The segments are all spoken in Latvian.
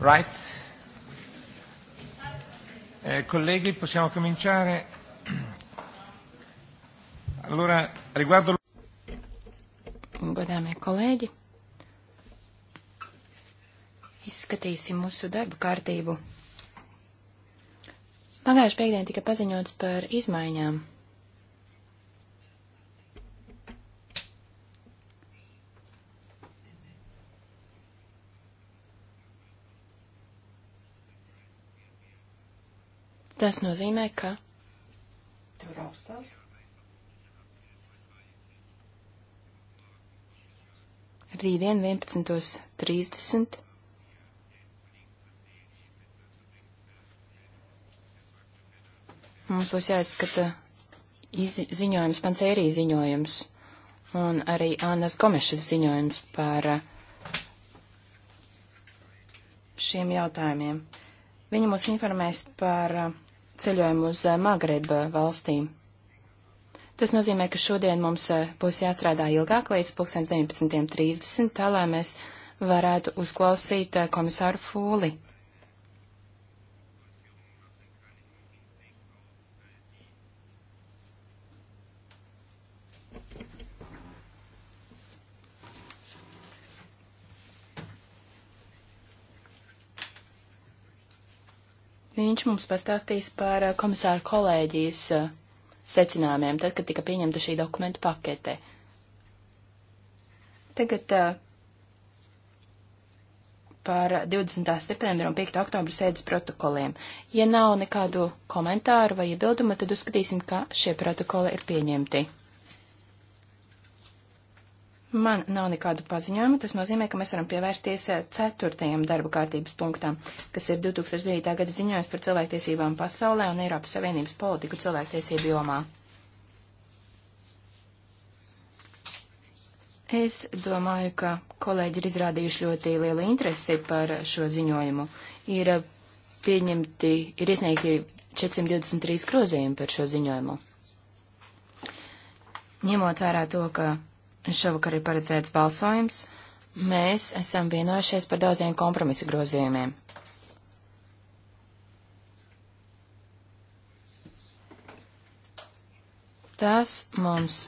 Right. Eh, colleghi, possiamo cominciare. Allora, riguardo. Godāmie kolēģi, izskatīsim mūsu darba kārtību. Pagājušajā piekdienā tika paziņots par izmaiņām Tas nozīmē, ka. Tur augstāk. Rītdien 11.30. Mums būs jāizskata ziņojums, pansērī ziņojums un arī Annas Gomešas ziņojums par uh, šiem jautājumiem. Viņa mūs informēs par uh, ceļojumu uz eh, Magreba eh, valstīm. Tas nozīmē, ka šodien mums eh, būs jāstrādā ilgāk līdz 19.30, tā lai mēs varētu uzklausīt komisāru Fūli. Viņš mums pastāstīs par eh, komisāru kolēģijas eh, secinājumiem, tad, kad tika pieņemta šī dokumentu pakete. Tagad eh, par 20. septembra un 5. oktobra sēdes protokoliem. Ja nav nekādu komentāru vai iebildumu, tad uzskatīsim, ka šie protokoli ir pieņemti. Man nav nekādu paziņojumu, tas nozīmē, ka mēs varam pievērsties eh, ceturtajam darba kārtības punktam, kas ir 2009. gada ziņojums par cilvēktiesībām pasaulē un Eiropas Savienības politiku cilvēktiesību jomā. Es domāju, ka kolēģi ir izrādījuši ļoti lielu interesi par šo ziņojumu. Ir eh, pieņemti, ir iesniegti 423 grozījumi par šo ziņojumu. Ņemot vērā to, ka Šovakar ir paredzēts balsojums. Mēs esam vienojušies par daudziem kompromisa grozījumiem. Tas mums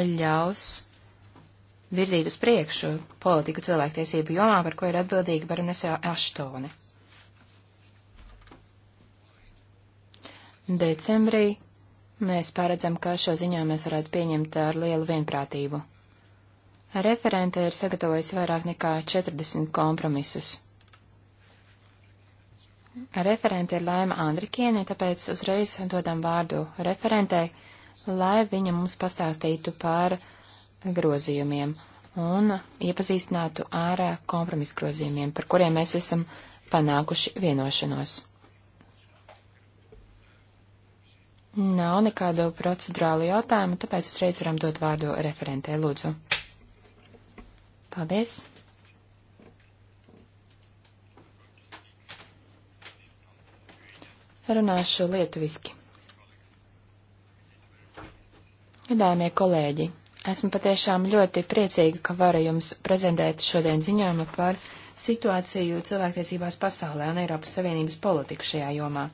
ļaus virzīt uz priekšu politiku cilvēktiesību jomā, par ko ir atbildīga Baronesē Aštone. Decembrī Mēs paredzam, ka šo ziņojumu mēs varētu pieņemt ar lielu vienprātību. Referente ir sagatavojusi vairāk nekā 40 kompromisus. Referente ir Laima Andrikiene, tāpēc uzreiz dodam vārdu referentei, lai viņa mums pastāstītu par grozījumiem un iepazīstinātu ar kompromisgrozījumiem, par kuriem mēs esam panākuši vienošanos. Nav nekādu procedurālu jautājumu, tāpēc uzreiz varam dot vārdu referentē, lūdzu. Paldies! Runāšu lietuviski. Gadāmie kolēģi, esmu patiešām ļoti priecīga, ka varu jums prezentēt šodien ziņojumu par situāciju cilvēktiesībās pasaulē un Eiropas Savienības politiku šajā jomā.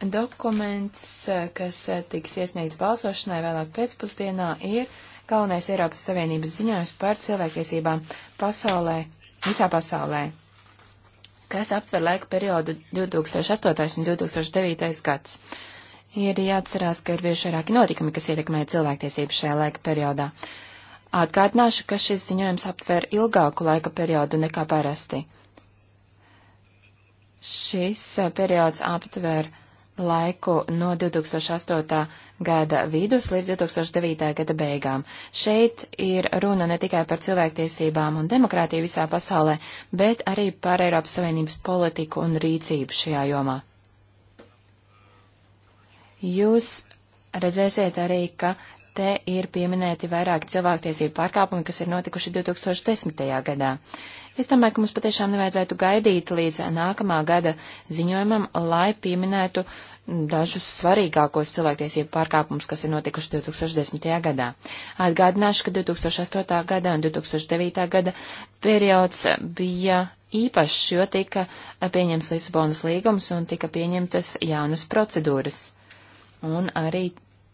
Dokuments, eh, kas eh, tiks iesniegts balsošanai vēlāk pēcpusdienā, ir galvenais Eiropas Savienības ziņojums par cilvēktiesībām pasaulē, visā pasaulē, kas aptver laika periodu 2008. un 2009. gads. Ir jāatcerās, ka ir bijuši vairāki notikumi, kas ietekmēja cilvēktiesības šajā laika periodā. Atgādināšu, ka šis ziņojums aptver ilgāku laika periodu nekā parasti. Šis eh, periods aptver laiku no 2008. gada vidus līdz 2009. gada beigām. Šeit ir runa ne tikai par cilvēktiesībām un demokrātiju visā pasaulē, bet arī par Eiropas Savienības politiku un rīcību šajā jomā. Jūs redzēsiet arī, ka te ir pieminēti vairāki cilvēktiesību pārkāpumi, kas ir notikuši 2010. gadā. Es domāju, ka mums patiešām nevajadzētu gaidīt līdz nākamā gada ziņojumam, lai pieminētu dažus svarīgākos cilvēktiesību pārkāpumus, kas ir notikuši 2010. gadā. Atgādināšu, ka 2008. gada un 2009. gada periods bija īpašs, jo tika pieņems Lisabonas līgums un tika pieņemtas jaunas procedūras. Un arī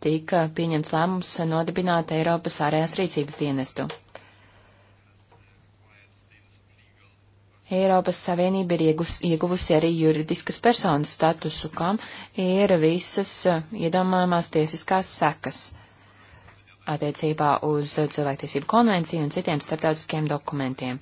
tika pieņemts lēmums nodibināt Eiropas ārējās rīcības dienestu. Eiropas Savienība ir iegus, ieguvusi arī juridiskas personas statusu, kam ir visas eh, iedomājumās tiesiskās sekas attiecībā uz cilvēktiesību konvenciju un citiem starptautiskiem dokumentiem.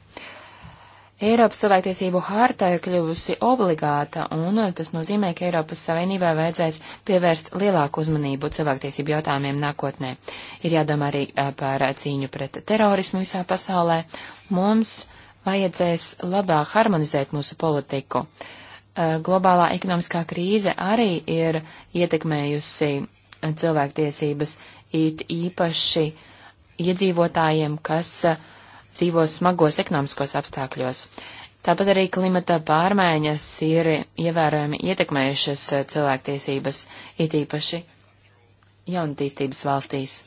Eiropas cilvēktiesību harta ir kļuvusi obligāta, un tas nozīmē, ka Eiropas Savienībai vajadzēs pievērst lielāku uzmanību cilvēktiesību jautājumiem nākotnē. Ir jādomā arī eh, par cīņu pret terorismu visā pasaulē. Mums vajadzēs labāk harmonizēt mūsu politiku. Eh, globālā ekonomiskā krīze arī ir ietekmējusi eh, cilvēktiesības it īpaši iedzīvotājiem, kas eh, dzīvo smagos ekonomiskos apstākļos. Tāpat arī klimata pārmaiņas ir ievērojami ietekmējušas cilvēktiesības, it īpaši jaunatīstības valstīs.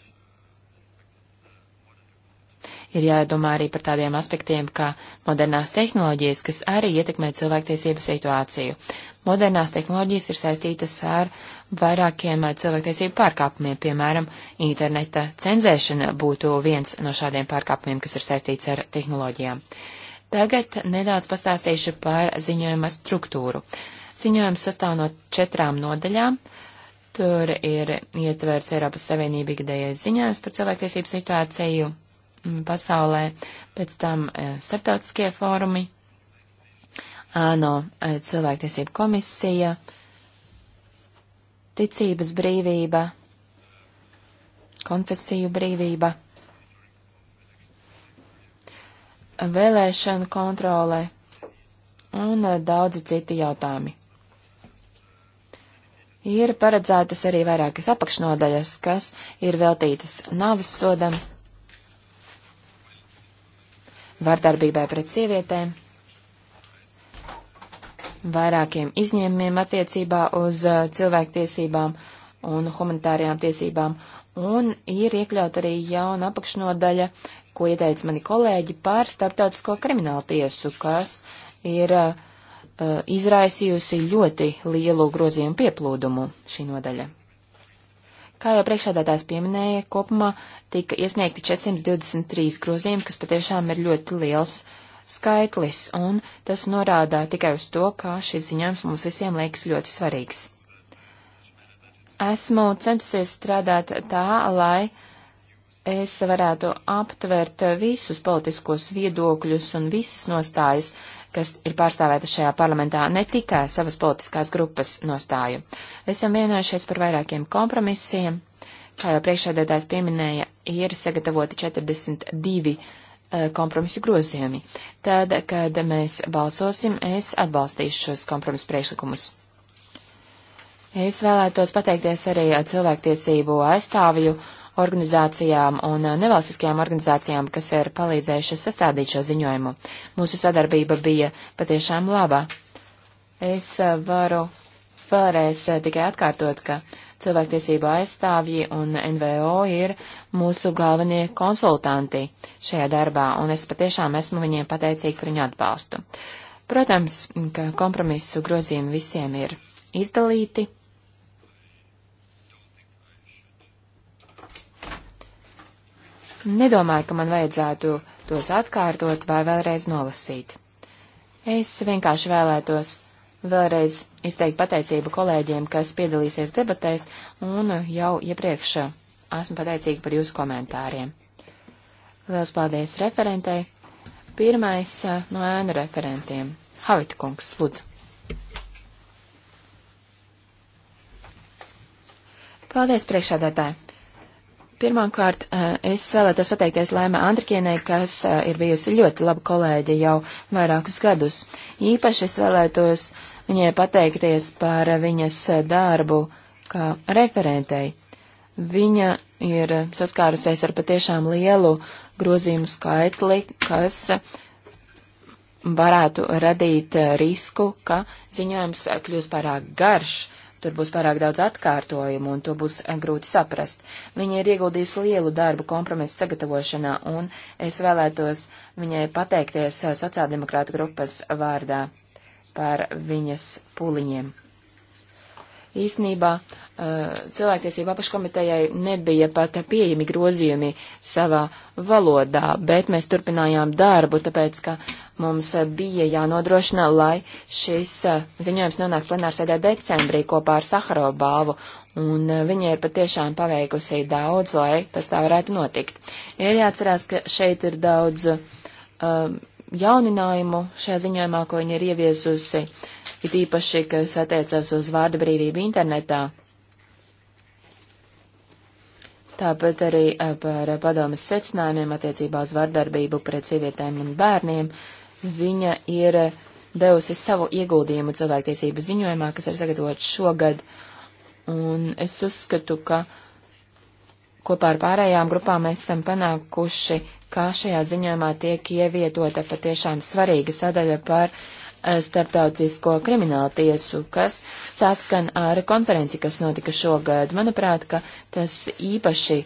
Ir jādomā arī par tādiem aspektiem, kā modernās tehnoloģijas, kas arī ietekmē cilvēktiesību situāciju. Modernās tehnoloģijas ir saistītas ar vairākiem eh, cilvēktiesību pārkāpumiem, piemēram, interneta cenzēšana būtu viens no šādiem pārkāpumiem, kas ir saistīts ar tehnoloģijām. Tagad nedaudz pastāstīšu par ziņojuma struktūru. Ziņojums sastāv no četrām nodaļām. Tur ir ietverts Eiropas Savienība ikdējais ziņojums par cilvēktiesību situāciju, pasaulē, pēc tam e, starptautiskie fórumi, ANO e, cilvēktiesību komisija, ticības brīvība, konfesiju brīvība, vēlēšana kontrole un e, daudzi citi jautājumi. Ir paredzētas arī vairākas apakšnodaļas, kas ir veltītas navas sodam vardarbībai pret sievietēm, vairākiem izņēmumiem attiecībā uz uh, cilvēktiesībām un humanitārajām tiesībām, un ir iekļaut arī jauna apakšnodaļa, ko ieteica mani kolēģi par starptautisko kriminālu tiesu, kas ir uh, uh izraisījusi ļoti lielu grozījumu pieplūdumu šī nodaļa. Kā jau priekšādātājs pieminēja, kopumā tika iesniegti 423 grozījumi, kas patiešām ir ļoti liels skaitlis, un tas norādā tikai uz to, kā šis ziņojums mums visiem liekas ļoti svarīgs. Esmu centusies strādāt tā, lai es varētu aptvert visus politiskos viedokļus un visas nostājas, kas ir pārstāvēta šajā parlamentā, ne tikai savas politiskās grupas nostāju. Esam vienojušies par vairākiem kompromisiem. Kā jau priekšēdētājs pieminēja, ir sagatavoti 42 uh, eh, kompromisu grozījumi. Tad, kad mēs balsosim, es atbalstīšu šos kompromisu priekšlikumus. Es vēlētos pateikties arī eh, cilvēktiesību aizstāvju uh, organizācijām un uh, nevalstiskajām organizācijām, kas ir palīdzējušas sastādīt šo ziņojumu. Mūsu sadarbība bija patiešām laba. Es uh, varu vēlreiz uh, tikai atkārtot, ka cilvēktiesība aizstāvji un NVO ir mūsu galvenie konsultanti šajā darbā, un es patiešām esmu viņiem pateicīgi par viņu atbalstu. Protams, ka kompromisu grozījumi visiem ir izdalīti. Nedomāju, ka man vajadzētu tos atkārtot vai vēlreiz nolasīt. Es vienkārši vēlētos vēlreiz izteikt pateicību kolēģiem, kas piedalīsies debatēs, un jau iepriekš esmu pateicīga par jūsu komentāriem. Liels paldies referentei. Pirmais eh, no ēnu referentiem. Havita kungs, lūdzu. Paldies priekšādētāji. Pirmkārt, eh, es vēlētos pateikties Lēmā Andrikienē, kas eh, ir bijusi ļoti laba kolēģe jau vairākus gadus. Īpaši es vēlētos viņai pateikties par viņas eh, darbu kā referentei. Viņa ir saskārusies ar patiešām lielu grozījumu skaitli, kas varētu radīt risku, ka ziņojums kļūs pārāk garš Tur būs pārāk daudz atkārtojumu, un to būs eh, grūti saprast. Viņa ir ieguldījusi lielu darbu kompromisu sagatavošanā, un es vēlētos viņai pateikties eh, sociāldemokrāta grupas vārdā par viņas puliņiem. Īsnībā Eh, cilvēktiesība apaškomitejai nebija pat pieejami grozījumi savā valodā, bet mēs turpinājām darbu, tāpēc, ka mums bija jānodrošina, lai šis eh, ziņojums nonāk plenārsēdē decembrī kopā ar Saharo balvu. Un eh, viņa ir patiešām paveikusi daudz, lai tas tā varētu notikt. Ir jāatcerās, ka šeit ir daudz um, jauninājumu šajā ziņojumā, ko viņa ir ieviesusi, it īpaši, kas attiecas uz vārda brīvību internetā tāpat arī par padomas secinājumiem attiecībā uz vardarbību pret sievietēm un bērniem. Viņa ir devusi savu ieguldījumu cilvēktiesību ziņojumā, kas ir sagatavots šogad, un es uzskatu, ka kopā ar pārējām grupām mēs esam panākuši, kā šajā ziņojumā tiek ievietota patiešām svarīga sadaļa par uh, starptautisko kriminālu tiesu, kas saskan ar konferenci, kas notika šogad. Manuprāt, ka tas īpaši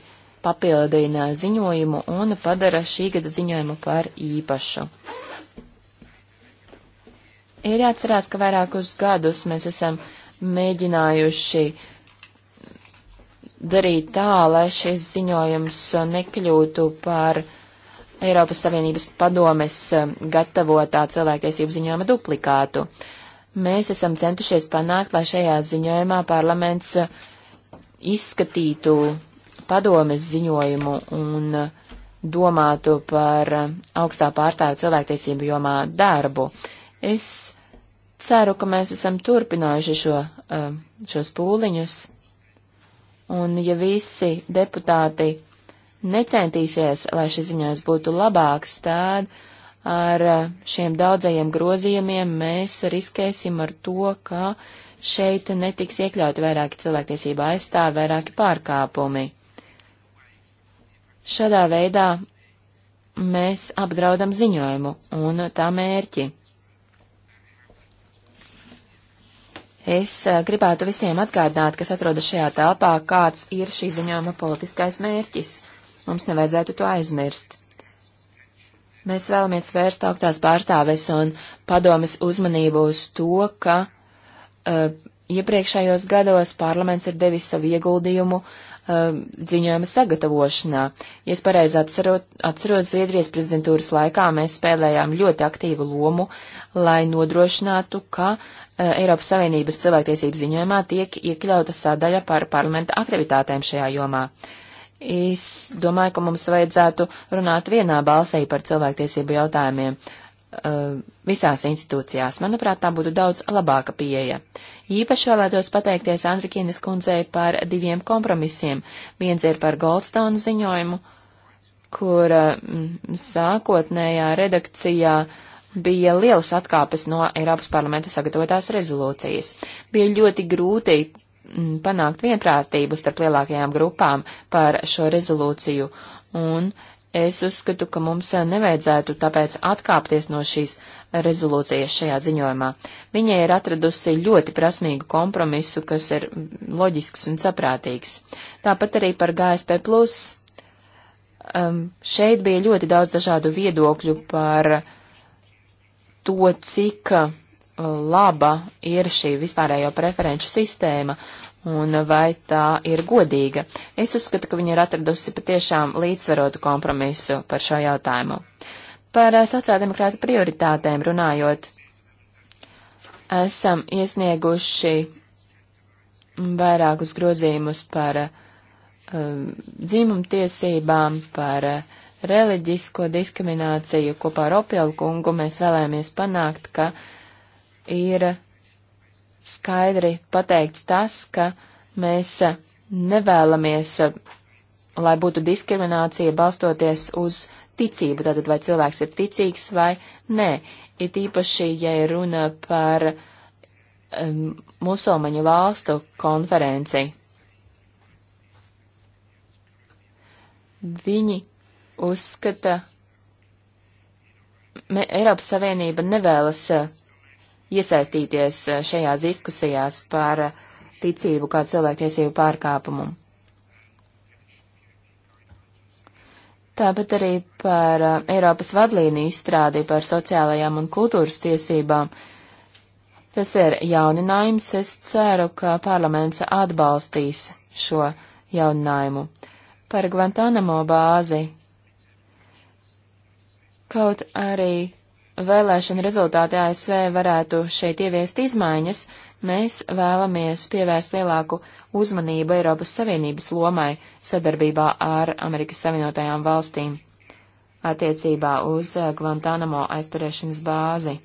papildina ziņojumu un padara šī gada ziņojumu par īpašu. Ir jāatcerās, ka vairākus gadus mēs esam mēģinājuši darīt tā, lai šis ziņojums nekļūtu par uh, Eiropas Savienības padomes eh, gatavotā cilvēktiesību ziņojuma duplikātu. Mēs esam centušies panākt, lai šajā ziņojumā parlaments eh, izskatītu padomes ziņojumu un eh, domātu par augstā pārstāvja cilvēktiesību jomā darbu. Es ceru, ka mēs esam turpinājuši šo, šos pūliņus, un ja visi deputāti necentīsies, lai šis ziņojums būtu labāks, tad ar eh, šiem daudzajiem grozījumiem mēs riskēsim ar to, ka šeit netiks iekļauti vairāki cilvēktiesība aizstāvi, vairāki pārkāpumi. Šādā veidā mēs apdraudam ziņojumu un tā mērķi. Es eh, gribētu visiem atgādināt, kas atrodas šajā telpā, kāds ir šī ziņojuma politiskais mērķis. Mums nevajadzētu to aizmirst. Mēs vēlamies vērst augstās pārstāves un padomas uzmanību uz to, ka uh, iepriekšējos gados parlaments ir devis savu ieguldījumu uh, ziņojuma sagatavošanā. Ja es pareizi atcerot, atceros, Zviedrijas prezidentūras laikā mēs spēlējām ļoti aktīvu lomu, lai nodrošinātu, ka uh, Eiropas Savienības cilvēktiesību ziņojumā tiek iekļauta sadaļa par parlamenta aktivitātēm šajā jomā. Uh, Es domāju, ka mums vajadzētu runāt vienā balsī par cilvēktiesību jautājumiem uh, visās institūcijās. Manuprāt, tā būtu daudz labāka pieeja. Īpaši vēlētos pateikties Andrikienes kundzei par diviem kompromisiem. Viens ir par Goldstone ziņojumu, kur mm, sākotnējā redakcijā bija lielas atkāpes no Eiropas parlamenta sagatavotās rezolūcijas. Bija ļoti grūti panākt vienprātību starp lielākajām grupām par šo rezolūciju, un es uzskatu, ka mums nevajadzētu tāpēc atkāpties no šīs rezolūcijas šajā ziņojumā. Viņai ir atradusi ļoti prasmīgu kompromisu, kas ir loģisks un saprātīgs. Tāpat arī par GSP. Um, šeit bija ļoti daudz dažādu viedokļu par to, cik laba ir šī vispārējo preferenču sistēma un vai tā ir godīga. Es uzskatu, ka viņa ir atradusi patiešām līdzsvarotu kompromisu par šo jautājumu. Par eh, sociāldemokrātu prioritātēm runājot, esam iesnieguši vairākus grozījumus par eh, dzimumtiesībām, par eh, reliģisko diskrimināciju kopā ar Opjelu kungu. Mēs vēlēmies panākt, ka uh, ir skaidri pateikts tas, ka mēs nevēlamies, lai būtu diskriminācija balstoties uz ticību, tātad vai cilvēks ir ticīgs vai nē. Ir īpaši, ja ir runa par um, musulmaņu valstu konferenci. Viņi uzskata, me, Eiropas Savienība nevēlas uh, iesaistīties eh, šajās diskusijās par eh, ticību kā cilvēktiesību pārkāpumu. Tāpat arī par eh, Eiropas vadlīniju izstrādi par sociālajām un kultūras tiesībām. Tas ir jauninājums. Es ceru, ka parlaments atbalstīs šo jauninājumu. Par Guantanamo bāzi. Kaut arī vēlēšana rezultāti ASV varētu šeit ieviest izmaiņas, mēs vēlamies pievērst lielāku uzmanību Eiropas Savienības lomai sadarbībā ar Amerikas Savienotajām valstīm attiecībā uz eh, Guantanamo aizturēšanas bāzi.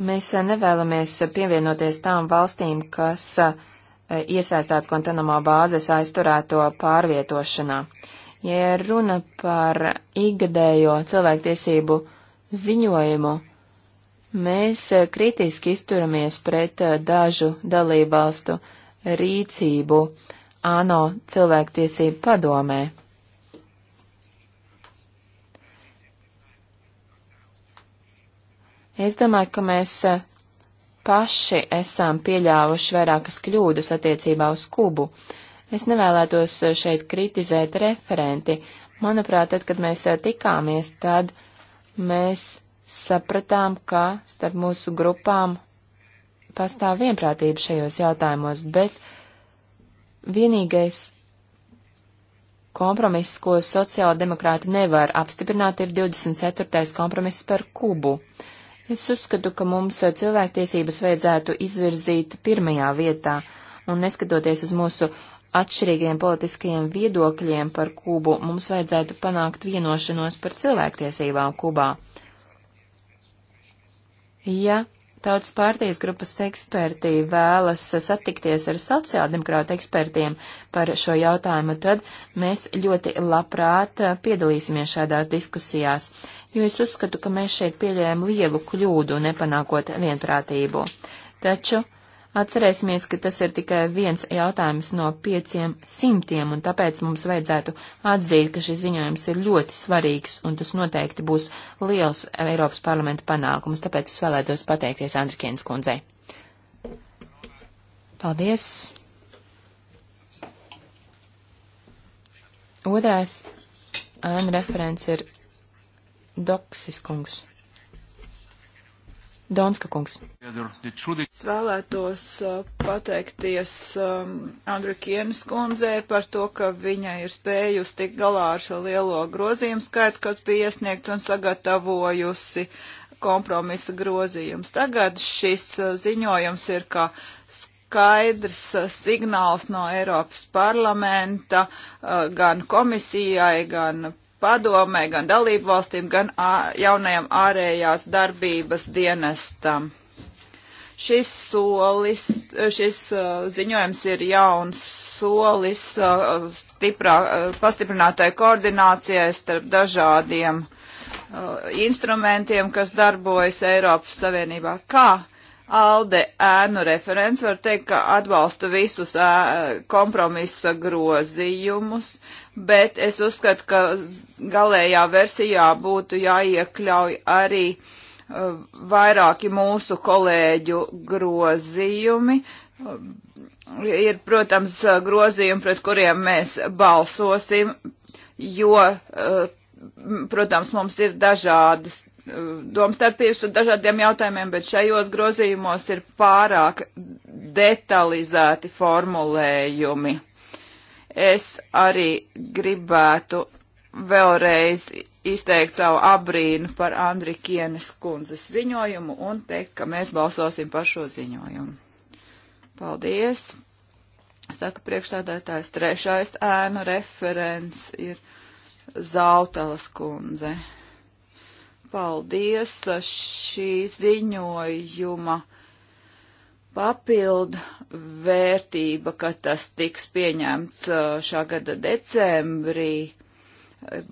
Mēs eh, nevēlamies pievienoties tām valstīm, kas uh, E, iesaistāts Guantanamo bāzes aizturēto pārvietošanā. Ja runa par ikgadējo cilvēktiesību ziņojumu, mēs kritiski izturamies pret e, dažu dalībvalstu rīcību ANO cilvēktiesību padomē. Es domāju, ka mēs e, paši esam pieļāvuši vairākas kļūdas attiecībā uz Kubu. Es nevēlētos šeit kritizēt referenti. Manuprāt, tad, kad mēs tikāmies, tad mēs sapratām, ka starp mūsu grupām pastāv vienprātība šajos jautājumos, bet vienīgais kompromiss, ko sociāla demokrāti nevar apstiprināt, ir 24. kompromiss par Kubu. Uh, Es uzskatu, ka mums eh, cilvēktiesības vajadzētu izvirzīt pirmajā vietā, un neskatoties uz mūsu atšķirīgiem politiskajiem viedokļiem par Kubu, mums vajadzētu panākt vienošanos par cilvēktiesībām Kubā. Ja Tautas pārtīs grupas eksperti vēlas satikties ar sociāldemokrāta ekspertiem par šo jautājumu, tad mēs ļoti labprāt eh, piedalīsimies šādās diskusijās jo es uzskatu, ka mēs šeit pieļējam lielu kļūdu, nepanākot vienprātību. Taču atcerēsimies, ka tas ir tikai viens jautājums no pieciem simtiem, un tāpēc mums vajadzētu atzīt, ka šis ziņojums ir ļoti svarīgs, un tas noteikti būs liels Eiropas parlamenta panākums, tāpēc es vēlētos pateikties Andrikienas kundzei. Paldies! Otrais ēna referents ir Doksis kungs. Donska kungs. Es vēlētos uh, pateikties um, Andru Kienas kundzē par to, ka viņa ir spējusi tik galā ar šo lielo grozījumu skaitu, kas bija iesniegts un sagatavojusi kompromisa grozījums. Tagad šis uh, ziņojums ir kā skaidrs uh, signāls no Eiropas parlamenta uh, gan komisijai, gan padomē, gan dalību valstīm, gan jaunajam ārējās darbības dienestam. Šis solis, šis ziņojums ir jauns solis stiprā, pastiprinātai koordinācijai starp dažādiem instrumentiem, kas darbojas Eiropas Savienībā. Kā Alde ēnu referents var teikt, ka atbalsta visus ē, kompromisa grozījumus, bet es uzskatu, ka galējā versijā būtu jāiekļauj arī uh, vairāki mūsu kolēģu grozījumi. Ir, protams, grozījumi, pret kuriem mēs balsosim, jo uh, protams, mums ir dažādas domstarpības un dažādiem jautājumiem, bet šajos grozījumos ir pārāk detalizēti formulējumi. Es arī gribētu vēlreiz izteikt savu abrīnu par Andri Kienes kundzes ziņojumu un teikt, ka mēs balsosim par šo ziņojumu. Paldies! Saka priekšstādātājs trešais ēnu referents ir Zautalas kundze. Paldies šī ziņojuma papildu vērtība, ka tas tiks pieņemts uh, šā gada decembrī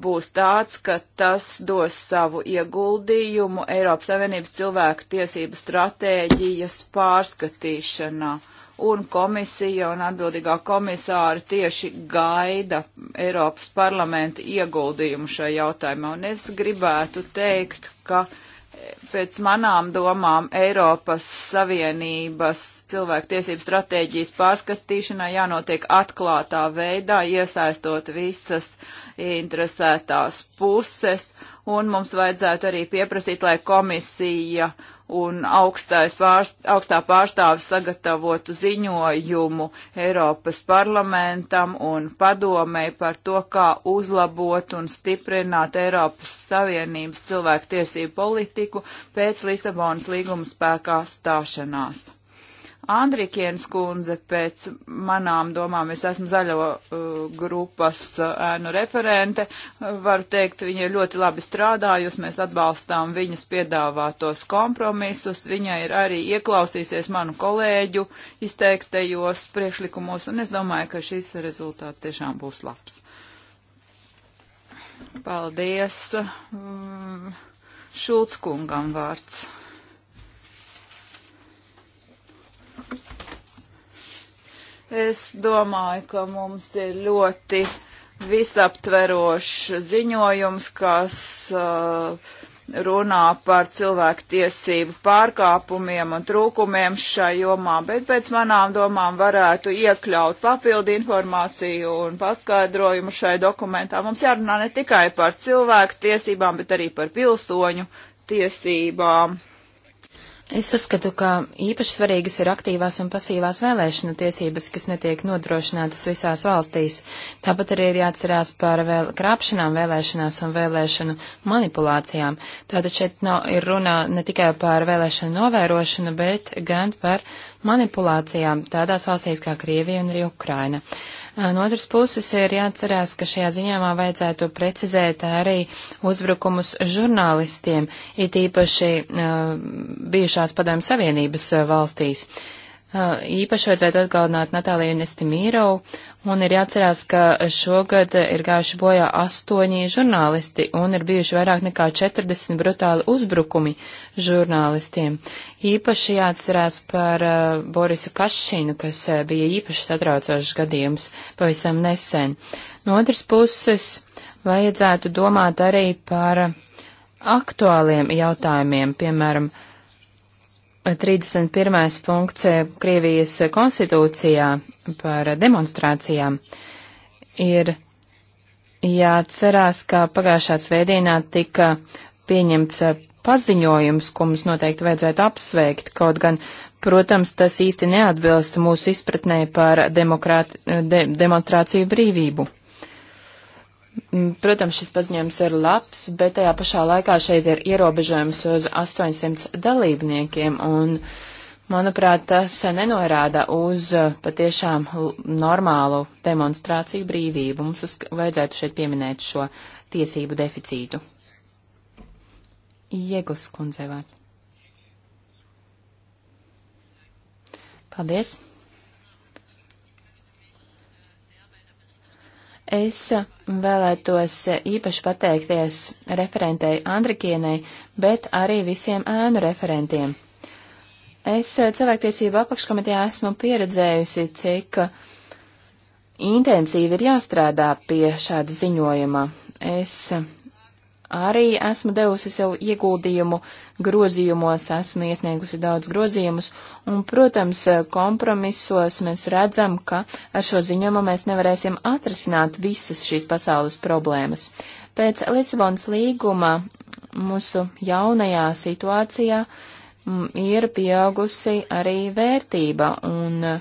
būs tāds, ka tas dos savu ieguldījumu Eiropas Savienības cilvēku tiesību stratēģijas pārskatīšanā un komisija un atbildīgā komisāra tieši gaida Eiropas parlamenta ieguldījumu šajā jautājumā. Un es gribētu teikt, ka pēc manām domām Eiropas Savienības cilvēktiesību stratēģijas pārskatīšanai jānotiek atklātā veidā, iesaistot visas interesētās puses, un mums vajadzētu arī pieprasīt, lai komisija un pārst, augstā pārstāvis sagatavotu ziņojumu Eiropas parlamentam un padomei par to, kā uzlabot un stiprināt Eiropas Savienības cilvēku tiesību politiku pēc Lisabonas līguma spēkā stāšanās. Andrikienas kundze pēc manām domām, es esmu zaļo uh, grupas uh, ēnu uh, referente, varu teikt, viņa ir ļoti labi strādājusi, mēs atbalstām viņas piedāvātos kompromisus, viņa ir arī ieklausīsies manu kolēģu izteiktajos priekšlikumos, un es domāju, ka šis rezultāts tiešām būs labs. Paldies. Mm, Šulc kungam vārds. Es domāju, ka mums ir ļoti visaptverošs ziņojums, kas uh, runā par cilvēku tiesību pārkāpumiem un trūkumiem šai jomā, bet pēc manām domām varētu iekļaut papildu informāciju un paskaidrojumu šai dokumentā. Mums jārunā ne tikai par cilvēku tiesībām, bet arī par pilsoņu tiesībām Es uzskatu, ka īpaši svarīgas ir aktīvās un pasīvās vēlēšanu tiesības, kas netiek nodrošinātas visās valstīs. Tāpat arī ir jāatcerās par vēl krāpšanām vēlēšanās un vēlēšanu manipulācijām. Tātad šeit nav, ir runa ne tikai par vēlēšanu novērošanu, bet gan par manipulācijām tādās valstīs kā Krievija un arī Ukraina. Uh, No otras puses ir jāatcerās, ka šajā ziņāmā vajadzētu precizēt arī uzbrukumus žurnālistiem, it īpaši uh, bijušās padomju savienības valstīs. Uh, īpaši vajadzētu atgādināt Natāliju Nestimīrovu Un ir jāatcerās, ka šogad ir gājuši bojā astoņi žurnālisti un ir bijuši vairāk nekā 40 brutāli uzbrukumi žurnālistiem. Īpaši jāatcerās par uh, Borisu Kašinu, kas uh, bija īpaši satraucošs gadījums pavisam nesen. No otras puses, vajadzētu domāt arī par aktuāliem jautājumiem, piemēram, uh, 31. punkts eh, Krievijas konstitūcijā par demonstrācijām ir jāatcerās, ka pagājušā svētdienā tika pieņemts eh, paziņojums, ko mums noteikti vajadzētu apsveikt, kaut gan, protams, tas īsti neatbilst mūsu izpratnē par de demonstrāciju brīvību. Mm, protams, šis paziņojums ir labs, bet tajā pašā laikā šeit ir ierobežojums uz 800 dalībniekiem, un, manuprāt, tas nenorāda uz uh, patiešām normālu demonstrāciju brīvību. Mums vajadzētu šeit pieminēt šo tiesību deficītu. Ieglis kundzei vārds. Paldies! Es vēlētos īpaši pateikties referentei Andrikienei, bet arī visiem ēnu referentiem. Es cilvēktiesību apakškomitejā esmu pieredzējusi, cik intensīvi ir jāstrādā pie šāda ziņojuma. Es Arī esmu devusi sev ieguldījumu grozījumos, esmu iesniegusi daudz grozījumus, un, protams, kompromisos mēs redzam, ka ar šo ziņojumu mēs nevarēsim atrisināt visas šīs pasaules problēmas. Pēc Lisabonas līguma mūsu jaunajā situācijā mm, ir pieaugusi arī vērtība, un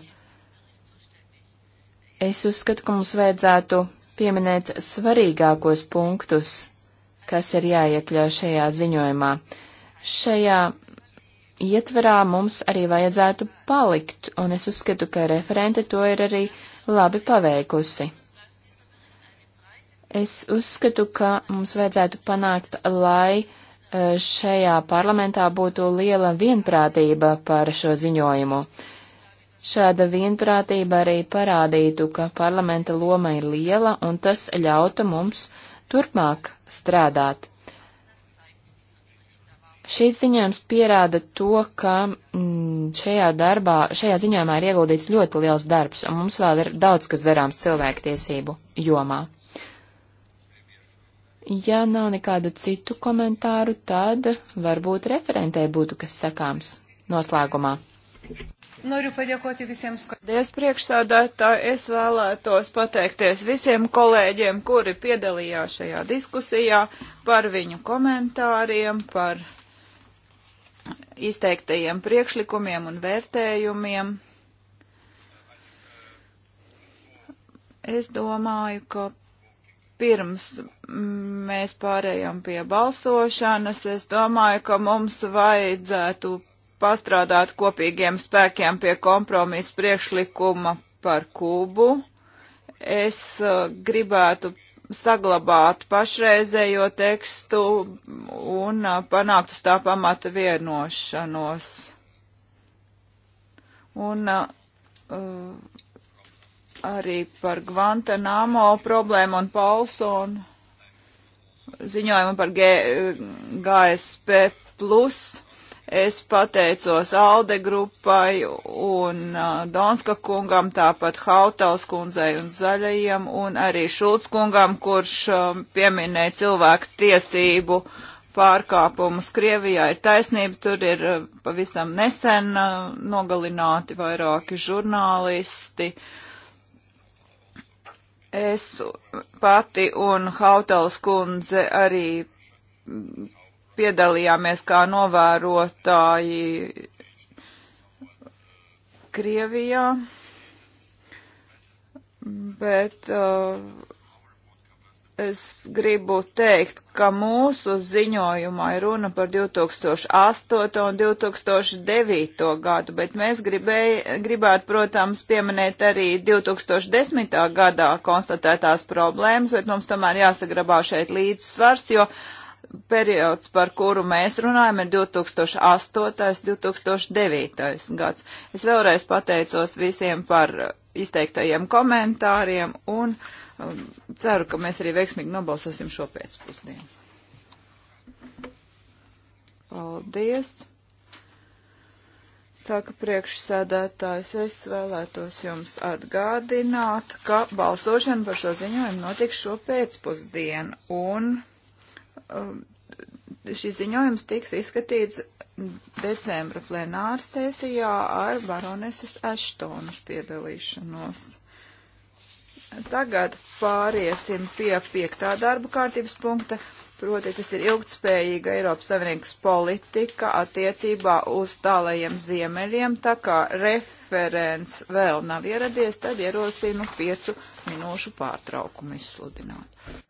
es uzskatu, ka mums vajadzētu pieminēt svarīgākos punktus kas ir jāiekļauj šajā ziņojumā. Šajā ietverā mums arī vajadzētu palikt, un es uzskatu, ka referente to ir arī labi paveikusi. Es uzskatu, ka mums vajadzētu panākt, lai e, šajā parlamentā būtu liela vienprātība par šo ziņojumu. Šāda vienprātība arī parādītu, ka parlamenta loma ir liela, un tas ļautu mums uh, turpmāk strādāt. Šīs ziņojums pierāda to, ka mm, šajā darbā, šajā ziņojumā ir ieguldīts ļoti liels darbs, un mums vēl ir daudz, kas darāms cilvēktiesību jomā. Ja nav nekādu citu komentāru, tad varbūt referentē būtu kas sakāms noslēgumā. Noriu padėkoti visiems kolēģiem. priekšsādātāji, es vēlētos pateikties visiem kolēģiem, kuri piedalījās šajā diskusijā par viņu komentāriem, par izteiktajiem priekšlikumiem un vērtējumiem. Es domāju, ka pirms mēs pārējām pie balsošanas, es domāju, ka mums vajadzētu pastrādāt kopīgiem spēkiem pie kompromisa priekšlikuma par Kūbu. Es uh, gribētu saglabāt pašreizējo tekstu un uh, panākt uz tā pamata vienošanos. Un uh, uh arī par Gvantanamo problēmu un Paulsonu ziņojumu par G, uh, GSP plus Es pateicos Alde grupai un uh, Donska kungam, tāpat Hautals kundzei un Zaļajiem, un arī Šulc kungam, kurš um, pieminēja cilvēku tiesību pārkāpumus Krievijā. Ir taisnība, tur ir uh, pavisam nesen uh, nogalināti vairāki žurnālisti. Es pati un Hautals kundze arī piedalījāmies kā novērotāji Krievijā, bet uh, es gribu teikt, ka mūsu ziņojumā ir runa par 2008 un 2009 gadu, bet mēs gribēj, gribētu, protams, pieminēt arī 2010. gadā konstatētās problēmas, bet mums tomēr jāsagrabā šeit līdzsvars, jo uh, periods, par kuru mēs runājam, ir 2008. 2009. gads. Es vēlreiz pateicos visiem par izteiktajiem komentāriem un um, ceru, ka mēs arī veiksmīgi nobalsosim šo pēcpusdienu. Paldies! Saka priekšsēdētājs, es vēlētos jums atgādināt, ka balsošana par šo ziņojumu notiks šo pēcpusdienu un Um, šis ziņojums tiks izskatīts decembra plenāra sesijā ar baroneses Ashtonas piedalīšanos. Tagad pāriesim pie piektā darba kārtības punkta, proti tas ir ilgtspējīga Eiropas Savienības politika attiecībā uz tālajiem ziemeļiem, tā kā referents vēl nav ieradies, tad ierosinu piecu minūšu pārtraukumu izsludināt.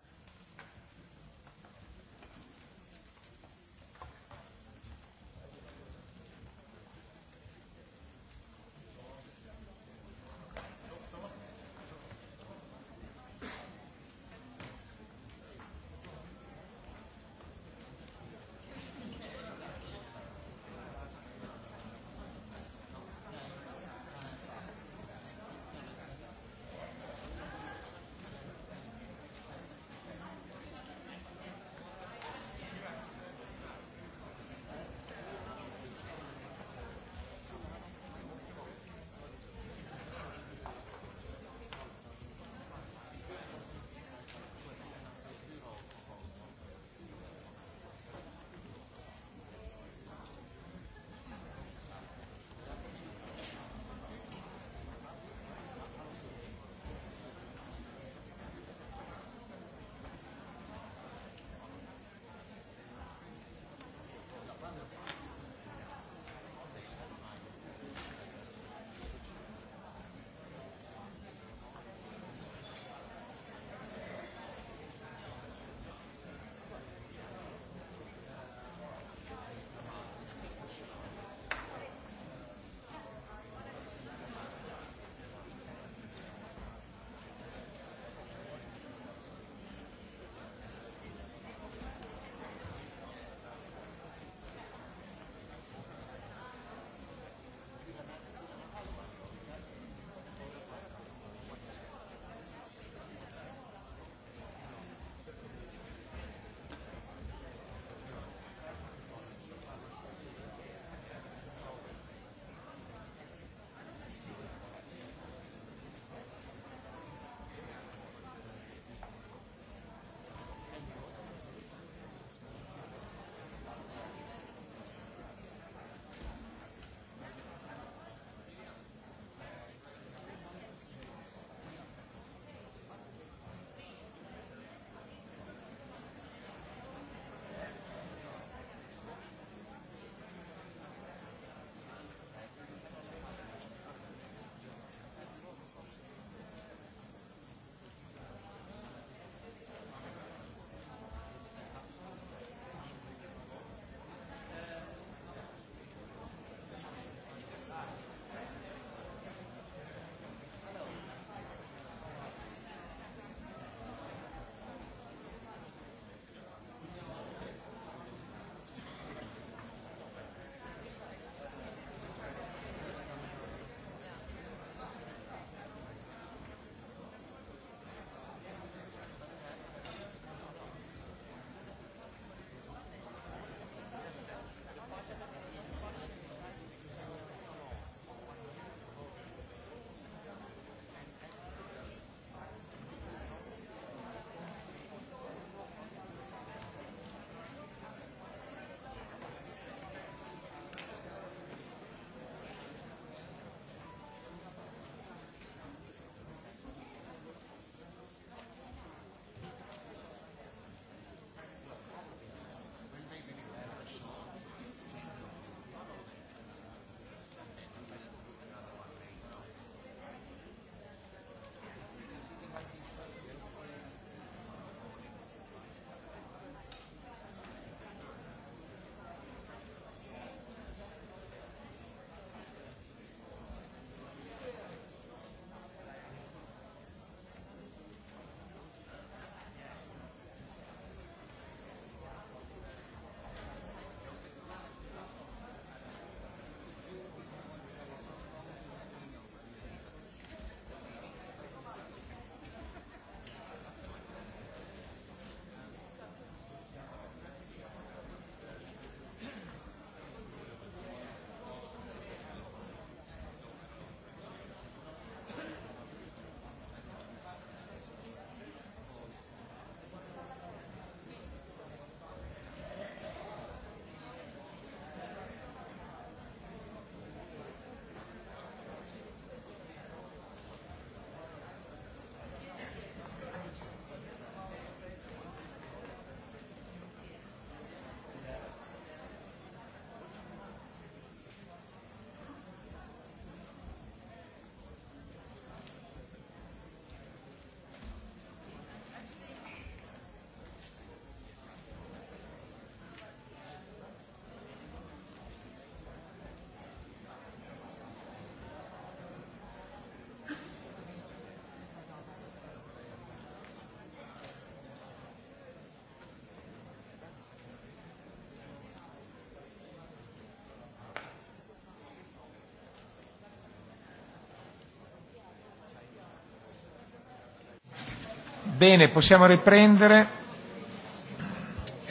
Bene, possiamo riprendere.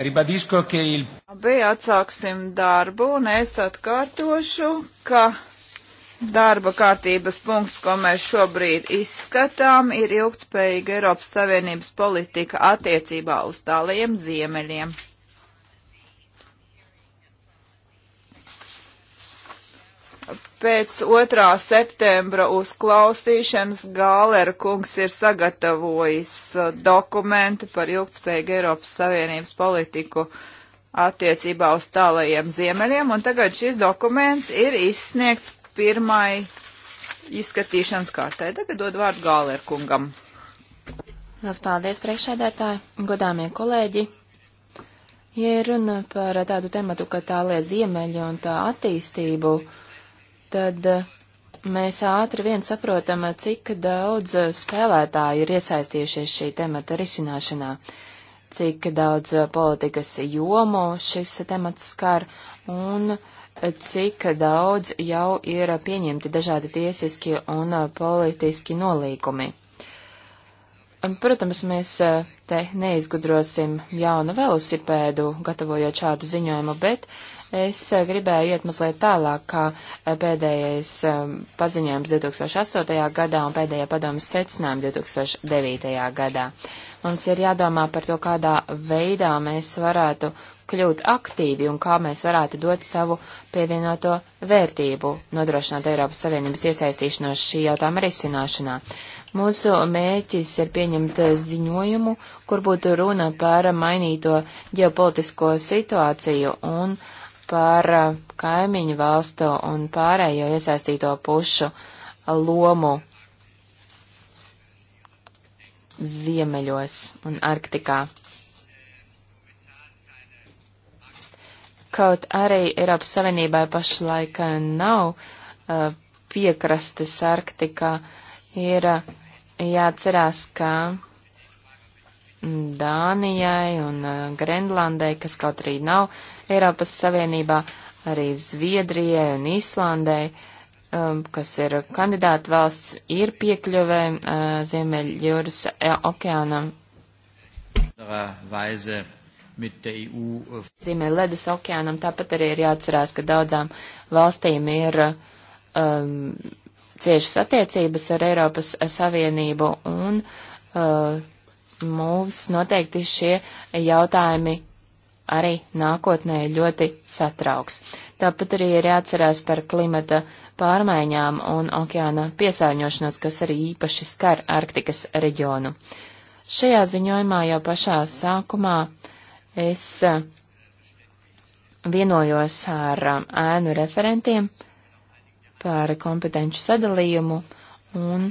Ribadisco che il. Labi, atsāksim darbu un es atkārtošu, ka darba kārtības punkts, ko mēs šobrīd izskatām, ir ilgtspējīga Eiropas Savienības politika attiecībā uz tālajiem ziemeļiem. Pēc 2. septembra uzklausīšanas Gālera kungs ir sagatavojis uh, dokumentu par ilgtspējīgu Eiropas Savienības politiku attiecībā uz tālajiem ziemeļiem, un tagad šis dokuments ir izsniegts pirmai izskatīšanas kārtai. Tagad dod vārdu Gālera kungam. Lielas paldies, priekšēdētāji, godāmie kolēģi! Ja runa par tādu tematu, ka tālie ziemeļi un tā attīstību, uh, tad eh, mēs ātri vien saprotam, eh, cik daudz eh, spēlētāju ir iesaistījušies šī temata risināšanā, cik daudz politikas jomu šis temats skar un cik daudz jau ir pieņemti dažādi tiesiski un politiski nolīgumi. Protams, mēs te neizgudrosim jaunu velosipēdu, gatavojot šādu ziņojumu, bet uh, Es eh, gribēju iet mazliet tālāk, kā eh, pēdējais eh, paziņojums 2008. gadā un pēdējā padomas secinājuma 2009. gadā. Mums ir jādomā par to, kādā veidā mēs varētu kļūt aktīvi un kā mēs varētu dot savu pievienoto vērtību, nodrošināt Eiropas Savienības iesaistīšanos šī jautājuma risināšanā. Mūsu mēķis ir pieņemt ziņojumu, kur būtu runa par mainīto ģeopolitisko situāciju un uh, par eh, kaimiņu valstu un pārējo iesaistīto pušu lomu ziemeļos un Arktikā. Kaut arī Eiropas Savienībai pašlaik eh, nav uh, piekrastes Arktikā, ir uh, jāatcerās, ka Dānijai un uh, Grenlandai, kas kaut arī nav Eiropas Savienībā, arī Zviedrijai un Īslandai, um, kas ir kandidāta valsts, ir piekļuvē uh, Ziemeļjūras e, okeānam. Ziemeļledus okeānam tāpat arī ir jāatcerās, ka daudzām valstīm ir um, ciešas attiecības ar Eiropas Savienību un uh, mums noteikti šie jautājumi arī nākotnē ļoti satrauks. Tāpat arī ir jāatcerās par klimata pārmaiņām un okeāna piesārņošanos, kas arī īpaši skar Arktikas reģionu. Šajā ziņojumā jau pašā sākumā es eh, vienojos ar eh, ēnu referentiem par kompetenci sadalījumu un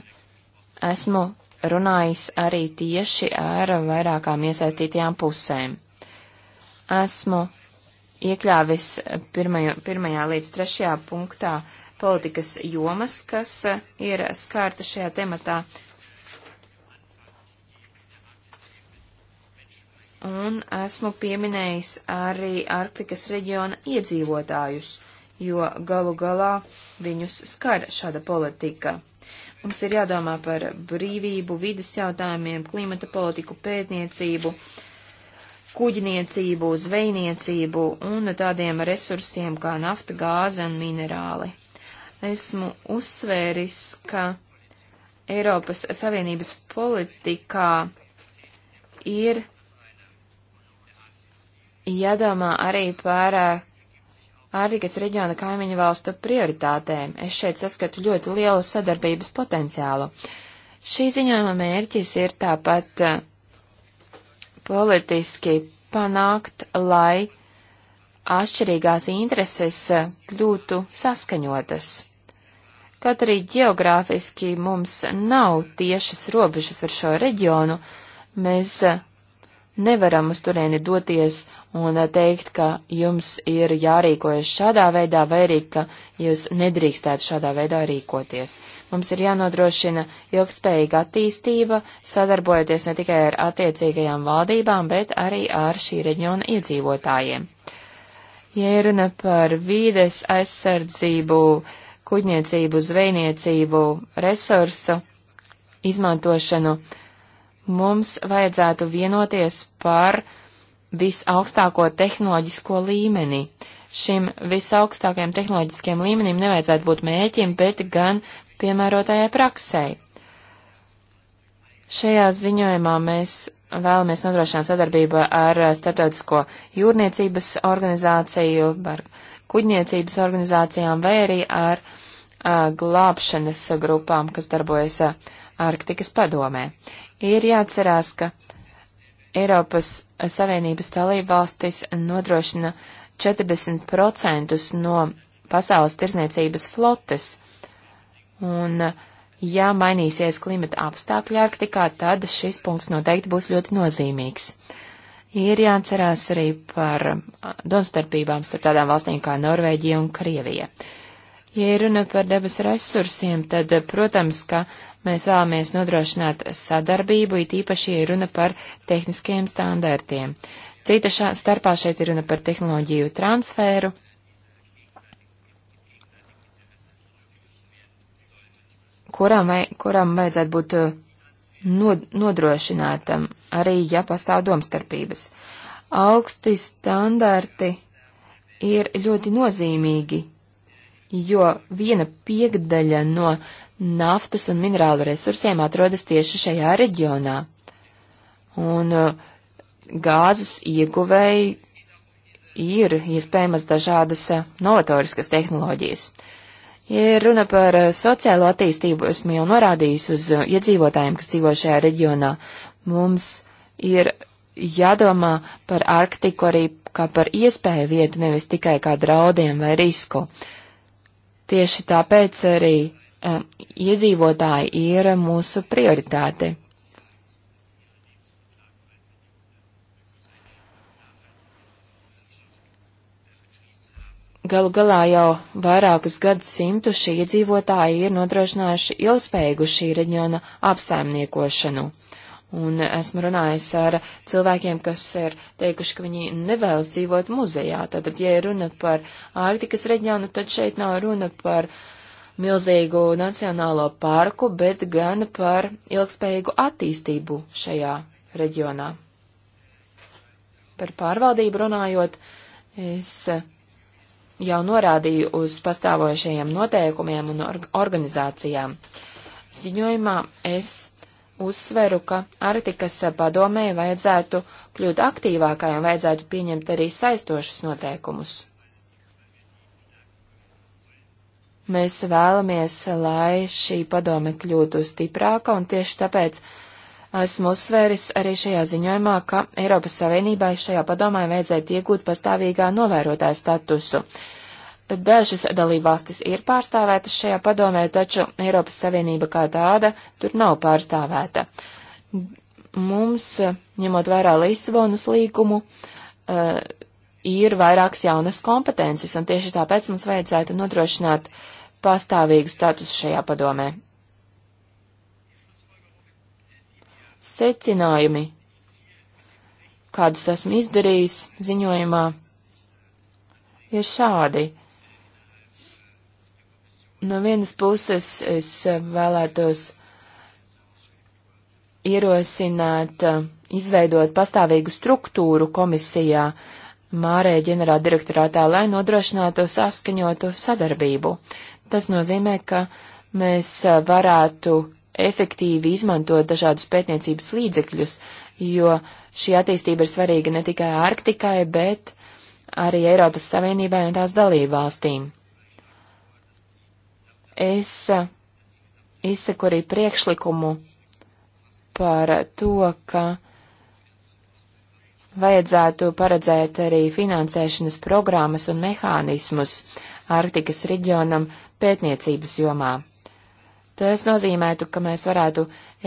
esmu runājis arī tieši ar vairākām iesaistītajām pusēm esmu iekļāvis pirmajo, pirmajā līdz trešajā punktā politikas jomas, kas ir skārta šajā tematā. Un esmu pieminējis arī Arktikas reģiona iedzīvotājus, jo galu galā viņus skar šāda politika. Mums ir jādomā par brīvību, vidas jautājumiem, klimata politiku, pētniecību, uh, kuģniecību, zvejniecību un tādiem resursiem kā nafta, gāze un minerāli. Esmu uzsvēris, ka Eiropas Savienības politikā ir jādomā arī par Ārtikas reģiona kaimiņu valstu prioritātēm. Es šeit saskatu ļoti lielu sadarbības potenciālu. Šī ziņojuma mērķis ir tāpat politiski panākt, lai atšķirīgās intereses kļūtu saskaņotas. Kaut arī ģeogrāfiski mums nav tiešas robežas ar šo reģionu, mēs nevaram uz turieni doties un teikt, ka jums ir jārīkojas šādā veidā, vai arī, ka jūs nedrīkstētu šādā veidā rīkoties. Mums ir jānodrošina ilgspējīga attīstība, sadarbojoties ne tikai ar attiecīgajām valdībām, bet arī ar šī reģiona iedzīvotājiem. Ja runa par vīdes aizsardzību, kuģniecību, zvejniecību, resursu izmantošanu, uh, mums vajadzētu vienoties par visaugstāko tehnoloģisko līmeni. Šim visaugstākajam tehnoloģiskajam līmenim nevajadzētu būt mēķim, bet gan piemērotājai praksei. Šajā ziņojumā mēs vēlamies nodrošināt sadarbību ar Startautisko jūrniecības organizāciju, ar kuģniecības organizācijām vai arī ar a, glābšanas grupām, kas darbojas Arktikas padomē. Ir jāatcerās, ka Eiropas Savienības dalība valstis nodrošina 40% no pasaules tirzniecības flotes, un ja mainīsies klimata apstākļi Arktikā, tad šis punkts noteikti būs ļoti nozīmīgs. Ir jāatcerās arī par domstarpībām starp tādām valstīm kā Norvēģija un Krievija. Ja runa par debes resursiem, tad, protams, ka Mēs vēlamies nodrošināt sadarbību, it īpaši ir runa par tehniskajiem standartiem. Cita šā, starpā šeit ir runa par tehnoloģiju transferu. Kuram, vai, kuram vajadzētu būt uh, nodrošinātam, arī ja pastāv domstarpības. Augsti standarti ir ļoti nozīmīgi, jo viena piekdaļa no naftas un minerālu resursiem atrodas tieši šajā reģionā. Un uh, gāzes ieguvēji ir iespējamas dažādas uh, novatoriskas tehnoloģijas. Ja runa par uh, sociālo attīstību, esmu jau norādījis uz iedzīvotājiem, kas dzīvo šajā reģionā. Mums ir jādomā par Arktiku arī kā par iespēju vietu, nevis tikai kā draudiem vai risku. Tieši tāpēc arī Um, iedzīvotāji ir mūsu prioritāte. Galu galā jau vairākus gadus simtu šie iedzīvotāji ir nodrošinājuši ilgspējīgu šī reģiona apsaimniekošanu. Un esmu runājis ar cilvēkiem, kas ir teikuši, ka viņi nevēlas dzīvot muzejā. Tātad, ja runa par Ārtikas reģionu, tad šeit nav runa par uh, milzīgu nacionālo parku, bet gan par ilgspējīgu attīstību šajā reģionā. Par pārvaldību runājot, es jau norādīju uz pastāvošajiem noteikumiem un or organizācijām. Ziņojumā es uzsveru, ka Arktikas padomēji vajadzētu kļūt aktīvākai un vajadzētu pieņemt arī saistošus noteikumus. Mēs vēlamies, lai šī padome kļūtu stiprāka, un tieši tāpēc esmu uzsvēris arī šajā ziņojumā, ka Eiropas Savienībai šajā padomē vajadzētu iegūt pastāvīgā novērotāja statusu. Dažas dalībvalstis ir pārstāvētas šajā padomē, taču Eiropas Savienība kā tāda tur nav pārstāvēta. Mums, ņemot vērā Lisabonas līgumu, eh, ir vairākas jaunas kompetences, un tieši tāpēc mums vajadzētu nodrošināt pastāvīgu statusu šajā padomē. Secinājumi, kādus esmu izdarījis ziņojumā, ir šādi. No vienas puses es vēlētos ierosināt, izveidot pastāvīgu struktūru komisijā, uh, Mārēja ģenerāla direktorātā, lai nodrošinātu saskaņotu sadarbību. Tas nozīmē, ka mēs varētu efektīvi izmantot dažādus pētniecības līdzekļus, jo šī attīstība ir svarīga ne tikai Arktikai, bet arī Eiropas Savienībai un tās dalību valstīm. Es izsaku arī priekšlikumu par to, ka vajadzētu paredzēt arī finansēšanas programmas un mehānismus Arktikas reģionam pētniecības jomā. Tas nozīmētu, ka mēs varētu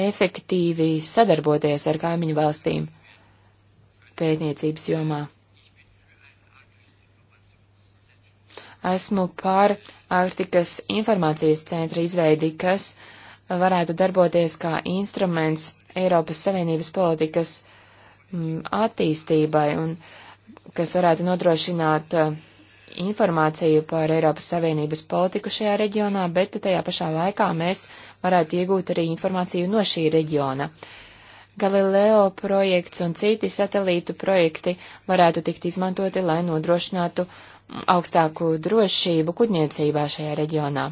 efektīvi sadarboties ar kaimiņu valstīm pētniecības jomā. Esmu par Arktikas informācijas centra izveidi, kas varētu darboties kā instruments Eiropas Savienības politikas uh, Mm, attīstībai un kas varētu nodrošināt uh, informāciju par Eiropas Savienības politiku šajā reģionā, bet tajā pašā laikā mēs varētu iegūt arī informāciju no šī reģiona. Galileo projekts un citi satelītu projekti varētu tikt izmantoti, lai nodrošinātu augstāku drošību kuģniecībā šajā reģionā.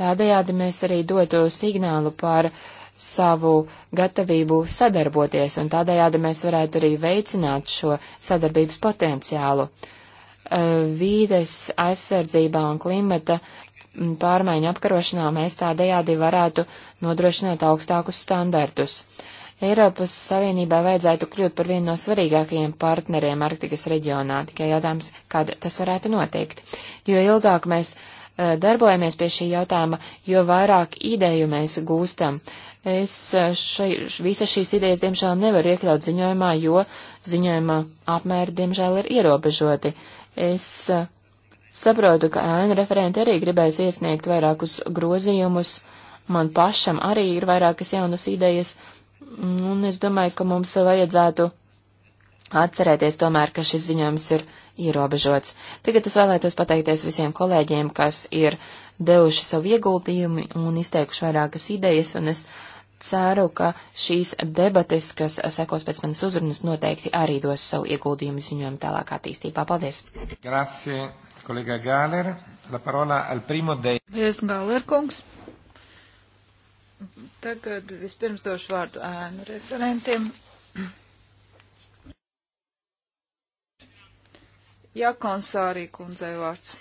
Tādējādi mēs arī dotu signālu par uh, savu gatavību sadarboties, un tādējādi mēs varētu arī veicināt šo sadarbības potenciālu. Uh, vīdes aizsardzībā un klimata mm, pārmaiņu apkarošanā mēs tādējādi varētu nodrošināt augstākus standartus. Eiropas Savienībā vajadzētu kļūt par vienu no svarīgākajiem partneriem Arktikas reģionā, tikai jautājums, kad tas varētu notikt. Jo ilgāk mēs uh, darbojamies pie šī jautājuma, jo vairāk ideju mēs gūstam. Uh, Es eh, šai, visas šīs idejas, diemžēl, nevaru iekļaut ziņojumā, jo ziņojuma apmēri, diemžēl, ir ierobežoti. Es eh, saprotu, ka ēna referenti arī gribēs iesniegt vairākus grozījumus. Man pašam arī ir vairākas jaunas idejas, un es domāju, ka mums vajadzētu atcerēties tomēr, ka šis ziņojums ir ierobežots. Tagad es vēlētos pateikties visiem kolēģiem, kas ir devuši savu ieguldījumu un izteikuši vairākas idejas, un es ceru, ka šīs debates, kas sekos pēc manas uzrunas, noteikti arī dos savu ieguldījumu ziņojumu tālāk attīstībā. Paldies! Grazie, kolēģa Gāler. La parola al primo dei. Paldies, Gāler kungs. Tagad vispirms došu vārdu ēnu referentiem. Jākonsārī kundzei vārds.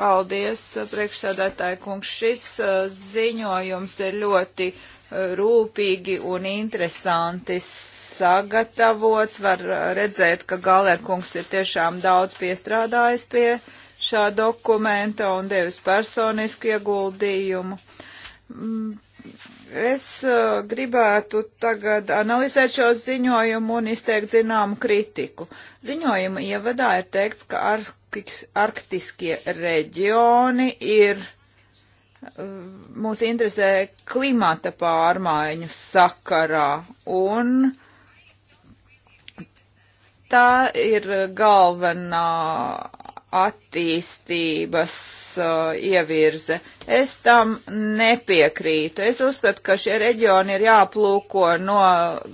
Paldies, uh, priekšsēdētāji kungs. Šis uh, ziņojums ir ļoti uh, rūpīgi un interesanti sagatavots. Var redzēt, ka Galerkungs ir tiešām daudz piestrādājis pie šā dokumenta un devis personisku ieguldījumu. Mm, es uh, gribētu tagad analizēt šo ziņojumu un izteikt zināmu kritiku. Ziņojuma ievadā ir teikts, ka ar arktiskie reģioni ir, mūs interesē klimata pārmaiņu sakarā un tā ir galvenā attīstības uh, ievirze. Es tam nepiekrītu. Es uzskatu, ka šie reģioni ir jāplūko no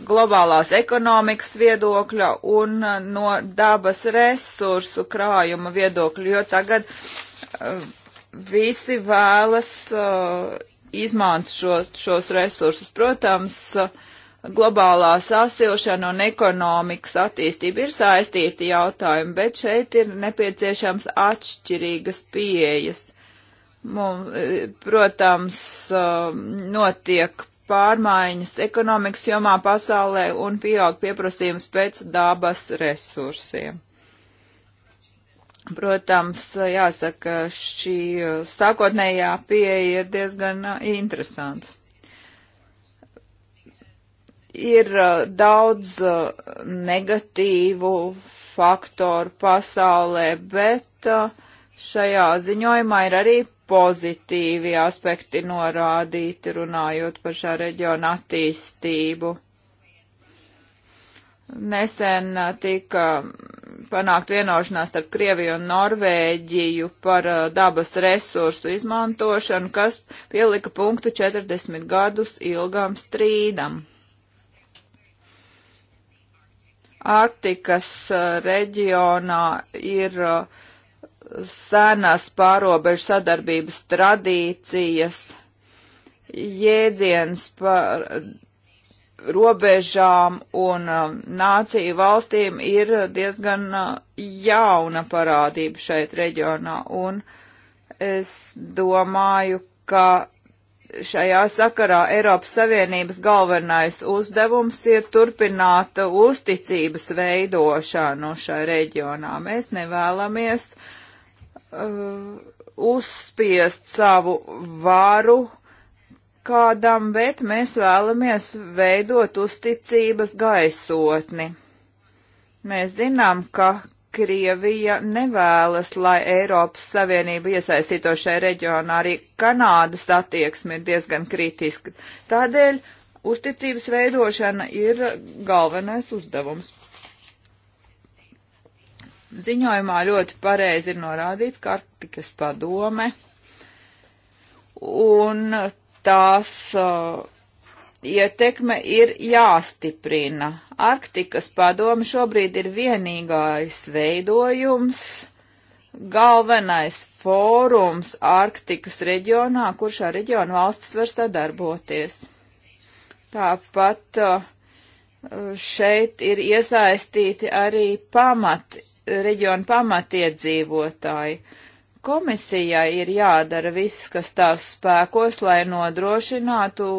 globālās ekonomikas viedokļa un uh, no dabas resursu krājuma viedokļa, jo tagad uh, visi vēlas uh, izmantot šo, šos resursus. Protams, uh, globālā sasilšana un ekonomikas attīstība ir saistīti jautājumi, bet šeit ir nepieciešams atšķirīgas pieejas. Mums, e, protams, e, notiek pārmaiņas ekonomikas jomā pasaulē un pieaug pieprasījums pēc dabas resursiem. Protams, e, jāsaka, šī sākotnējā pieeja ir diezgan interesanta ir uh, daudz uh, negatīvu faktoru pasaulē, bet uh, šajā ziņojumā ir arī pozitīvi aspekti norādīti, runājot par šā reģiona attīstību. Nesen tika panākt vienošanās starp Krieviju un Norvēģiju par dabas resursu izmantošanu, kas pielika punktu 40 gadus ilgam strīdam. Ārtikas uh, reģionā ir uh, senās pārobežu sadarbības tradīcijas, jēdziens par robežām un um, nāciju valstīm ir diezgan uh, jauna parādība šeit reģionā, un es domāju, ka šajā sakarā Eiropas Savienības galvenais uzdevums ir turpināt uzticības veidošanu šai reģionā. Mēs nevēlamies uh, uzspiest savu varu kādam, bet mēs vēlamies veidot uzticības gaisotni. Mēs zinām, ka Krievija nevēlas, lai Eiropas Savienība iesaistīto šajā reģionā, arī Kanādas attieksme ir diezgan kritiska. Tādēļ uzticības veidošana ir galvenais uzdevums. Ziņojumā ļoti pareizi ir norādīts, ka Arktikas padome un tās uh, ietekme ir jāstiprina. Arktikas padome šobrīd ir vienīgais veidojums, galvenais fórums Arktikas reģionā, kur šā reģiona valstis var sadarboties. Tāpat uh, šeit ir iesaistīti arī pamat, reģiona pamatiedzīvotāji komisijai ir jādara viss, kas tās spēkos, lai nodrošinātu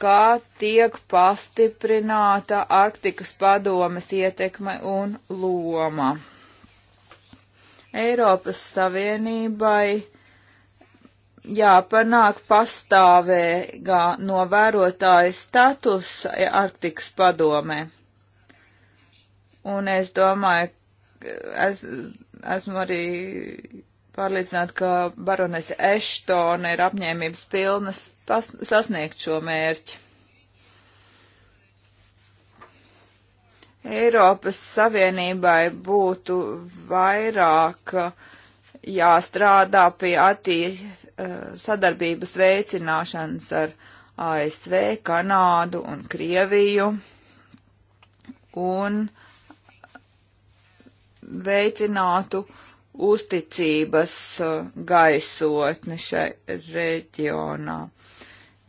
kā tiek pastiprināta Arktikas padomes ietekme un loma. Eiropas Savienībai jāpanāk pastāvēgā novērotāja status Arktikas padomē. Un es domāju, es, esmu arī pārliecināti, ka baronese Eštona ir apņēmības pilnas sasniegt šo mērķi. Eiropas Savienībai būtu vairāk uh, jāstrādā pie attī uh, sadarbības veicināšanas ar ASV, Kanādu un Krieviju un veicinātu uh, uzticības uh, gaisotni šai reģionā.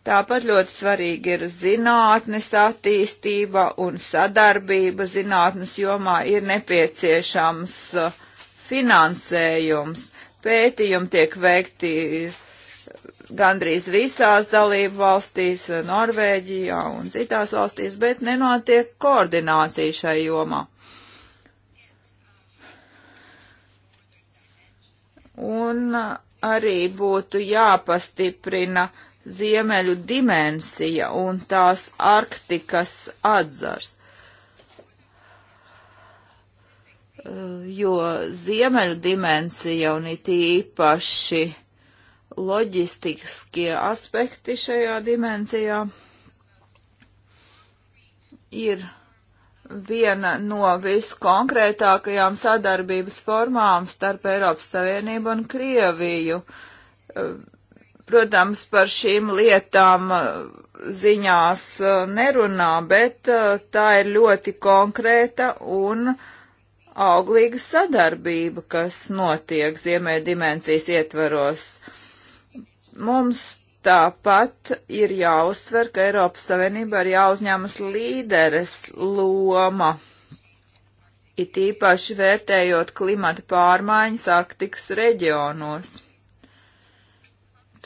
Tāpat ļoti svarīgi ir zinātnes attīstība un sadarbība zinātnes jomā ir nepieciešams uh, finansējums. Pētījumi tiek veikti uh, gandrīz visās dalību valstīs, Norvēģijā un citās valstīs, bet nenotiek koordinācija šai jomā. Un arī būtu jāpastiprina ziemeļu dimensija un tās Arktikas atzars. Eh, jo ziemeļu dimensija un it īpaši loģistiskie aspekti šajā dimensijā ir viena no viskonkrētākajām sadarbības formām starp Eiropas Savienību un Krieviju. Protams, par šīm lietām uh, ziņās uh, nerunā, bet uh, tā ir ļoti konkrēta un auglīga sadarbība, kas notiek Ziemē dimensijas ietvaros. Mums Tāpat ir jāuzsver, ka Eiropas Savienība ir jāuzņemas līderes loma, it īpaši vērtējot klimata pārmaiņas Arktikas reģionos.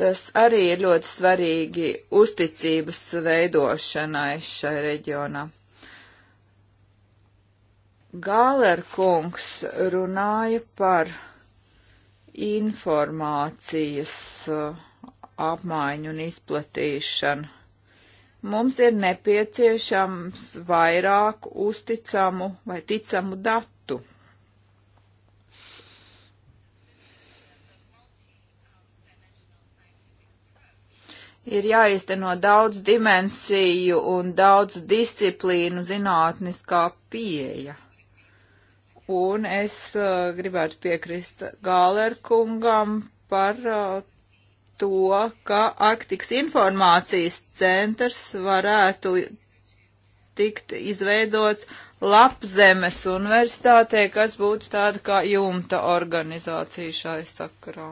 Tas arī ir ļoti svarīgi uzticības veidošanai šai reģionā. Gālerkungs runāja par informācijas uh, apmaiņu un izplatīšanu. Mums ir nepieciešams vairāk uzticamu vai ticamu datu. Ir jāizteno daudz dimensiju un daudz disciplīnu zinātniskā pieeja un es uh, gribētu piekrist Gālerkungam par uh, to, ka Arktikas informācijas centrs varētu tikt izveidots Lapzemes universitātē, kas būtu tāda kā jumta organizācija šai sakarā.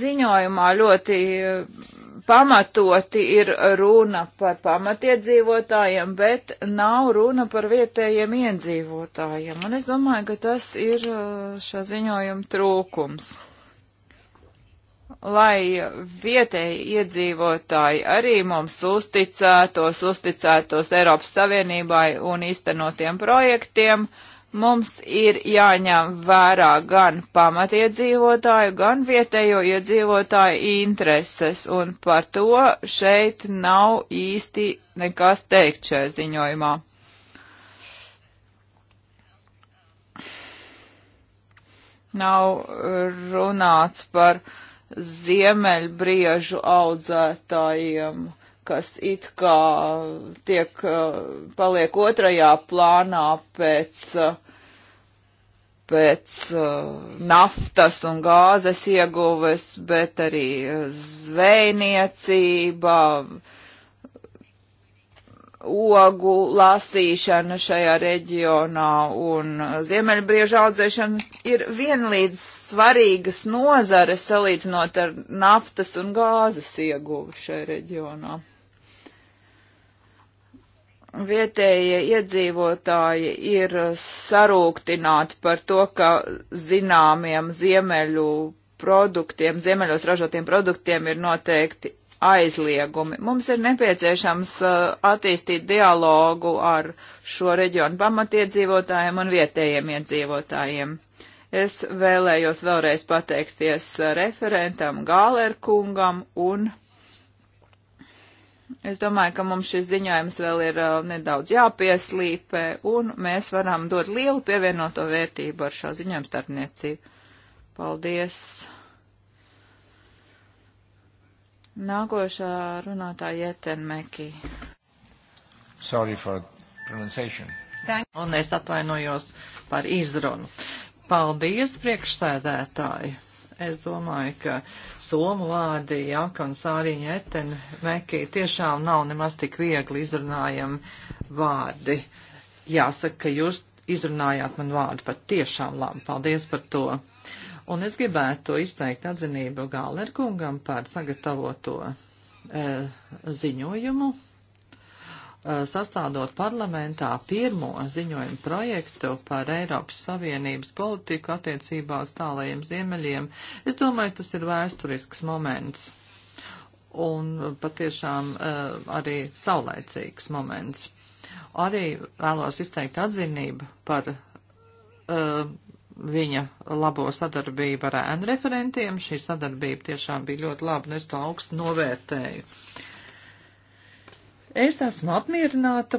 Ziņojumā ļoti pamatoti ir runa par pamatiedzīvotājiem, bet nav runa par vietējiem iedzīvotājiem. Un es domāju, ka tas ir uh, šā ziņojuma trūkums. Lai vietēji iedzīvotāji arī mums uzticētos, uzticētos Eiropas Savienībai un īstenotiem projektiem, uh, Mums ir jāņem vērā gan pamatiedzīvotāju, gan vietējo iedzīvotāju intereses, un par to šeit nav īsti nekas teikt šajā ziņojumā. Nav runāts par ziemeļbriežu audzētājiem kas it kā tiek, eh, paliek otrajā plānā pēc uh, pēc uh, naftas un gāzes ieguves, bet arī uh, zvejniecība, ogu lasīšana šajā reģionā un uh, ziemeļbrieža audzēšana ir vienlīdz svarīgas nozares salīdzinot ar naftas un gāzes ieguvi šajā reģionā vietējie iedzīvotāji ir sarūktināti par to, ka zināmiem ziemeļu produktiem, ziemeļos ražotiem produktiem ir noteikti aizliegumi. Mums ir nepieciešams uh, attīstīt dialogu ar šo reģionu pamatiedzīvotājiem un vietējiem iedzīvotājiem. Es vēlējos vēlreiz pateikties uh, referentam Gālerkungam un Es domāju, ka mums šis ziņojums vēl ir uh, nedaudz jāpieslīpē, un mēs varam dot lielu pievienoto vērtību ar šo ziņojumu starpniecību. Paldies! Nākošā runātāja Jetenmeki. Sorry for pronunciation. Un es atvainojos par izrunu. Paldies, priekšsēdētāji! Es domāju, ka somu vārdi jaka un sāriņa eten mekī tiešām nav nemaz tik viegli izrunājami vārdi. Jāsaka, ka jūs izrunājāt man vārdu pat tiešām labi. Paldies par to. Un es gribētu to izteikt atzinību Gālerkungam par sagatavoto e, ziņojumu Uh, sastādot parlamentā pirmo ziņojumu projektu par Eiropas Savienības politiku attiecībā uz tālajiem ziemeļiem, es domāju, tas ir vēsturisks moments un patiešām uh, arī saulēcīgs moments. Arī vēlos izteikt atzinību par uh, viņa labo sadarbību ar ēnu referentiem. Šī sadarbība tiešām bija ļoti laba, un es to augstu novērtēju. Uh, Es esmu apmierināta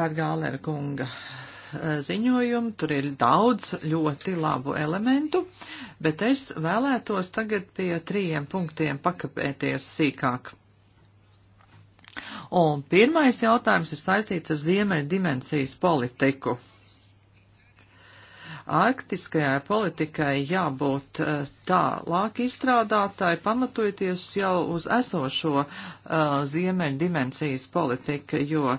ar Gālera kunga eh, ziņojumu. Tur ir daudz ļoti labu elementu, bet es vēlētos tagad pie trījiem punktiem pakapēties sīkāk. Un pirmais jautājums ir saistīts ar ziemeļu dimensijas politiku. Arktiskajai politikai jābūt eh, tālāk izstrādātāji, pamatojoties jau uz esošo uh, ziemeļu dimensijas politika, jo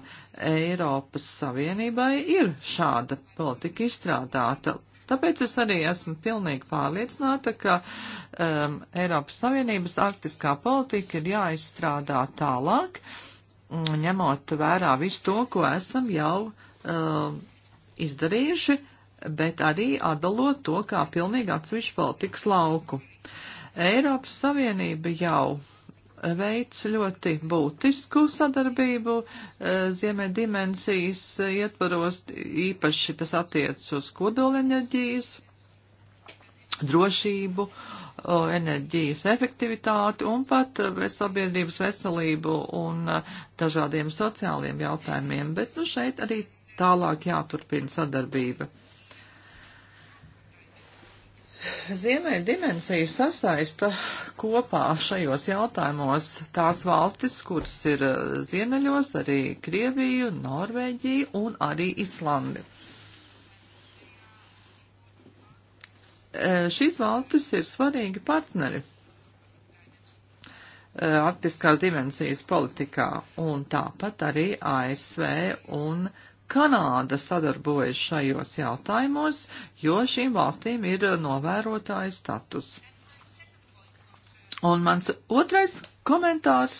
Eiropas Savienībai ir šāda politika izstrādāta. Tāpēc es arī esmu pilnīgi pārliecināta, ka um, Eiropas Savienības arktiskā politika ir jāizstrādā tālāk, ņemot vērā visu to, ko esam jau um, izdarījuši, uh, bet arī atdalot to kā pilnīgi atsevišķu politikas lauku. Eiropas Savienība jau veids ļoti būtisku sadarbību eh, ziemē dimensijas ietvaros, īpaši tas attiec uz kodolenerģijas, drošību, enerģijas efektivitāti un pat eh, sabiedrības veselību un eh, dažādiem sociāliem jautājumiem, bet nu šeit arī tālāk jāturpina sadarbība. Ziemeļa dimensija sasaista kopā šajos jautājumos tās valstis, kuras ir eh, ziemeļos, arī Krieviju, Norvēģiju un arī Islandi. Eh, šīs valstis ir svarīgi partneri eh, arktiskās dimensijas politikā un tāpat arī ASV un Krievija. Kanāda sadarbojas šajos jautājumos, jo šīm valstīm ir uh, novērotāju status. Un mans otrais komentārs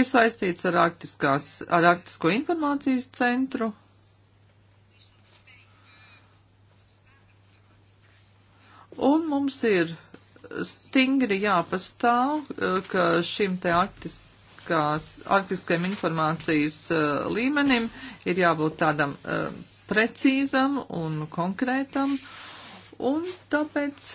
ir saistīts ar, ar Arktisko informācijas centru. Un mums ir stingri jāpastāv, uh, ka šim te Arktis, arktiskajam informācijas uh, līmenim ir jābūt tādam uh, precīzam un konkrētam, un tāpēc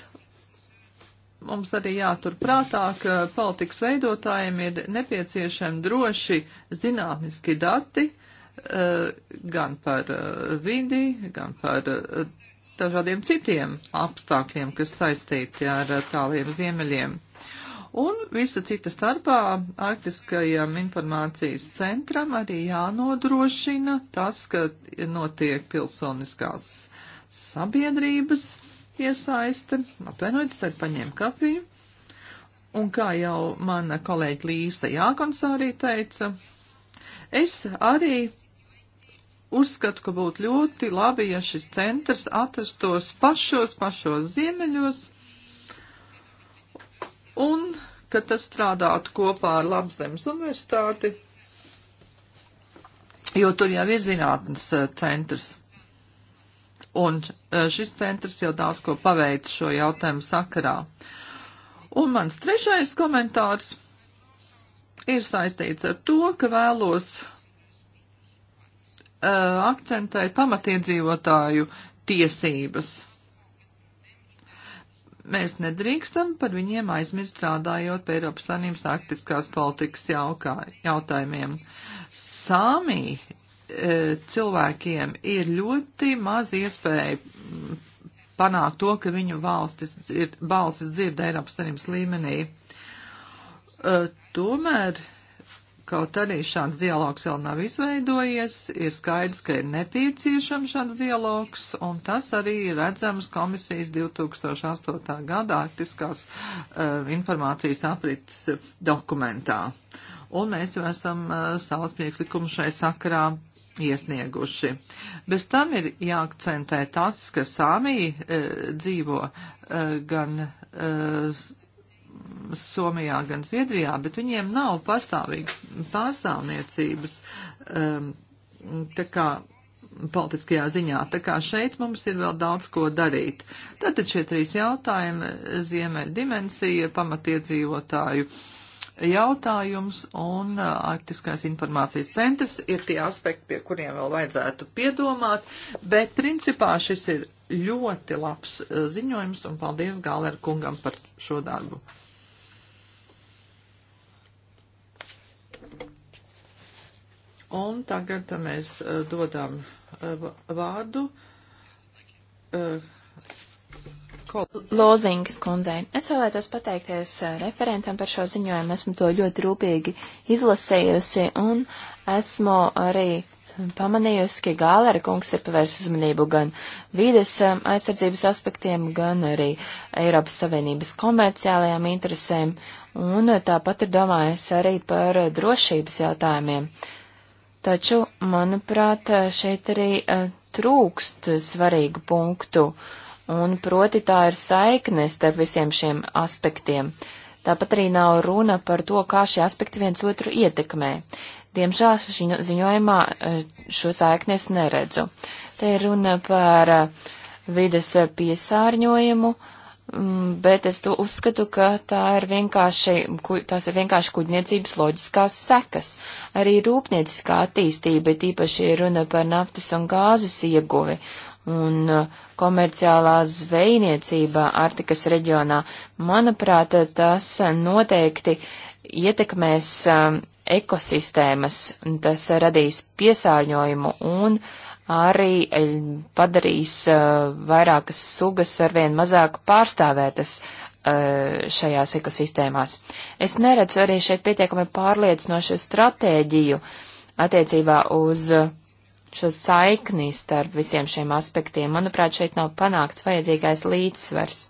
mums arī jāturprātā, ka politikas veidotājiem ir nepieciešami droši zinātniski dati uh, gan par uh, vidi, gan par uh, dažādiem citiem apstākļiem, kas saistīti ar uh, tāliem ziemeļiem. Un visa cita starpā arktiskajam informācijas centram arī jānodrošina tas, ka notiek pilsoniskās sabiedrības iesaiste. Atvainojiet, tad paņēmu kafiju. Un kā jau mana kolēģa Līsa Jākonsārī teica, es arī uzskatu, ka būtu ļoti labi, ja šis centrs atrastos pašos, pašos ziemeļos, un ka tas strādātu kopā ar Labzemes universitāti, jo tur jau ir zinātnes eh, centrs. Un eh, šis centrs jau daudz ko paveica šo jautājumu sakarā. Un mans trešais komentārs ir saistīts ar to, ka vēlos uh, akcentēt pamatiedzīvotāju tiesības. Mēs nedrīkstam par viņiem aizmirst strādājot pie Eiropas Savienības arktiskās politikas jaukā, jautājumiem. Sāmī e, cilvēkiem ir ļoti maz iespēja panākt to, ka viņu valstis dzird, balsis dzird Eiropas Savienības līmenī. E, tomēr Kaut arī šāds dialogs vēl nav izveidojies, ir skaidrs, ka ir nepieciešams šāds dialogs, un tas arī ir redzams komisijas 2008. gada arktiskās uh, informācijas aprits dokumentā. Un mēs jau esam uh, savus priekšlikumus šai sakarā iesnieguši. Bez tam ir jāakcentē tas, ka Sāmija e, dzīvo e, gan e, Somijā, gan Zviedrijā, bet viņiem nav pastāvīgas pārstāvniecības um, tā kā politiskajā ziņā. Tā kā šeit mums ir vēl daudz ko darīt. Tātad šie trīs jautājumi - ziemē dimensija, pamatiedzīvotāju jautājums un uh, Arktiskais informācijas centrs ir tie aspekti, pie kuriem vēl vajadzētu piedomāt, bet principā šis ir ļoti labs uh, ziņojums un paldies Gālēra kungam par šo darbu. Un tagad mēs eh, dodam eh, vārdu eh, Lozingas kundzei. Es vēlētos pateikties referentam par šo ziņojumu. Esmu to ļoti rūpīgi izlasējusi un esmu arī pamanījusi, ka Gālera kungs ir pavērsis uzmanību gan vīdes aizsardzības aspektiem, gan arī Eiropas Savienības komerciālajām interesēm un tāpat ir domājis arī par drošības jautājumiem. Uh, Taču, manuprāt, šeit arī e, trūkst svarīgu punktu, un proti tā ir saikne starp visiem šiem aspektiem. Tāpat arī nav runa par to, kā šie aspekti viens otru ietekmē. Diemžēl ziņo, ziņojumā e, šo saikni es neredzu. Te ir runa par e, vides piesārņojumu, uh, Mm, bet es to uzskatu, ka tā ir vienkārši, tās ir vienkārši kuģniecības loģiskās sekas. Arī rūpnieciskā attīstība, tīpaši runa par naftas un gāzes ieguvi un uh, komerciālā zvejniecība Arktikas reģionā, manuprāt, tas noteikti ietekmēs um, ekosistēmas, tas radīs piesārņojumu un uh, arī eh, padarīs eh, vairākas sugas arvien mazāk pārstāvētas eh, šajās ekosistēmās. Es neredzu arī šeit pietiekami pārliecinošu stratēģiju attiecībā uz šo saikni starp visiem šiem aspektiem. Manuprāt, šeit nav panākts vajadzīgais līdzsvers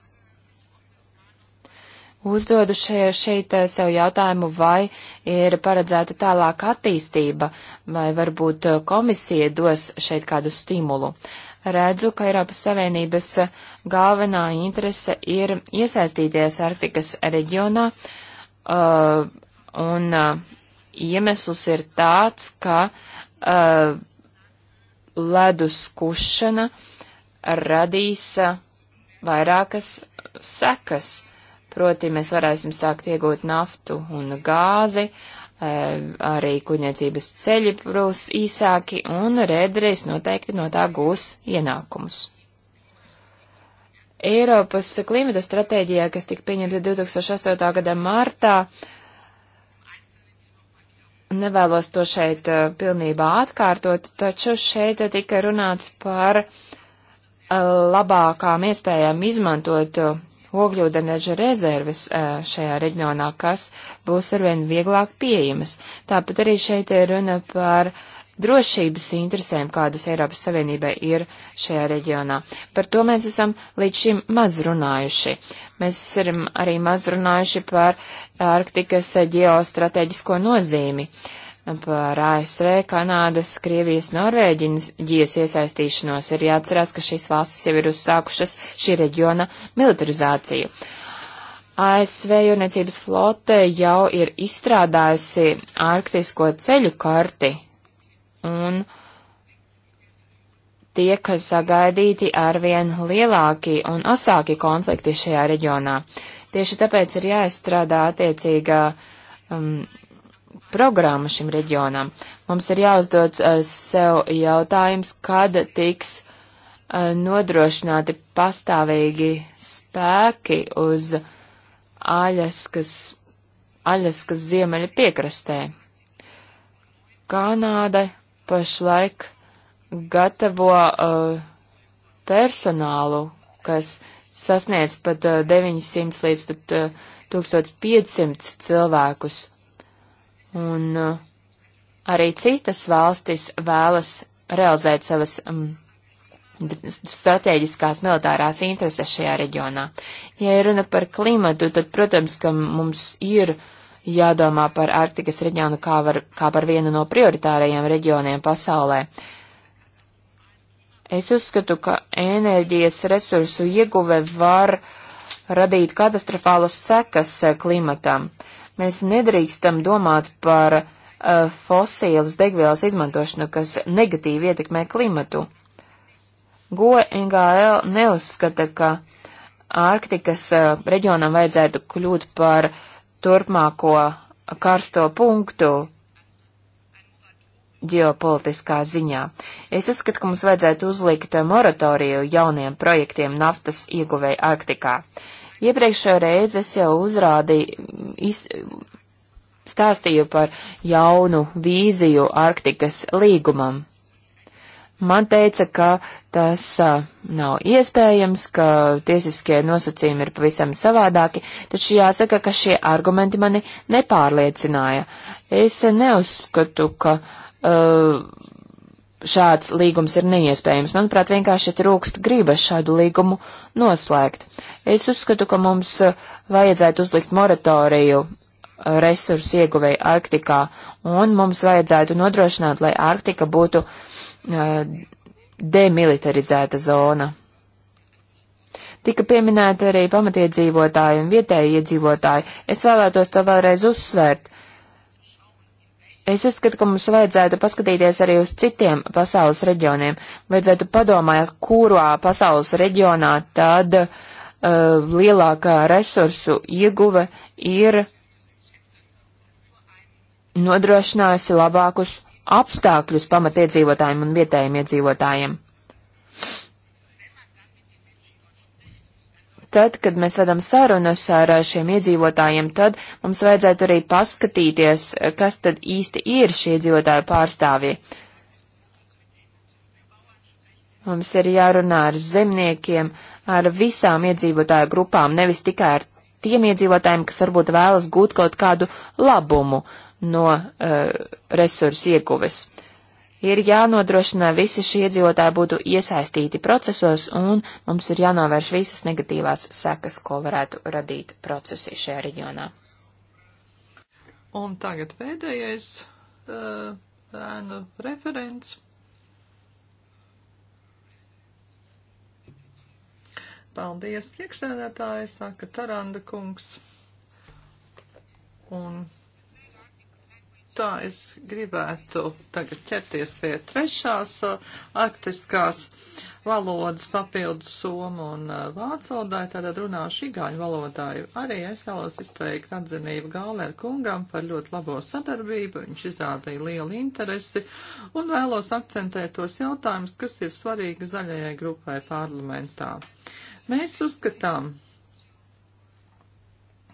uzdodu šeit, šeit eh, sev jautājumu, vai ir paredzēta tālāka attīstība, vai varbūt eh, komisija dos šeit kādu stimulu. Redzu, ka Eiropas Savienības eh, galvenā interese ir iesaistīties Arktikas reģionā, uh, un uh, iemesls ir tāds, ka uh, ledus kušana radīs vairākas sekas proti mēs varēsim sākt iegūt naftu un gāzi, eh, arī kuģniecības ceļi būs īsāki un rēderis noteikti no tā gūs ienākumus. Eiropas klimata stratēģijā, kas tika pieņemta 2008. gada martā, nevēlos to šeit eh, pilnībā atkārtot, taču šeit tika runāts par eh, labākām iespējām izmantot ogļūdeneža rezerves šajā reģionā, kas būs arvien vieglāk pieejamas. Tāpat arī šeit ir runa par drošības interesēm, kādas Eiropas Savienībai ir šajā reģionā. Par to mēs esam līdz šim maz runājuši. Mēs esam arī maz runājuši par Arktikas ģeostrateģisko nozīmi. Uh, par ASV, Kanādas, Krievijas, Norvēģijas iesaistīšanos, ir jāatcerās, ka šīs valstis jau ir uzsākušas šī reģiona militarizāciju. ASV jūrniecības flote jau ir izstrādājusi arktisko ceļu karti un tiek sagaidīti arvien lielāki un asāki konflikti šajā reģionā. Tieši tāpēc ir jāizstrādā attiecīgā um, programmu šim reģionam. Mums ir jāuzdod eh, sev jautājums, kad tiks eh, nodrošināti pastāvīgi spēki uz Aļaskas, Aļaskas ziemeļa piekrastē. Kanāda pašlaik gatavo uh, personālu, kas sasniedz pat uh, 900 līdz pat uh, 1500 cilvēkus un uh, arī citas valstis vēlas realizēt savas um, stratēģiskās militārās intereses šajā reģionā. Ja runa par klimatu, tad, protams, ka mums ir jādomā par Arktikas reģionu kā, var, kā par vienu no prioritārajiem reģioniem pasaulē. Es uzskatu, ka enerģijas resursu ieguve var radīt katastrofālas sekas eh, klimatam. Uh, Mēs nedrīkstam domāt par uh, fosīlas degvielas izmantošanu, kas negatīvi ietekmē klimatu. GoNGL neuzskata, ka Ārktikas uh, eh, reģionam vajadzētu kļūt par turpmāko karsto punktu ģeopolitiskā ziņā. Es uzskatu, ka mums vajadzētu uzlikt moratoriju jauniem projektiem naftas ieguvēja Arktikā. Uh, Iepriekšējo reizi es jau uzrādīju, iz, stāstīju par jaunu vīziju Arktikas līgumam. Man teica, ka tas a, nav iespējams, ka tiesiskie nosacījumi ir pavisam savādāki, taču jāsaka, ka šie argumenti mani nepārliecināja. Es neuzskatu, ka uh, šāds līgums ir neiespējams. Manuprāt, vienkārši trūkst gribas šādu līgumu noslēgt. Es uzskatu, ka mums uh, vajadzētu uzlikt moratoriju uh, resursu ieguvēja Arktikā, un mums vajadzētu nodrošināt, lai Arktika būtu uh, demilitarizēta zona. Tika pieminēta arī pamatiedzīvotāji un vietēji iedzīvotāji. Es vēlētos to vēlreiz uzsvērt. Uh, Es uzskatu, ka mums vajadzētu paskatīties arī uz citiem pasaules reģioniem. Vajadzētu padomāt, kurā pasaules reģionā tad uh, lielākā resursu ieguve ir nodrošinājusi labākus apstākļus pamatiedzīvotājiem un vietējiem iedzīvotājiem. Tad, kad mēs vedam sarunas ar šiem iedzīvotājiem, tad mums vajadzētu arī paskatīties, kas tad īsti ir šie iedzīvotāju pārstāvji. Mums ir jārunā ar zemniekiem, ar visām iedzīvotāju grupām, nevis tikai ar tiem iedzīvotājiem, kas varbūt vēlas gūt kaut kādu labumu no uh, resursu ieguves ir jānodrošina visi šie iedzīvotāji būtu iesaistīti procesos, un mums ir jānovērš visas negatīvās sekas, ko varētu radīt procesi šajā reģionā. Un tagad pēdējais uh, ēnu referents. Paldies, priekšsēdētāji, saka Taranda kungs. Un tā es gribētu tagad ķerties pie trešās arktiskās valodas papildu somu un vācu valodai, tātad runāšu igāņu valodāju. Arī es vēlos izteikt atzinību Gāleru kungam par ļoti labo sadarbību, viņš izrādīja lielu interesi un vēlos akcentēt tos jautājumus, kas ir svarīgi zaļajai grupai parlamentā. Mēs uzskatām,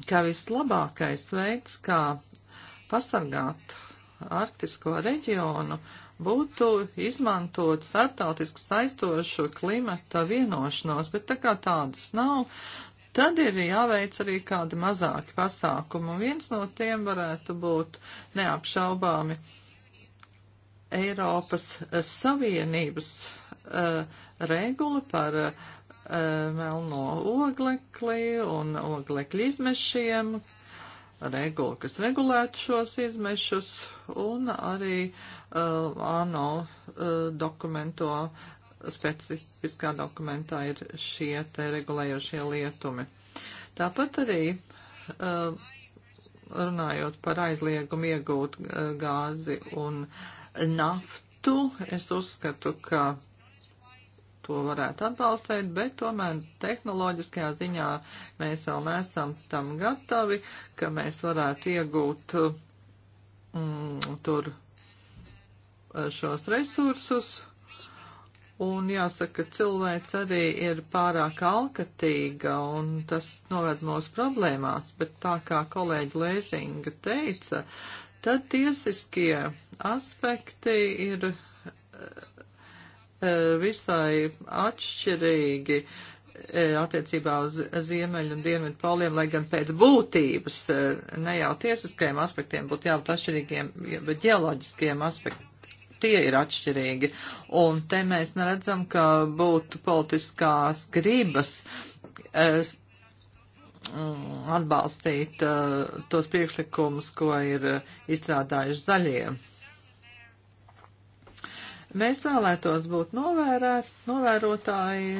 ka vislabākais veids, kā pasargāt arktisko reģionu, būtu izmantot starptautiski saistošu klimata vienošanos, bet tā kā tādas nav, tad ir jāveic arī kādi mazāki pasākumi, un viens no tiem varētu būt neapšaubāmi Eiropas eh, Savienības uh, regula par uh, melno oglekli un oglekļu izmešiem, regula, kas regulētu šos izmešus, un arī uh, ANO uh, dokumento, specifiskā dokumentā ir šie te regulējošie lietumi. Tāpat arī uh, runājot par aizliegumu iegūt uh, gāzi un naftu, es uzskatu, ka to varētu atbalstīt, bet tomēr tehnoloģiskajā ziņā mēs vēl nesam tam gatavi, ka mēs varētu iegūt mm, tur eh, šos resursus. Un jāsaka, cilvēks arī ir pārāk alkatīga, un tas noved mūsu problēmās, bet tā kā kolēģi Lēzinga teica, tad tiesiskie aspekti ir eh, E, visai atšķirīgi e, attiecībā uz ziemeļu un dienvidu poliem, lai gan pēc būtības e, ne jau tiesiskajiem aspektiem būtu jābūt atšķirīgiem, bet ģeoloģiskiem aspektiem. Tie ir atšķirīgi, un te mēs neredzam, ka būtu politiskās gribas es, mm, atbalstīt uh, tos priekšlikumus, ko ir izstrādājuši zaļie. Mēs vēlētos būt novērēt, novērotāji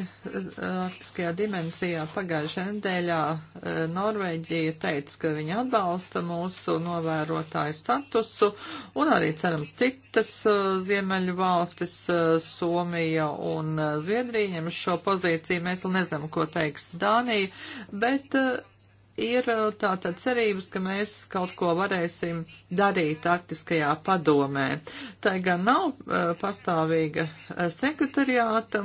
arktiskajā dimensijā. Pagājušajā nedēļā e, Norvēģija teica, ka viņi atbalsta mūsu novērotāju statusu un arī ceram citas e, ziemeļu valstis, e, Somija un Zviedrija ņem šo pozīciju. Mēs vēl nezinām, ko teiks Dānija, bet ir eh, tātad cerības, ka mēs kaut ko varēsim darīt arktiskajā padomē. Tā gan nav uh, pastāvīga eh, sekretariāta,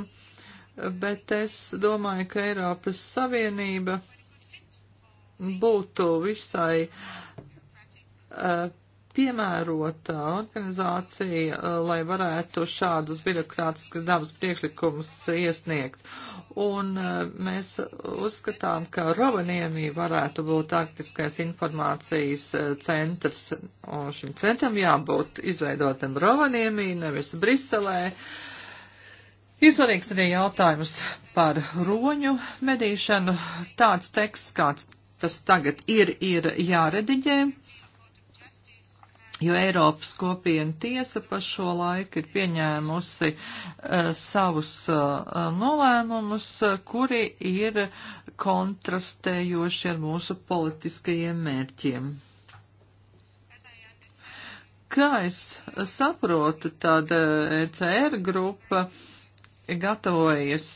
bet es domāju, ka Eiropas Savienība būtu visai uh, piemērota organizācija, eh, lai varētu šādus birokrātiskas dabas priekšlikumus iesniegt. Un eh, mēs uzskatām, ka Rovaniemī varētu būt arktiskais informācijas eh, centrs, un šim centram jābūt izveidotam Rovaniemī, nevis Briselē. Ir svarīgs arī jautājums par roņu medīšanu. Tāds teksts, kāds tas tagad ir, ir jārediģē jo Eiropas kopiena tiesa pa šo laiku ir pieņēmusi uh, savus uh, nolēmumus, uh, kuri ir kontrastējoši ar mūsu politiskajiem mērķiem. Kā es saprotu, tad ECR grupa gatavojas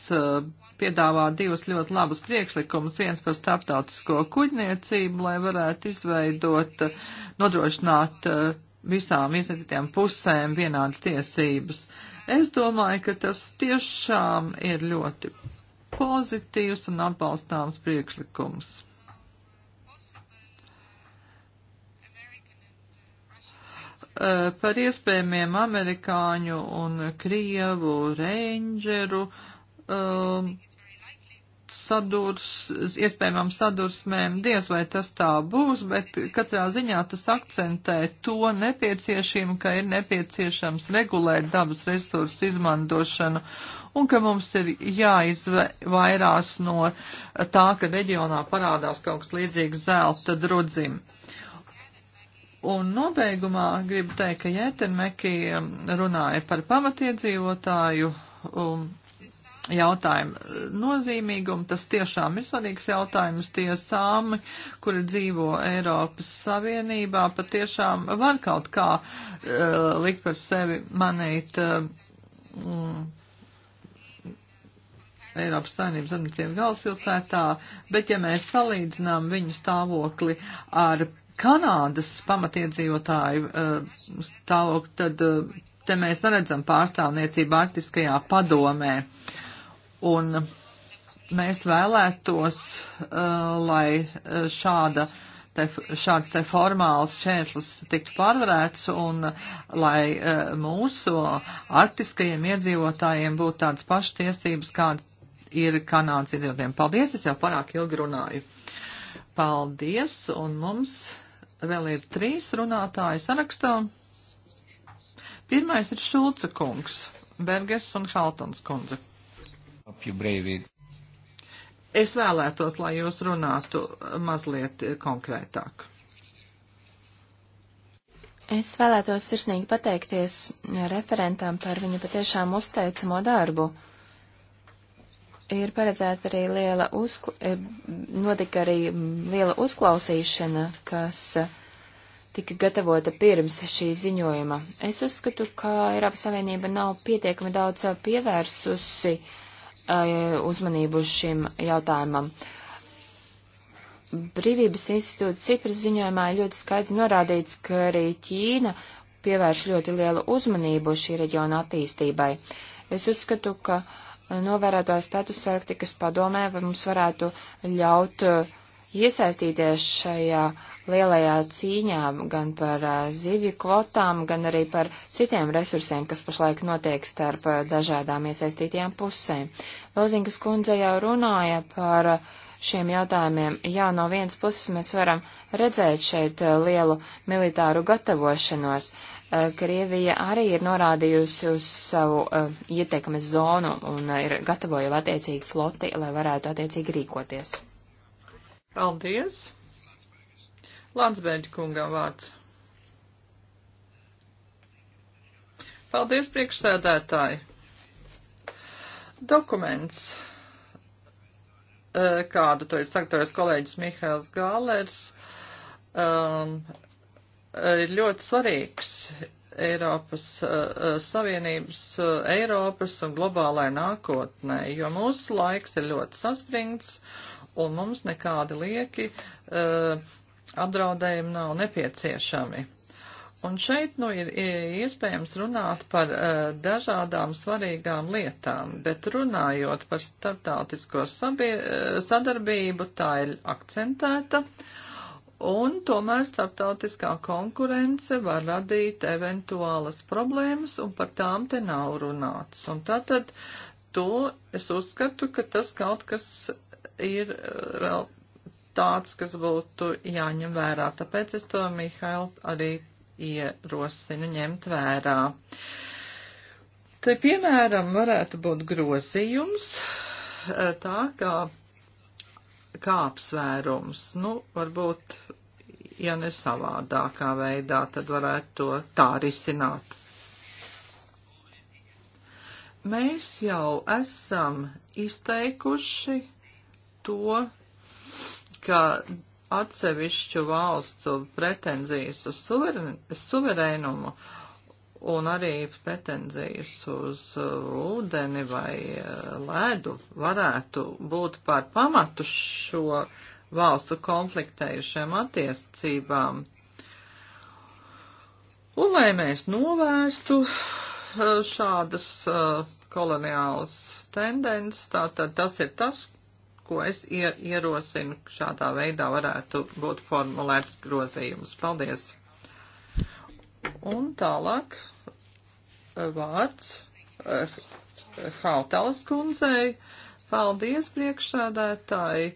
piedāvā divus ļoti labus priekšlikumus. Viens par starptautisko kuģniecību, lai varētu izveidot, nodrošināt eh, visām iesaistītām pusēm vienādas tiesības. Es domāju, ka tas tiešām ir ļoti pozitīvs un atbalstāms priekšlikums. Eh, par iespējamiem amerikāņu un krievu reindžeru um, eh, sadurs, iespējamām sadursmēm. Diez vai tas tā būs, bet katrā ziņā tas akcentē to nepieciešību, ka ir nepieciešams regulēt dabas resursu izmantošanu un ka mums ir jāizvairās no tā, ka reģionā parādās kaut kas līdzīgs zelta drudzim. Un nobeigumā gribu teikt, ka Jētenmeki runāja par pamatiedzīvotāju um, jautājumu e, nozīmīgumu. Tas tiešām ir svarīgs jautājums tiesām, kuri dzīvo Eiropas Savienībā, patiešām var kaut kā uh, likt par sevi manīt. Uh, Eiropas Savienības administrīvas galvaspilsētā, bet ja mēs salīdzinām viņu stāvokli ar Kanādas pamatiedzīvotāju uh, stāvokli, tad uh, te mēs neredzam pārstāvniecību Arktiskajā padomē. Uh, Un mēs vēlētos, uh, lai uh, šāda te, šāds te formāls šķērslis tiktu pārvarēts un uh, lai uh, mūsu arktiskajiem iedzīvotājiem būtu tādas pašas tiesības, kādas ir Kanādas iedzīvotājiem. Paldies, es jau pārāk ilgi runāju. Paldies, un mums vēl ir trīs runātāji sarakstā. Pirmais ir Šulca kungs, Berges un Haltons kundze. Es vēlētos, lai jūs runātu mazliet konkrētāk. Es vēlētos sirsnīgi pateikties referentam par viņa patiešām uzteicamo darbu. Ir paredzēta arī liela uzkla... Eh, notika arī liela uzklausīšana, kas tika gatavota pirms šī ziņojuma. Es uzskatu, ka Eiropas Savienība nav pietiekami daudz pievērsusi uh, Eh, uzmanību šim jautājumam. Brīvības institūta Cipras ziņojumā ļoti skaidri norādīts, ka arī Ķīna pievērš ļoti lielu uzmanību šī reģiona attīstībai. Es uzskatu, ka novērētāja status Arktikas padomē mums varētu ļaut uh, iesaistīties šajā lielajā cīņā gan par zivju kvotām, gan arī par citiem resursiem, kas pašlaik notiek starp dažādām iesaistītajām pusēm. Lozinkas kundze jau runāja par šiem jautājumiem. Jā, no vienas puses mēs varam redzēt šeit lielu militāru gatavošanos. Krievija arī ir norādījusi uz savu uh, ietekmes zonu un uh, ir gatavoja attiecīgi floti, lai varētu attiecīgi rīkoties. Paldies! Landsbērģi kungam vārds. Paldies, priekšsēdētāji! Dokuments eh, kādu to ir sagatavojis kolēģis Mihails Gālērs, um, ir ļoti svarīgs Eiropas uh, Savienības, uh, Eiropas un globālai nākotnē, jo mūsu laiks ir ļoti saspringts un mums nekādi lieki uh, apdraudējumi nav nepieciešami. Un šeit nu ir iespējams runāt par uh, dažādām svarīgām lietām, bet runājot par starptautisko sabie, eh, sadarbību, tā ir akcentēta. Un tomēr starptautiskā konkurence var radīt eventuālas problēmas, un par tām te nav runāts. Un tātad to es uzskatu, ka tas kaut kas ir eh, vēl tāds, kas būtu jāņem vērā. Tāpēc es to Mihail arī ierosinu ņemt vērā. Te, piemēram, varētu būt grozījums eh, tā kā, kā apsvērums. Nu, varbūt, ja ne savādākā veidā, tad varētu to tā risināt. Mēs jau esam izteikuši to, ka atsevišķu valstu pretenzijas uz suverēnumu un arī pretenzijas uz uh, ūdeni vai uh, ledu varētu būt par pamatu šo valstu konfliktējušiem attiecībām. Un lai mēs novērstu uh, šādas koloniālas tendences, tātad tas ir tas, ko es ierosinu, šādā veidā varētu būt formulēts grozījums. Paldies! Un tālāk eh, vārds eh, Hautalas kundzei. Paldies, priekšsādētāji!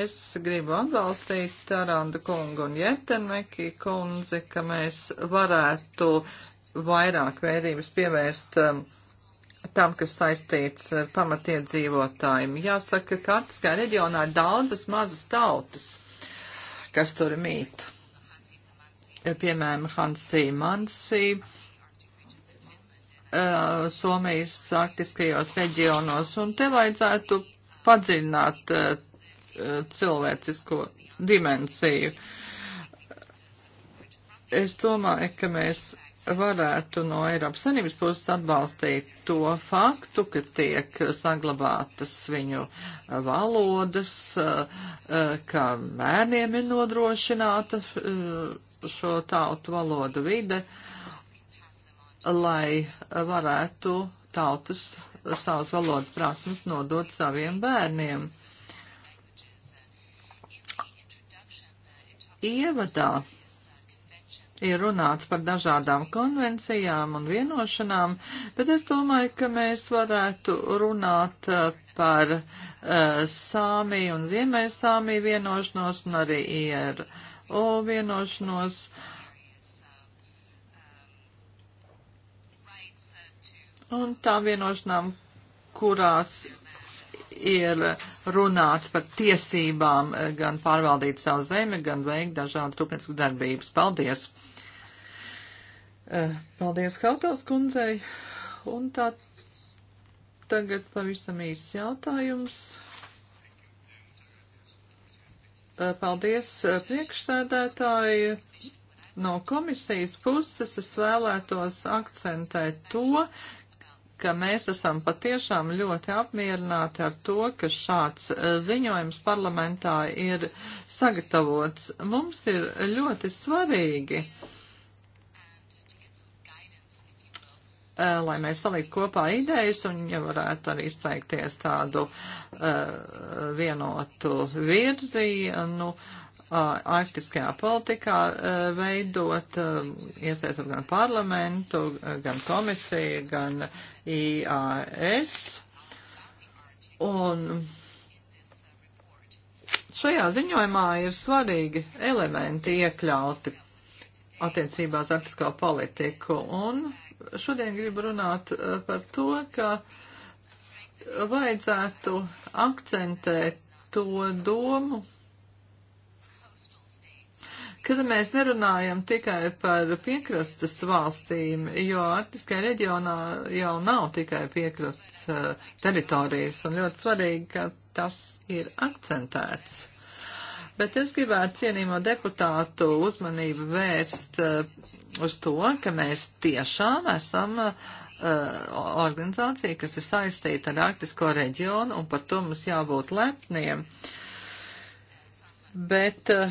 Es gribu atbalstīt Taranda kungu un Jetenmeki kundzi, ka mēs varētu vairāk vērības pievērst um, tam, kas saistīts ar pamatiedzīvotājiem. Jāsaka, ka Arktiskā reģionā ir daudzas mazas tautas, kas tur mīt. Piemēram, Hansī Mansī, uh, Somijas arktiskajos reģionos, un te vajadzētu padziļināt uh, cilvēcisko dimensiju. Es domāju, ka mēs varētu no Eiropas Savienības puses atbalstīt to faktu, ka tiek saglabātas viņu valodas, ka bērniem ir nodrošināta eh, šo tautu valodu vide, lai varētu tautas savas valodas prasmes nodot saviem bērniem. Ievadā ir runāts par dažādām konvencijām un vienošanām, bet es domāju, ka mēs varētu runāt uh, par uh, Sāmiju un Ziemeļ Sāmiju vienošanos un arī IRO vienošanos. Un tām vienošanām, kurās ir runāts par tiesībām eh, gan pārvaldīt savu zemi, gan veikt dažādas rūpnieciskas darbības. Paldies! Eh, paldies Hautals kundzei! Un tā tagad pavisam īsts jautājums. Eh, paldies priekšsēdētāji! No komisijas puses es vēlētos akcentēt to, ka mēs esam patiešām ļoti apmierināti ar to, ka šāds eh, ziņojums parlamentā ir sagatavots. Mums ir ļoti svarīgi, eh, lai mēs saliktu kopā idejas un ja varētu arī izteikties tādu uh, vienotu virzienu. Uh, arktiskajā politikā veidot, iesaistot gan parlamentu, gan komisiju, gan IAS. Un šajā ziņojumā ir svarīgi elementi iekļauti attiecībā uz arktisko politiku. Un šodien gribu runāt eh, par to, ka vajadzētu akcentēt to domu, kad mēs nerunājam tikai par piekrastes valstīm, jo Arktiskajā reģionā jau nav tikai piekrastes uh, teritorijas, un ļoti svarīgi, ka tas ir akcentēts. Bet es gribētu cienīmo deputātu uzmanību vērst uh, uz to, ka mēs tiešām esam uh, organizācija, kas ir saistīta ar Arktisko reģionu, un par to mums jābūt lepniem. Bet uh,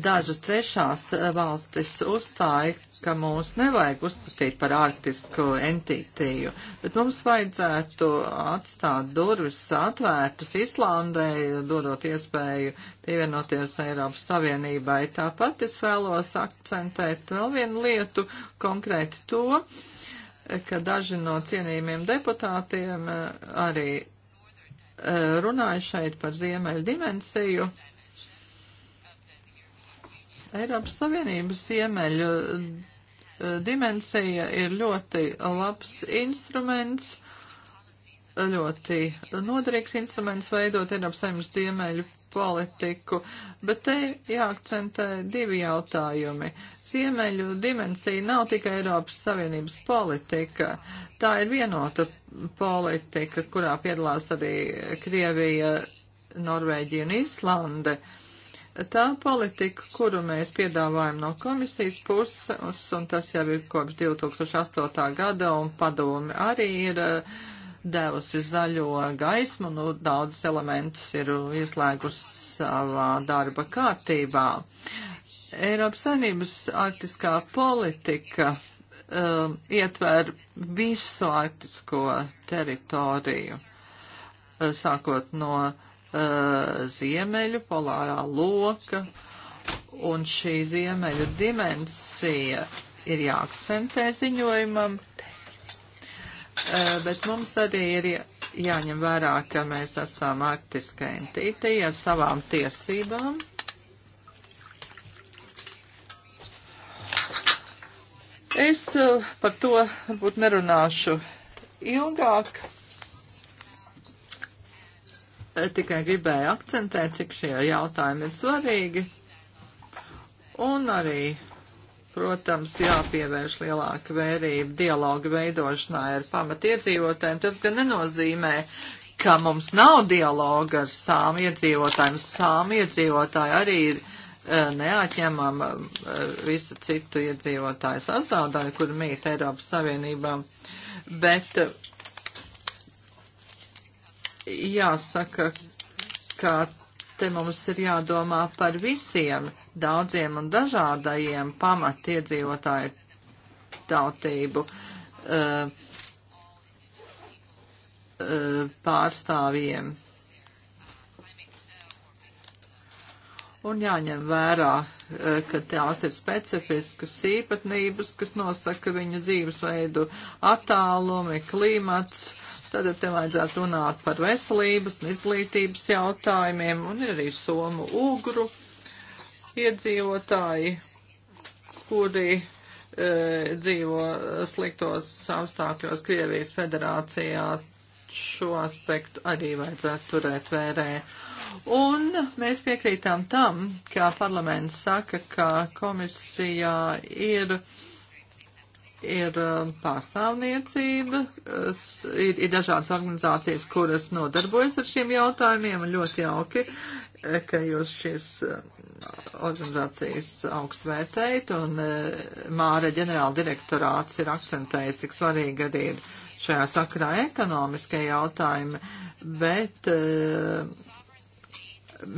dažas trešās valstis uzstāja, ka mūs nevajag uzskatīt par arktisku entitīju, bet mums vajadzētu atstāt durvis atvērtas Islandai, dodot iespēju pievienoties Eiropas Savienībai. Tāpat es vēlos akcentēt vēl vienu lietu, konkrēti to, ka daži no cienījumiem deputātiem eh, arī eh, runāja šeit par ziemeļu dimensiju Eiropas Savienības ziemeļu eh, dimensija ir ļoti labs instruments, ļoti noderīgs instruments veidot Eiropas Savienības ziemeļu politiku, bet te jāakcentē divi jautājumi. Ziemeļu dimensija nav tikai Eiropas Savienības politika, tā ir vienota politika, kurā piedalās arī Krievija, Norvēģija un Islande. Uh, tā politika, kuru mēs piedāvājam no komisijas puses, un tas jau ir kopš 2008. gada, un padomi arī ir eh, devusi zaļo gaismu, nu daudz elementus ir ieslēgusi savā darba kārtībā. Eiropas saimnības arktiskā politika um, ietver visu arktisko teritoriju, eh, sākot no uh, uh, ziemeļu polārā loka, un šī ziemeļu dimensija ir jāakcentē ziņojumam, uh, bet mums arī ir jāņem vērā, ka mēs esam arktiska entīte ar savām tiesībām. Es uh, par to varbūt nerunāšu ilgāk tikai gribēju akcentēt, cik šie jautājumi ir svarīgi. Un arī, protams, jāpievērš lielāka vērība dialoga veidošanai ar pamatiedzīvotājiem. Tas gan nenozīmē, ka mums nav dialoga ar sām iedzīvotājiem. Sām iedzīvotāji arī ir uh, e, neatņemama uh, e, visu citu iedzīvotāju sastāvdaļu, kur mīt Eiropas Savienībām. Bet uh, jāsaka, ka te mums ir jādomā par visiem daudziem un dažādajiem pamatiedzīvotāju tautību uh, uh, pārstāvjiem. Un jāņem vērā, uh, ka tās ir specifiskas īpatnības, kas nosaka viņu dzīvesveidu attālumi, klimats, uh, tad te vajadzētu runāt par veselības un izglītības jautājumiem, un ir arī somu ugru iedzīvotāji, kuri e, dzīvo sliktos apstākļos Krievijas federācijā. Šo aspektu arī vajadzētu turēt vērē. Un mēs piekrītām tam, kā parlaments saka, ka komisijā ir uh, ir uh, pārstāvniecība, ir, ir dažādas organizācijas, kuras nodarbojas ar šiem jautājumiem, un ļoti jauki, eh, ka jūs šīs uh, organizācijas augst vērtējat, un eh, Māra ģenerāla direktorāts ir akcentējis, cik svarīgi arī ir šajā sakrā ekonomiskie jautājumi, bet uh,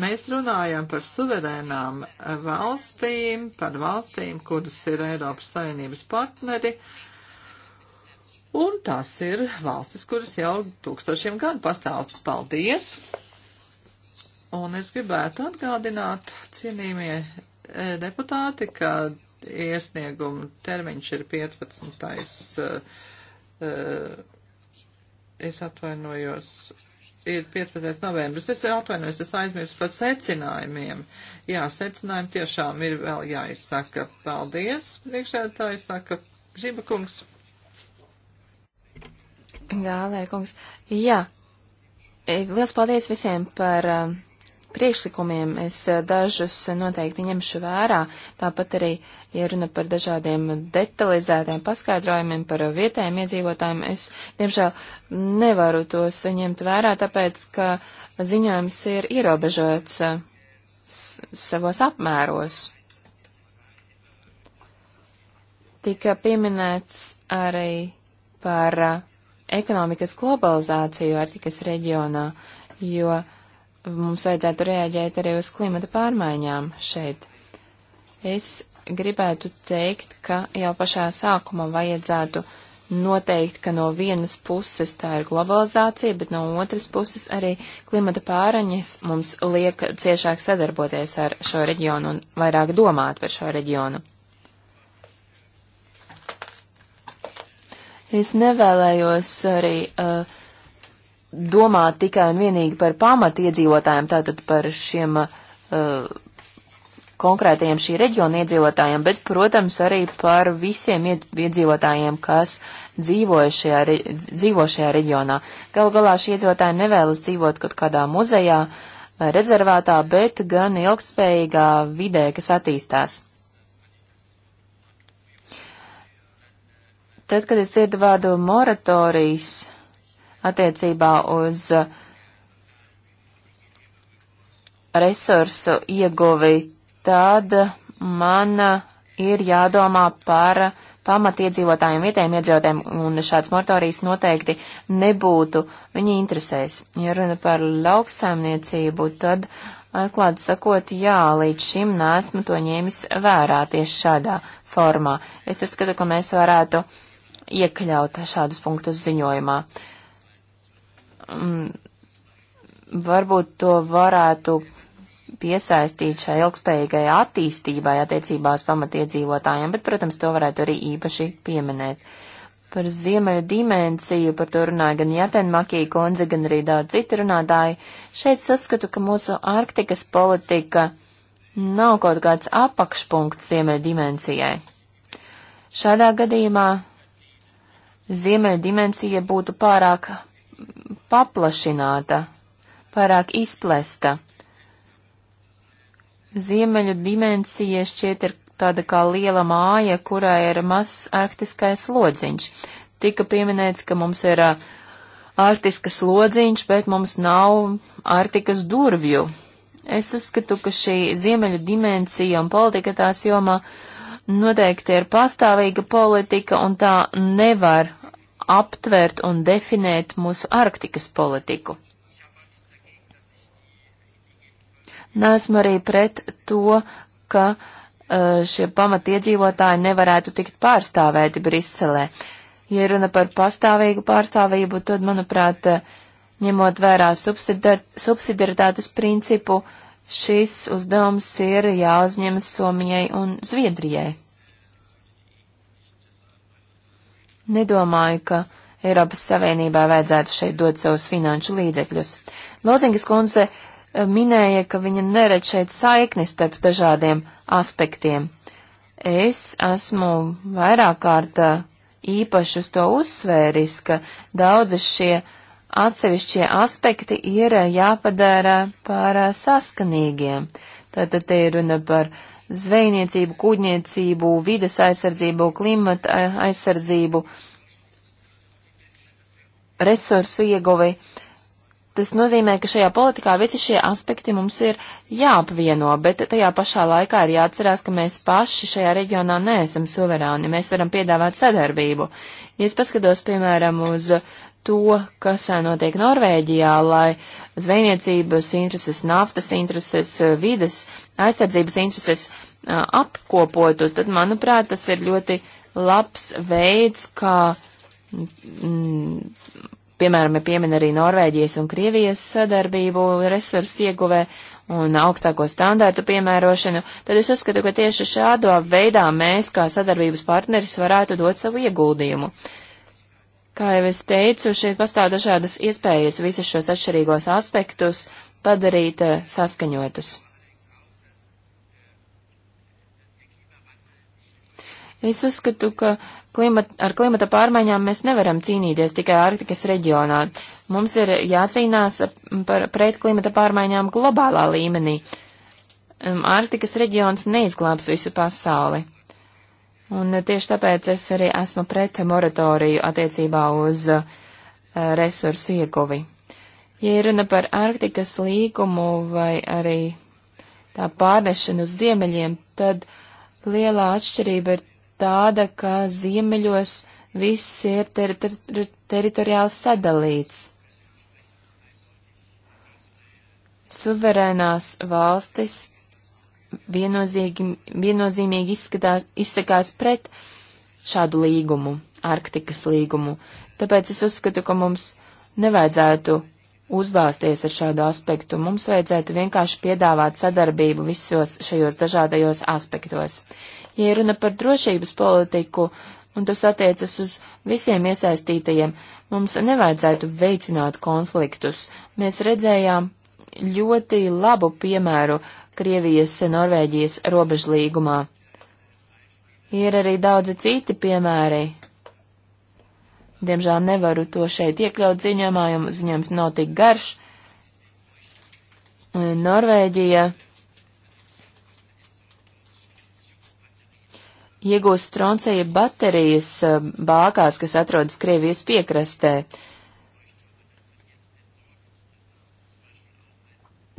Mēs runājam par suverēnām eh, valstīm, par valstīm, kuras ir Eiropas Savienības partneri, un tās ir valstis, kuras jau tūkstošiem gadu pastāv. Paldies! Un es gribētu atgādināt, cienījamie eh, deputāti, ka iesnieguma termiņš ir 15. Eh, es atvainojos ir 15. novembris. Es atvainojos, es aizmirsu par secinājumiem. Jā, secinājumi tiešām ir vēl jāizsaka. Paldies, priekšētāji, saka Žiba kungs. Gālē kungs. Jā. Liels paldies visiem par um, priekšlikumiem. Es eh, dažus noteikti ņemšu vērā, tāpat arī, ja runa par dažādiem detalizētiem paskaidrojumiem par vietējiem iedzīvotājiem, es, diemžēl, nevaru tos ņemt vērā, tāpēc, ka ziņojums ir ierobežots eh, savos apmēros. Tika pieminēts arī par eh, ekonomikas globalizāciju Arktikas reģionā, jo uh, mums vajadzētu reaģēt arī uz klimata pārmaiņām šeit. Es gribētu teikt, ka jau pašā sākumā vajadzētu noteikt, ka no vienas puses tā ir globalizācija, bet no otras puses arī klimata pāraņas mums liek ciešāk sadarboties ar šo reģionu un vairāk domāt par šo reģionu. Es nevēlējos arī uh, domā tikai un vienīgi par pamatiedzīvotājiem, tātad par šiem uh, konkrētajiem šī reģiona iedzīvotājiem, bet, protams, arī par visiem iedzīvotājiem, kas dzīvoja šajā, re, dzīvo šajā reģionā. Galu galā šie iedzīvotāji nevēlas dzīvot kaut kādā muzejā vai rezervātā, bet gan ilgspējīgā vidē, kas attīstās. Tad, kad es dzirdu vārdu moratorijas, attiecībā uz resursu ieguvi, tad man ir jādomā par pamatiedzīvotājiem, vietējiem iedzīvotājiem, un šāds moratorijas noteikti nebūtu viņi interesēs. Ja runa par lauksaimniecību, tad, atklāti sakot, jā, līdz šim nesmu to ņēmis vērā tieši šādā formā. Es uzskatu, ka mēs varētu iekļaut šādus punktus ziņojumā. Uh, varbūt to varētu piesaistīt šai ilgspējīgai attīstībai attiecībās pamatiedzīvotājiem, bet, protams, to varētu arī īpaši pieminēt. Par ziemeļu dimensiju, par to runāja gan Jatenmakī kundze, gan arī daudz citu runātāji. Šeit uzskatu, ka mūsu Arktikas politika nav kaut kāds apakšpunkts ziemeļu dimensijai. Šādā gadījumā ziemeļu dimensija būtu pārāk paplašināta, pārāk izplesta. Ziemeļu dimensija šķiet ir tāda kā liela māja, kurā ir mazs arktiskais lodziņš. Tika pieminēts, ka mums ir arktiskas lodziņš, bet mums nav arktikas durvju. Es uzskatu, ka šī ziemeļu dimensija un politika tās jomā noteikti ir pastāvīga politika, un tā nevar aptvērt un definēt mūsu Arktikas politiku. Nesmu arī pret to, ka eh, šie pamatiedzīvotāji nevarētu tikt pārstāvēti Briselē. Ja runa par pastāvīgu pārstāvību, tad, manuprāt, eh, ņemot vērā subsidiaritātes principu, šis uzdevums ir jāuzņemas Somijai un Zviedrijai. Nedomāju, ka Eiropas Savienībā vajadzētu šeit dot savus finanšu līdzekļus. Lozingas kundze eh, minēja, ka viņa neredz šeit saikni starp dažādiem aspektiem. Es esmu vairāk kārt eh, īpaši uz to uzsvēris, ka daudzi šie atsevišķie aspekti ir eh, jāpadara par saskanīgiem. Tātad te ir runa par zvejniecību, kūģniecību, vides aizsardzību, klimata aizsardzību, resursu ieguvi. Tas nozīmē, ka šajā politikā visi šie aspekti mums ir jāapvieno, bet tajā pašā laikā ir jāatcerās, ka mēs paši šajā reģionā neesam suverāni, mēs varam piedāvāt sadarbību. Ja es paskatos, piemēram, uz to, kas notiek Norvēģijā, lai zvejniecības intereses, naftas intereses, vides aizsardzības intereses apkopotu, tad, manuprāt, tas ir ļoti labs veids, kā, mm, piemēram, ja piemin arī Norvēģijas un Krievijas sadarbību resursu ieguvē un augstāko standārtu piemērošanu, tad es uzskatu, ka tieši šādā veidā mēs, kā sadarbības partneris, varētu dot savu ieguldījumu. Uh, Kā jau es teicu, šeit pastāv dažādas iespējas visus šos atšķirīgos aspektus padarīt eh, saskaņotus. Es uzskatu, ka klimat, ar klimata pārmaiņām mēs nevaram cīnīties tikai Arktikas reģionā. Mums ir jācīnās par, pret klimata pārmaiņām globālā līmenī. Ehm, Arktikas reģions neizglābs visu pasauli. Un tieši tāpēc es arī esmu pret moratoriju attiecībā uz uh, resursu ieguvi. Ja runa par Arktikas līgumu vai arī tā pārnešanu uz ziemeļiem, tad lielā atšķirība ir tāda, ka ziemeļos viss ir ter ter ter teritoriāli sadalīts. Suverēnās valstis viennozīmīgi izskatās, izsakās pret šādu līgumu, Arktikas līgumu. Tāpēc es uzskatu, ka mums nevajadzētu uzbāzties ar šādu aspektu. Mums vajadzētu vienkārši piedāvāt sadarbību visos šajos dažādajos aspektos. Ja runa par drošības politiku, un tas attiecas uz visiem iesaistītajiem, mums nevajadzētu veicināt konfliktus. Mēs redzējām ļoti labu piemēru, Krievijas-Norvēģijas robežlīgumā. Ir arī daudzi citi piemēri. Diemžēl nevaru to šeit iekļaut ziņojumā, jo ziņojums nav tik garš. Norvēģija iegūst stroncija baterijas eh, bākās, kas atrodas Krievijas piekrastē.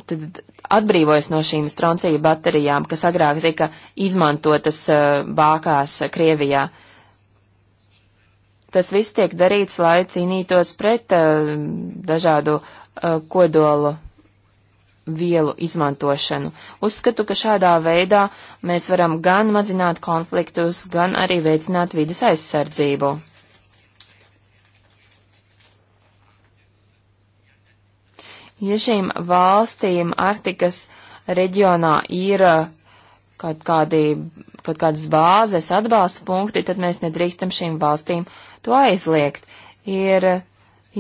Tad atbrīvojas no šīm stroncija baterijām, kas agrāk tika izmantotas uh, bākās uh, Krievijā. Tas viss tiek darīts, lai cīnītos pret uh, dažādu kodolu vielu izmantošanu. Uzskatu, ka šādā veidā mēs varam gan mazināt konfliktus, gan arī veicināt vidas aizsardzību. Ja šīm valstīm Arktikas reģionā ir uh, kaut, kādi, kaut kādas bāzes atbalsta punkti, tad mēs nedrīkstam šīm valstīm to aizliegt. Ir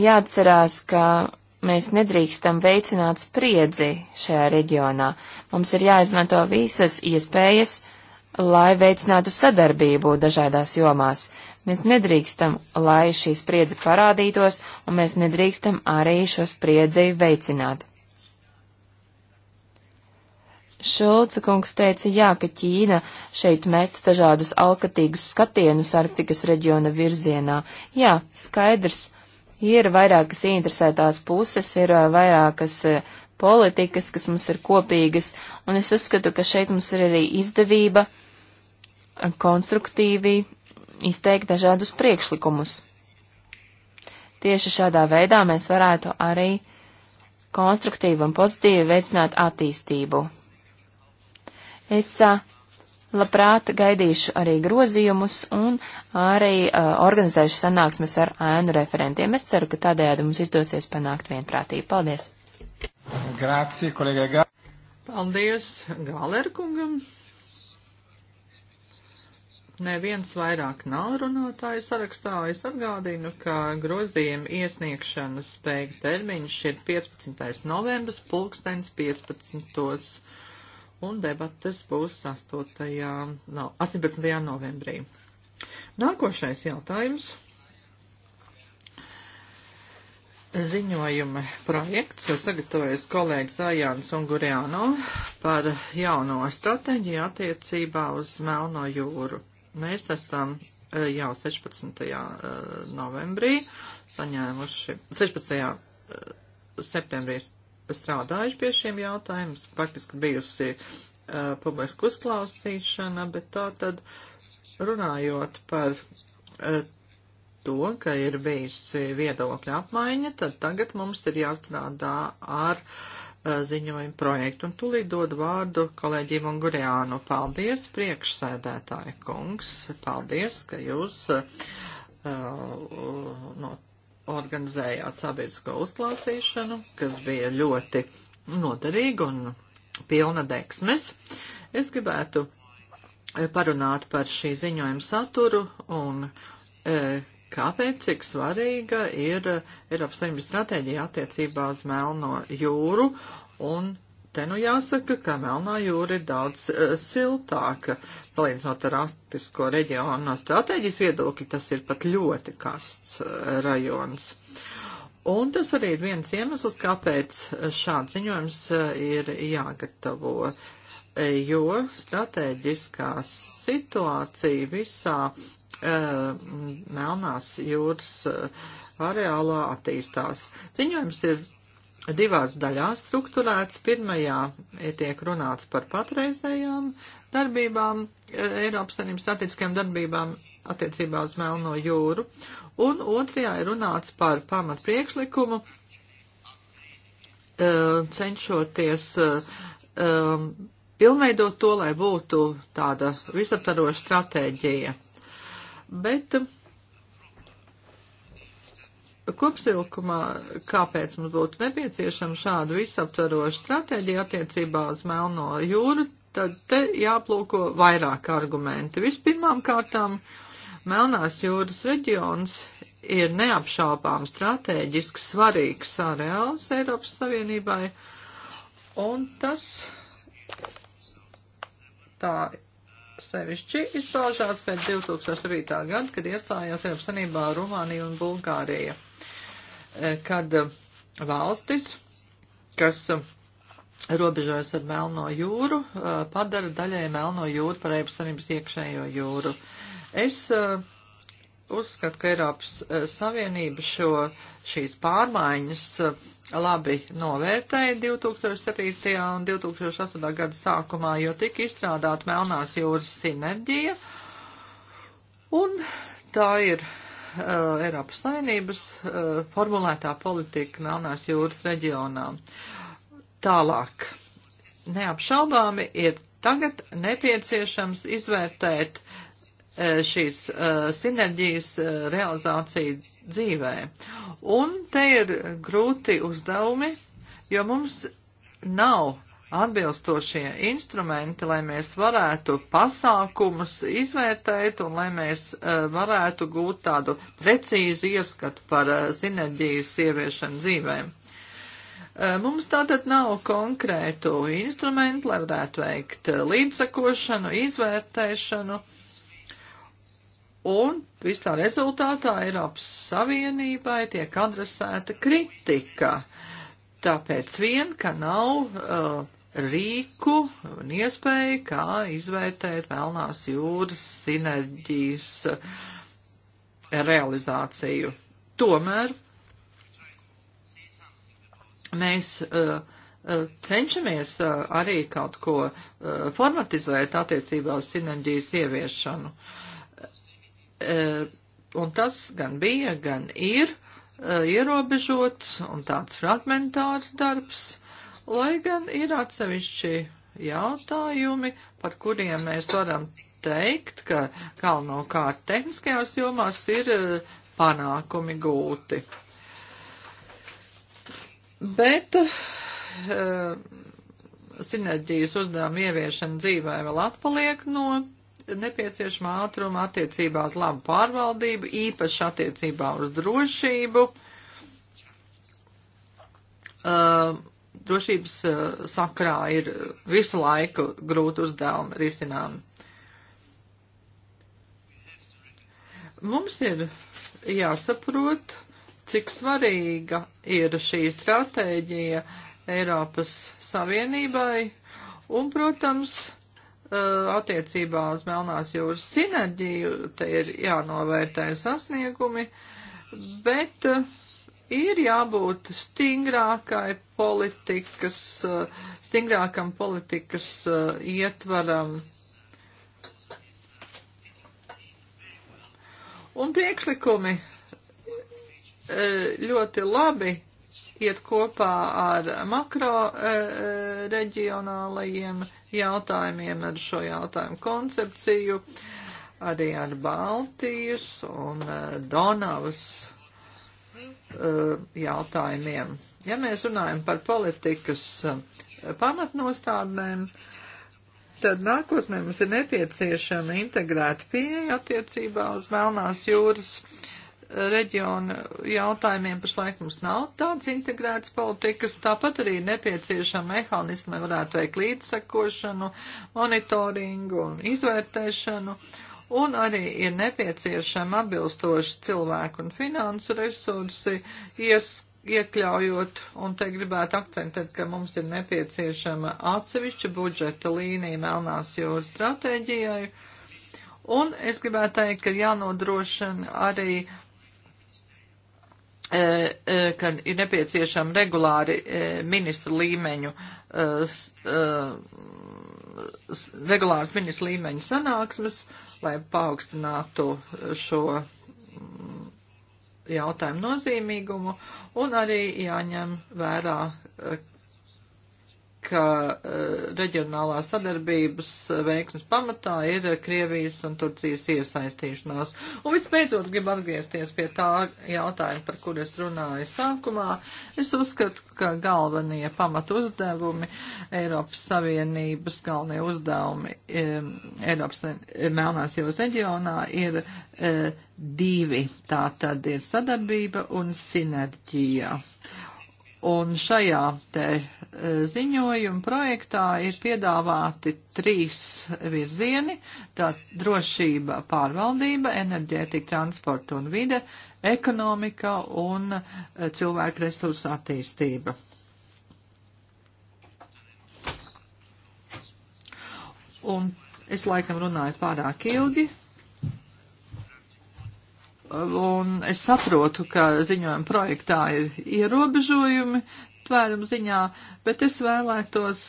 jāatcerās, ka mēs nedrīkstam veicināt spriedzi šajā reģionā. Mums ir jāizmanto visas iespējas, lai veicinātu sadarbību dažādās jomās. Mēs nedrīkstam, lai šī spriedze parādītos, un mēs nedrīkstam arī šo spriedzi veicināt. Šulca kungs teica, jā, ka Ķīna šeit met dažādus alkatīgus skatienus Arktikas reģiona virzienā. Jā, skaidrs, ir vairākas interesētās puses, ir vairākas politikas, kas mums ir kopīgas, un es uzskatu, ka šeit mums ir arī izdevība konstruktīvi izteikt dažādus priekšlikumus. Tieši šādā veidā mēs varētu arī konstruktīvi un pozitīvi veicināt attīstību. Es labprāt gaidīšu arī grozījumus un arī uh, organizēšu sanāksmes ar ēnu referentiem. Es ceru, ka tādējādi mums izdosies panākt vienprātību. Paldies! Grācija, kolēģi Gā. Paldies Galerkungam! Neviens vairāk nav runātāju sarakstā. Es atgādinu, ka grozījuma iesniegšanas spēka termiņš ir 15. novembris, pulkstens 15. un debates būs 8. No, 18. novembrī. Nākošais jautājums. Ziņojuma projekts, ko sagatavojas kolēģis Dājāns Unguriano par jauno stratēģiju attiecībā uz Melno jūru. Mēs esam e, jau 16. E, novembrī saņēmuši, 16. E, septembrī strādājuši pie šiem jautājumiem, faktiski bijusi uh, publiska uzklausīšana, bet tā tad runājot par uh, to, ka ir bijusi viedokļa apmaiņa, tad tagad mums ir jāstrādā ar uh, ziņojumu projektu. Un tūlīt dod vārdu kolēģim Ungurjānu. Paldies, priekšsēdētāja kungs. Paldies, ka jūs uh, no, organizējāt sabiedrisko uzklausīšanu, kas bija ļoti noderīga un pilna deksmes. Es gribētu parunāt par šī ziņojuma saturu un uh, kāpēc, cik svarīga ir eh, Eiropas Savienības stratēģija attiecībā uz Melno jūru, un te nu jāsaka, ka Melnā jūra ir daudz uh, siltāka, salīdzinot ar arktisko reģionu no stratēģijas viedokļa, tas ir pat ļoti karsts uh, rajons. Un tas arī ir viens iemesls, kāpēc šāds ziņojums ir jāgatavo, jo stratēģiskā situācija visā E, Melnās jūras e, areālā attīstās. Ziņojums ir divās daļās strukturēts. Pirmajā tiek runāts par patreizējām darbībām, e, Eiropas Savienības statiskajām darbībām attiecībā uz Melno jūru, un otrajā ir runāts par pamat priekšlikumu, cenšoties pilnveidot to, lai būtu tāda visaptaroša stratēģija. Bet um, kopsilkumā, kāpēc mums būtu nepieciešama šāda visaptvaroša stratēģija attiecībā uz Melno jūru, tad te jāplūko vairāk argumenti. Vispirmām kārtām, Melnās jūras reģions ir neapšāpām strateģiski svarīgs areāls Eiropas Savienībai, un tas tā sevišķi izpaužās pēc 2007. gada, kad iestājās Eiropas Sanībā Rumānija un Bulgārija, eh, kad eh, valstis, kas eh, robežojas ar Melno jūru, padara daļai Melno jūru par Eiropas Sanības iekšējo jūru. Es uh, uzskatu, ka Eiropas eh, Savienība šo, šīs pārmaiņas eh, labi novērtēja 2007. un 2008. gada sākumā, jo tika izstrādāta Melnās jūras sinerģija, un tā ir uh, Eiropas Savienības uh, formulētā politika Melnās jūras reģionā. Tālāk. Neapšaubāmi ir tagad nepieciešams izvērtēt uh, Eh, šīs eh, sinerģijas eh, realizāciju dzīvē. Un te ir grūti uzdevumi, jo mums nav atbilstošie instrumenti, lai mēs varētu pasākumus izvērtēt un lai mēs uh, varētu gūt tādu precīzu ieskatu par uh, sinerģijas ieviešanu dzīvēm. Uh, mums tātad nav konkrētu instrumentu, lai varētu veikt līdzsakošanu, izvērtēšanu, uh, un visā rezultātā Eiropas Savienībai tiek adresēta kritika. Tāpēc vien, ka nav uh, rīku un iespēju, kā izvērtēt Melnās jūras sinerģijas uh, realizāciju. Tomēr mēs uh, uh cenšamies uh, arī kaut ko uh, formatizēt attiecībā uz sinerģijas ieviešanu. Uh, Eh, un tas gan bija, gan ir eh, ierobežots un tāds fragmentārs darbs, lai gan ir atsevišķi jautājumi, par kuriem mēs varam teikt, ka galvenokārt tehniskajās jomās ir eh, panākumi gūti. Bet uh, sinerģijas uzdevuma ieviešana dzīvē vēl atpaliek no nepieciešama ātruma attiecībā uz labu pārvaldību, īpaši attiecībā uz drošību, uh, drošības uh, sakrā ir visu laiku grūti uzdevumi risinām. Mums ir jāsaprot, cik svarīga ir šī stratēģija Eiropas Savienībai, un, protams, Eh, attiecībā uz Melnās jūras sinerģiju, te ir jānovērtē sasniegumi, bet eh, ir jābūt stingrākai politikas, eh, stingrākam politikas ietvaram. Un priekšlikumi ļoti labi iet kopā ar makro reģionālajiem uh, jautājumiem, ar šo jautājumu koncepciju, arī ar Baltijas un eh, Donavas eh, jautājumiem. Ja mēs runājam par politikas eh, pamatnostādnēm, tad nākotnē mums ir nepieciešama integrēta pieeja attiecībā uz Melnās jūras uh, reģionu jautājumiem pašlaik mums nav tāds integrēts politikas, tāpat arī nepieciešama mehānismi, lai varētu veikt līdzsakošanu, monitoringu un izvērtēšanu, un arī ir nepieciešama atbilstoši cilvēku un finansu resursi, ies, iekļaujot, un te gribētu akcentēt, ka mums ir nepieciešama atsevišķa budžeta līnija Melnās jūras stratēģijai, un es gribētu teikt, ka jānodrošina arī E, e, ka ir nepieciešama regulāri e, ministru līmeņu, regulāras ministru līmeņu sanāksmes, lai paaugstinātu šo mm, jautājumu nozīmīgumu, un arī jāņem vērā ka eh, reģionālā sadarbības eh, veiksmes pamatā ir eh, Krievijas un Turcijas iesaistīšanās. Un visbeidzot, gribu atgriezties pie tā jautājuma, par kur es runāju sākumā. Es uzskatu, ka galvenie pamatu uzdevumi, Eiropas Savienības galvenie uzdevumi e, Eiropas e, Melnās jūras reģionā ir e, divi. Tā tad ir sadarbība un sinerģija. Un šajā te e, ziņojuma projektā ir piedāvāti trīs virzieni - tā drošība, pārvaldība, enerģētika, transporta un vide, ekonomika un e, cilvēku resursu attīstība. Un es laikam runāju pārāk ilgi, Un es saprotu, ka ziņojuma projektā ir ierobežojumi tvērumu ziņā, bet es vēlētos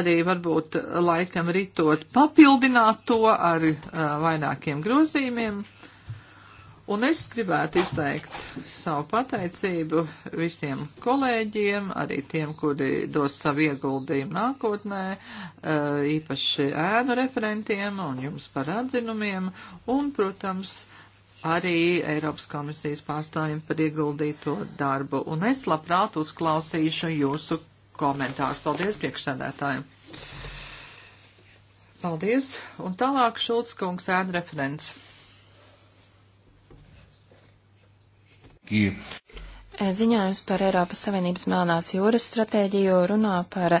arī varbūt laikam ritot papildināt to ar uh, vairākiem grozījumiem. Un es gribētu izteikt savu pateicību visiem kolēģiem, arī tiem, kuri dos savu ieguldījumu nākotnē, eh, īpaši ēnu referentiem un jums par atzinumiem, un, protams, arī Eiropas komisijas pārstāvjiem par ieguldīto darbu. Un es labprāt uzklausīšu jūsu komentārus. Paldies priekšsēdētājiem! Paldies! Un tālāk Šulc kungs ēnu referents. Ziņojums par Eiropas Savienības Melnās jūras stratēģiju runā par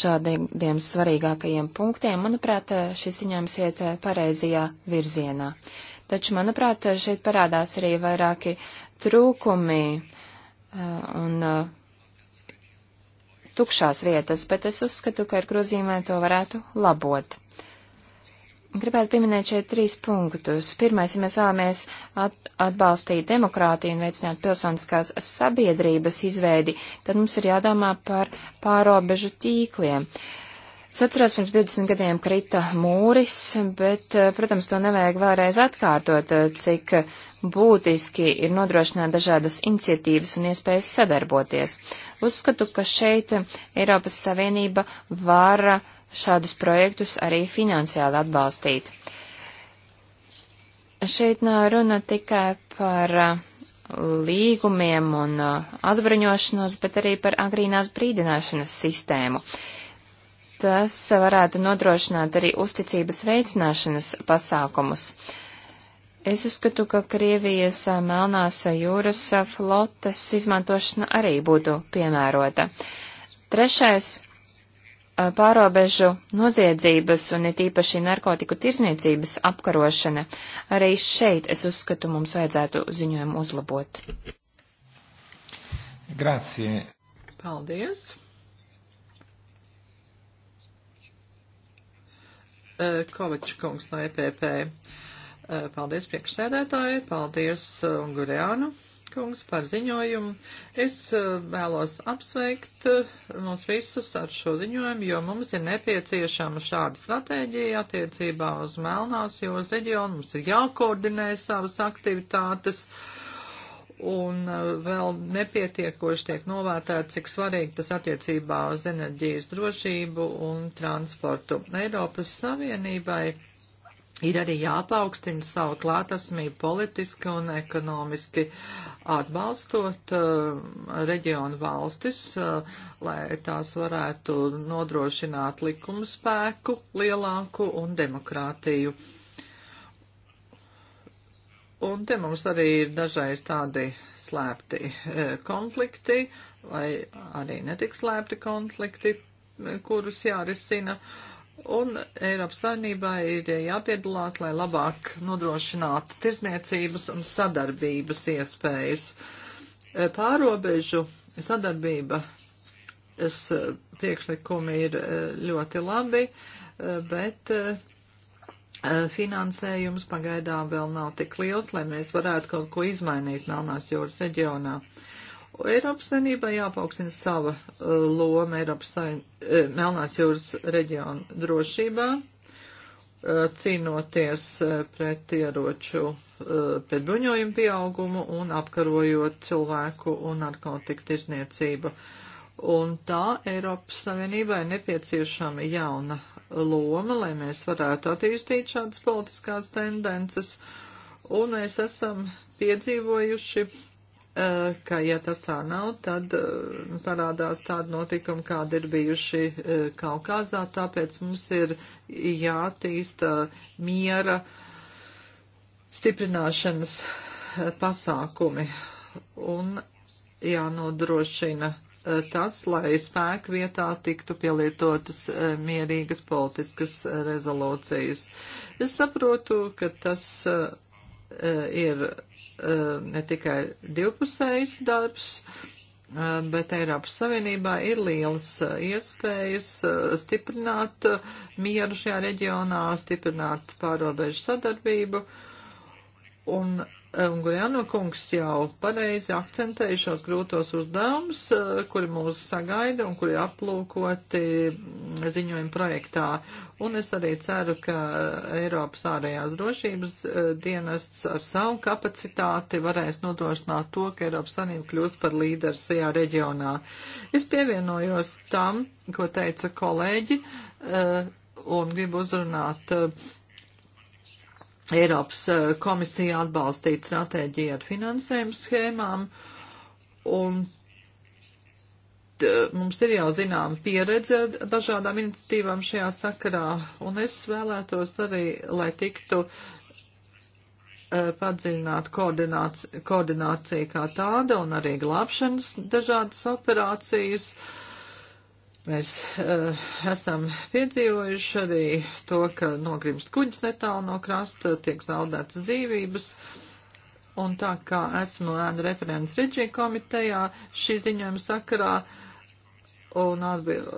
šādiem svarīgākajiem punktiem. Manuprāt, šis ziņojums iet pareizajā virzienā. Taču, manuprāt, šeit parādās arī vairāki trūkumi eh, un eh, tukšās vietas, bet es uzskatu, ka ar grozījumiem to varētu labot. Gribētu pieminēt šeit trīs punktus. Pirmais, ja mēs vēlamies at atbalstīt demokrātiju un veicināt pilsoniskās sabiedrības izveidi, tad mums ir jādomā par pārobežu tīkliem. Es atceros, pirms 20 gadiem krita mūris, bet, eh, protams, to nevajag vēlreiz atkārtot, eh, cik būtiski ir nodrošināt dažādas iniciatīvas un iespējas sadarboties. Uzskatu, ka šeit Eiropas Savienība var uh, šādus projektus arī finansiāli atbalstīt. Šeit nav runa tikai par uh, līgumiem un uh, atbruņošanos, bet arī par agrīnās brīdināšanas sistēmu. Tas varētu nodrošināt arī uzticības veicināšanas pasākumus. Es uzskatu, ka Krievijas uh, Melnās jūras flotes izmantošana arī būtu piemērota. Trešais pārobežu noziedzības un it īpaši narkotiku tirzniecības apkarošana. Arī šeit es uzskatu, mums vajadzētu ziņojumu uzlabot. Grācie. Paldies. E, Kovačs kungs no EPP. E, paldies priekšsēdētāji, paldies e, Unguriānu. Uh, kungs, par ziņojumu. Es eh, vēlos apsveikt eh, mūs visus ar šo ziņojumu, jo mums ir nepieciešama šāda stratēģija attiecībā uz Melnās jūras reģionu. Mums ir jākoordinē savas aktivitātes un eh, vēl nepietiekoši tiek novērtēts, cik svarīgi tas attiecībā uz enerģijas drošību un transportu. Eiropas Savienībai ir arī jāpaukstina savu klātesmību politiski un ekonomiski atbalstot uh, reģionu valstis, uh, lai tās varētu nodrošināt likumu spēku lielāku un demokrātiju. Un te mums arī ir dažreiz tādi slēpti uh, konflikti, vai arī netik slēpti konflikti, kurus jārisina. Uh, un Eiropas Savienībā ir jāpiedalās, lai labāk nodrošinātu tirsniecības un sadarbības iespējas. E, Pārobežu sadarbība es, e, priekšlikumi ir e, ļoti labi, bet finansējums pagaidām vēl nav tik liels, lai mēs varētu kaut ko izmainīt Melnās jūras reģionā. Uh, Eiropas Savienībai jāpaukstina sava uh, loma Eiropas sain, uh, Melnās jūras reģiona drošībā, uh, cīnoties pret ieroču, pret bruņojumu pieaugumu un apkarojot cilvēku un narkotiku tirzniecību. Un tā Eiropas Savienībai nepieciešama jauna loma, lai mēs varētu attīstīt šādas politiskās tendences, un mēs esam piedzīvojuši Eh, ka, ja tas tā nav, tad eh, nu, parādās tāda notikuma, kāda ir bijuši eh, Kaukazā, tāpēc mums ir jātīsta miera stiprināšanas pasākumi un jānodrošina tas, lai spēku vietā tiktu pielietotas mierīgas politiskas rezolūcijas. Es saprotu, ka tas ir Eh, ne tikai divpusējs darbs, eh, bet Eiropas Savienībā ir liels eh, iespējas stiprināt mieru šajā reģionā, stiprināt pārobežu sadarbību. Un Eh, un Gurjano kungs jau pareizi akcentēja šos grūtos uzdevumus, eh, kuri mūs sagaida un kuri aplūkoti mm, ziņojuma projektā. Un es arī ceru, ka Eiropas ārējās drošības eh, dienests ar savu kapacitāti varēs nodrošināt to, ka Eiropas Sanība kļūst par līderu šajā reģionā. Es pievienojos tam, ko teica kolēģi, un gribu uzrunāt Eiropas eh, komisija atbalstīt stratēģiju ar finansējumu schēmām, un t, mums ir jau zinām pieredze ar dažādām iniciatīvām šajā sakarā, un es vēlētos arī, lai tiktu uh, eh, padziļināt koordināciju, koordināciju kā tāda, un arī glābšanas dažādas operācijas. Uh, Mēs uh, esam piedzīvojuši arī to, ka nogrimst kuģis netālu no krasta, tiek zaudētas dzīvības. Un tā kā esmu ēna referents Reģija komitejā, šī ziņojuma sakarā uh, un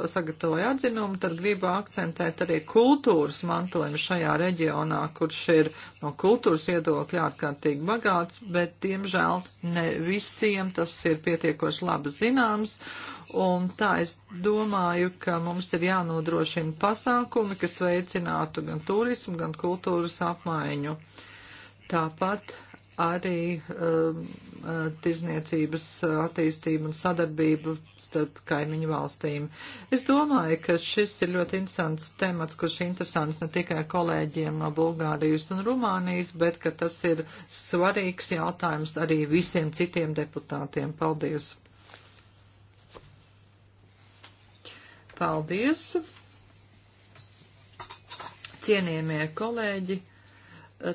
sagatavoja atzinumu, tad gribu akcentēt arī kultūras mantojumu šajā reģionā, kurš ir no kultūras viedokļa ārkārtīgi bagāts, bet, diemžēl, ne visiem tas ir pietiekoši labi zināms. Un tā es domāju, ka mums ir jānodrošina pasākumi, kas veicinātu gan turismu, gan kultūras apmaiņu. Tāpat arī um, uh, tirzniecības attīstību un sadarbību starp kaimiņu valstīm. Es domāju, ka šis ir ļoti interesants temats, kurš ir interesants ne tikai kolēģiem no Bulgārijas un Rumānijas, bet ka tas ir svarīgs jautājums arī visiem citiem deputātiem. Paldies! Paldies! Cienījamie kolēģi!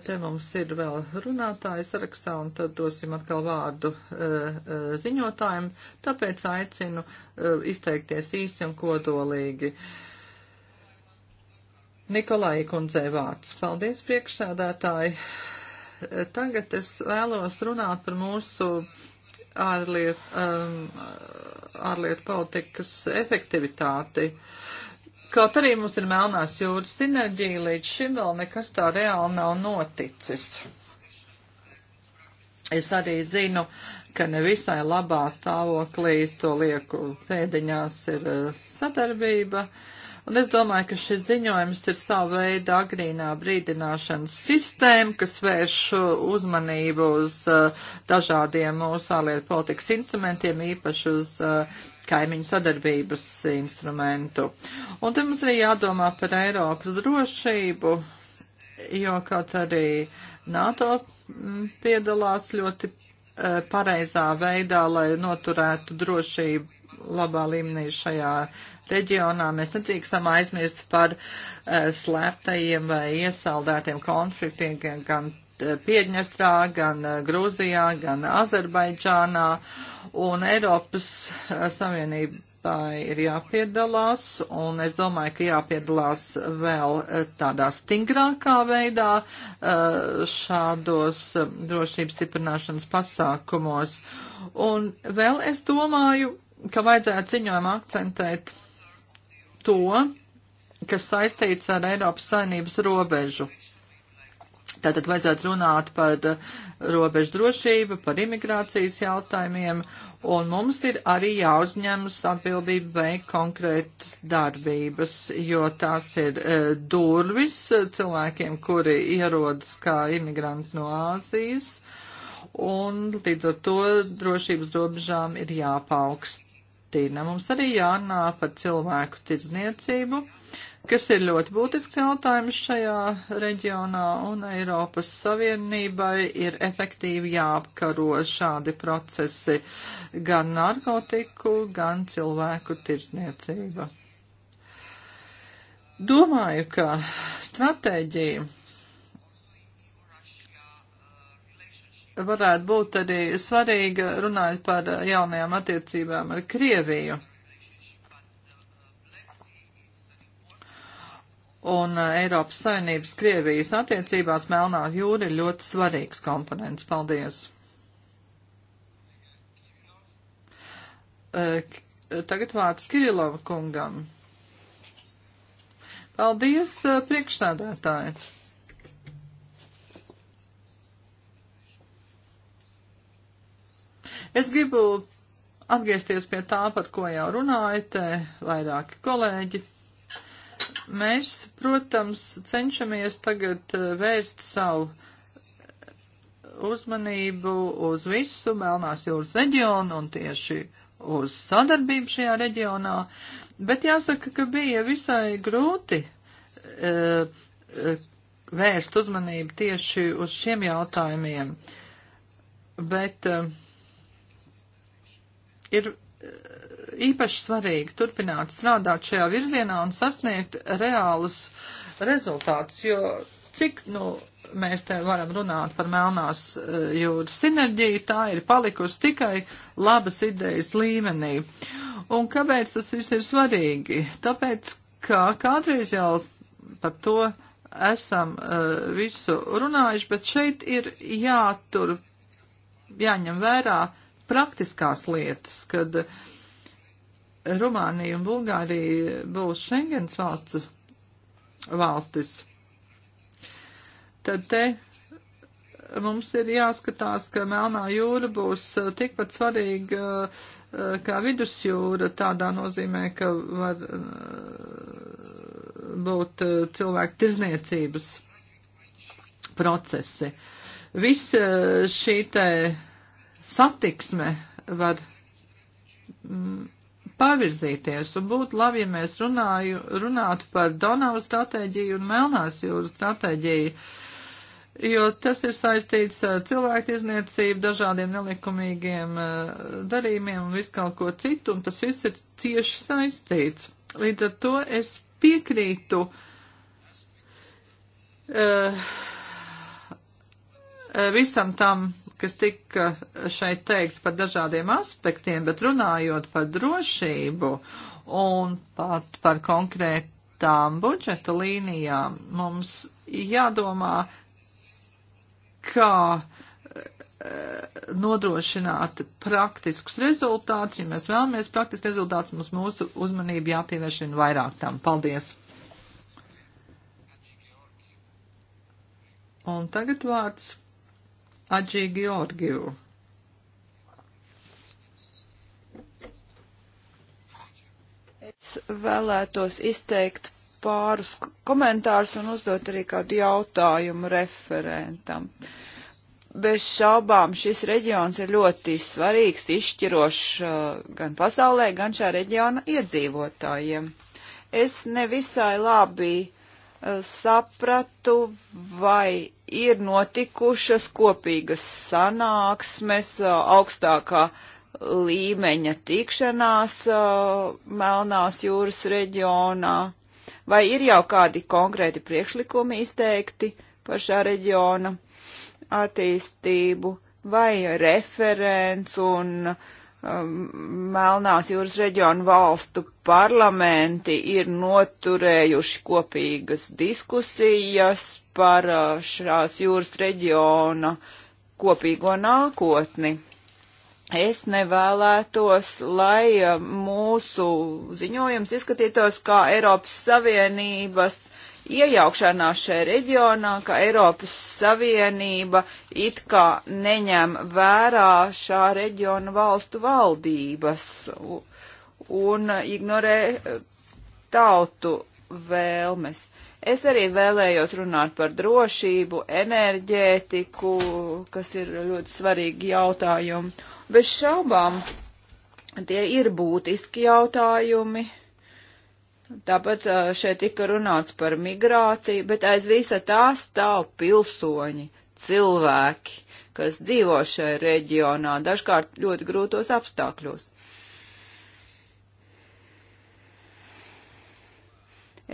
Te mums ir vēl runātāji sarakstā, un tad dosim atkal vārdu uh, ziņotājiem. Tāpēc aicinu uh, izteikties īsi un kodolīgi. Nikolai kundzei vārds. Paldies, priekšsēdētāji. Tagad es vēlos runāt par mūsu ārlietu, um, ārlietu politikas efektivitāti. Uh, Kaut arī mums ir melnās jūras sinerģija, līdz šim vēl nekas tā reāli nav noticis. Es arī zinu, ka nevisai labā stāvoklī, to lieku pēdiņās, ir eh, sadarbība. Un es domāju, ka šis ziņojums ir savu veidu agrīnā brīdināšanas sistēma, kas vērš uzmanību uz uh, dažādiem mūsu ārlietu politikas instrumentiem, īpaši uz uh, kaimiņu sadarbības instrumentu. Un te mums arī jādomā par Eiropas drošību, jo kaut arī NATO piedalās ļoti e, pareizā veidā, lai noturētu drošību labā līmenī šajā reģionā. Mēs nedrīkstam aizmirst par uh, slēptajiem vai iesaldētiem konfliktiem, gan Eh, Piedņestrā, gan eh, Grūzijā, gan Azerbaidžānā, un Eiropas eh, Savienībai ir jāpiedalās, un es domāju, ka jāpiedalās vēl tādā stingrākā veidā šādos drošības stiprināšanas pasākumos. Un vēl es domāju, ka vajadzētu ziņojumā akcentēt to, kas saistīts ar Eiropas saimnības robežu Tātad vajadzētu runāt par eh, robežu drošību, par imigrācijas jautājumiem, un mums ir arī jāuzņemas atbildība veikt konkrētas darbības, jo tās ir e, durvis cilvēkiem, kuri ierodas kā imigranti no Āzijas, un līdz ar to drošības robežām ir jāpaukst rutīna. Mums arī jārunā par cilvēku tirdzniecību, kas ir ļoti būtisks jautājums šajā reģionā, un Eiropas Savienībai ir efektīvi jāapkaro šādi procesi gan narkotiku, gan cilvēku tirdzniecība. Domāju, ka stratēģija varētu būt arī svarīga runājot par jaunajām attiecībām ar Krieviju. Un eh, Eiropas Savienības Krievijas attiecībās Melnā jūra ir ļoti svarīgs komponents. Paldies! Eh, tagad vārds Kirilova kungam. Paldies, eh, priekšsādātāji! Es gribu atgriezties pie tā, par ko jau runājat, vairāki kolēģi. Mēs, protams, cenšamies tagad eh, vērst savu uzmanību uz visu Melnās jūras reģionu un tieši uz sadarbību šajā reģionā, bet jāsaka, ka bija visai grūti e, e, vērst uzmanību tieši uz šiem jautājumiem. Bet e, ir eh, īpaši svarīgi turpināt strādāt šajā virzienā un sasniegt reālus rezultātus, jo cik, nu, mēs te varam runāt par melnās eh, jūras sinerģiju, tā ir palikusi tikai labas idejas līmenī. Un kāpēc tas viss ir svarīgi? Tāpēc, ka kādreiz jau par to esam uh, visu runājuši, bet šeit ir jātur, jāņem vērā uh, praktiskās lietas, kad Rumānija un Bulgārija būs Schengens valsts, valstis, tad te mums ir jāskatās, ka Melnā jūra būs tikpat svarīga eh, kā vidusjūra tādā nozīmē, ka var eh, būt eh, cilvēku tirzniecības procesi. Viss šī te satiksme var mm, pavirzīties un būtu labi, ja mēs runāju, runātu par Donavu stratēģiju un Melnās jūras stratēģiju, jo tas ir saistīts ar cilvēktiesniecību, dažādiem nelikumīgiem eh, darījumiem un visu kaut ko citu, un tas viss ir cieši saistīts. Līdz ar to es piekrītu uh, visam tam kas tika šeit teikts par dažādiem aspektiem, bet runājot par drošību un pat par konkrētām budžeta līnijām, mums jādomā, kā eh, nodrošināt praktiskus rezultātus. Ja mēs vēlamies praktiskus rezultātus, mums mūsu uzmanība jāpievēršina vairāk tam. Paldies! Un tagad vārds Adži Georgiju. Es vēlētos izteikt pārus komentārus un uzdot arī kādu jautājumu referentam. Bez šaubām šis reģions ir ļoti svarīgs, izšķirošs uh, gan pasaulē, gan šā reģiona iedzīvotājiem. Es nevisai labi uh, sapratu, vai ir notikušas kopīgas sanāksmes augstākā līmeņa tikšanās Melnās jūras reģionā? Vai ir jau kādi konkrēti priekšlikumi izteikti par šā reģiona attīstību, vai referents un um, Melnās jūras reģionu valstu parlamenti ir noturējuši kopīgas diskusijas par uh, šās jūras reģiona kopīgo nākotni. Es nevēlētos, lai uh, mūsu ziņojums izskatītos kā Eiropas Savienības iejaukšanās šajā reģionā, ka Eiropas Savienība it kā neņem vērā šā reģiona valstu valdības un ignorē tautu vēlmes. Es arī vēlējos runāt par drošību, enerģētiku, kas ir ļoti svarīgi jautājumi. Bez šaubām tie ir būtiski jautājumi. Tāpat šeit tika runāts par migrāciju, bet aiz visa tā stāv pilsoņi, cilvēki, kas dzīvo šajā reģionā, dažkārt ļoti grūtos apstākļos.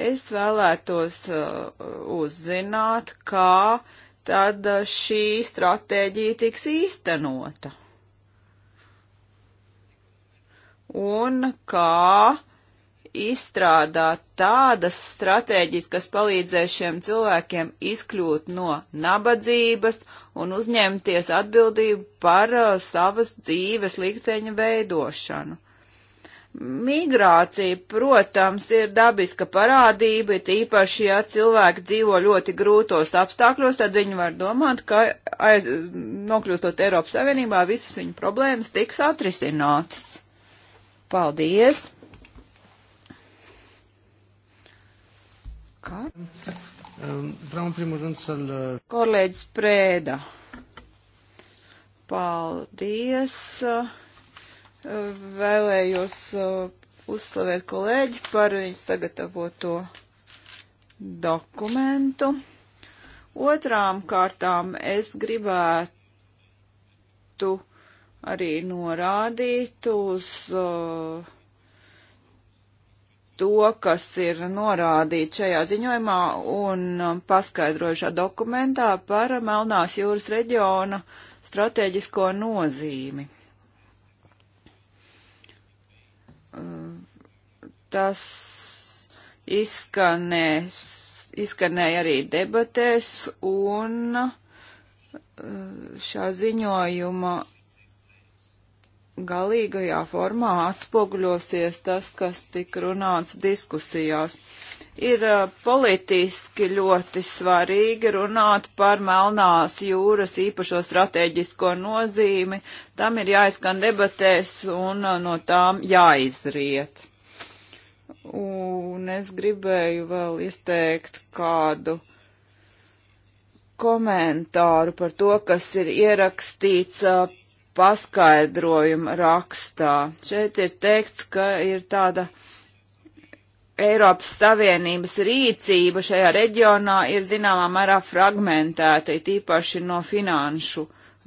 Es vēlētos uh, uzzināt, kā tad uh, šī stratēģija tiks īstenota. Un kā izstrādāt tādas stratēģijas, kas palīdzēs šiem cilvēkiem izkļūt no nabadzības un uzņemties atbildību par uh, savas dzīves likteņa veidošanu. Migrācija, protams, ir dabiska parādība, tīpaši, ja cilvēki dzīvo ļoti grūtos apstākļos, tad viņi var domāt, ka aiz, nokļūstot Eiropas Savienībā, visas viņu problēmas tiks atrisinātas. Paldies! Kā? Ehm, vreau, în primul rând, să-l... Colegi Preda. Paldies vēlējos uh, uzslavēt kolēģi par viņu sagatavoto dokumentu. Otrām kārtām es gribētu arī norādīt uz uh, to, kas ir norādīts šajā ziņojumā un um, paskaidrojušā dokumentā par Melnās jūras reģiona stratēģisko nozīmi. tas izskanēs, izskanēja arī debatēs, un eh, šā ziņojuma galīgajā formā atspoguļosies tas, kas tika runāts diskusijās. Uh, ir politiski ļoti svarīgi runāt par Melnās jūras īpašo strateģisko nozīmi. Tam ir jāizskan debatēs un no tām jāizriet. Un es gribēju vēl izteikt kādu komentāru par to, kas ir ierakstīts paskaidrojuma rakstā. Šeit ir teikts, ka ir tāda uh, Eiropas Savienības rīcība šajā reģionā ir zināmā mērā fragmentēta, tīpaši no finanšu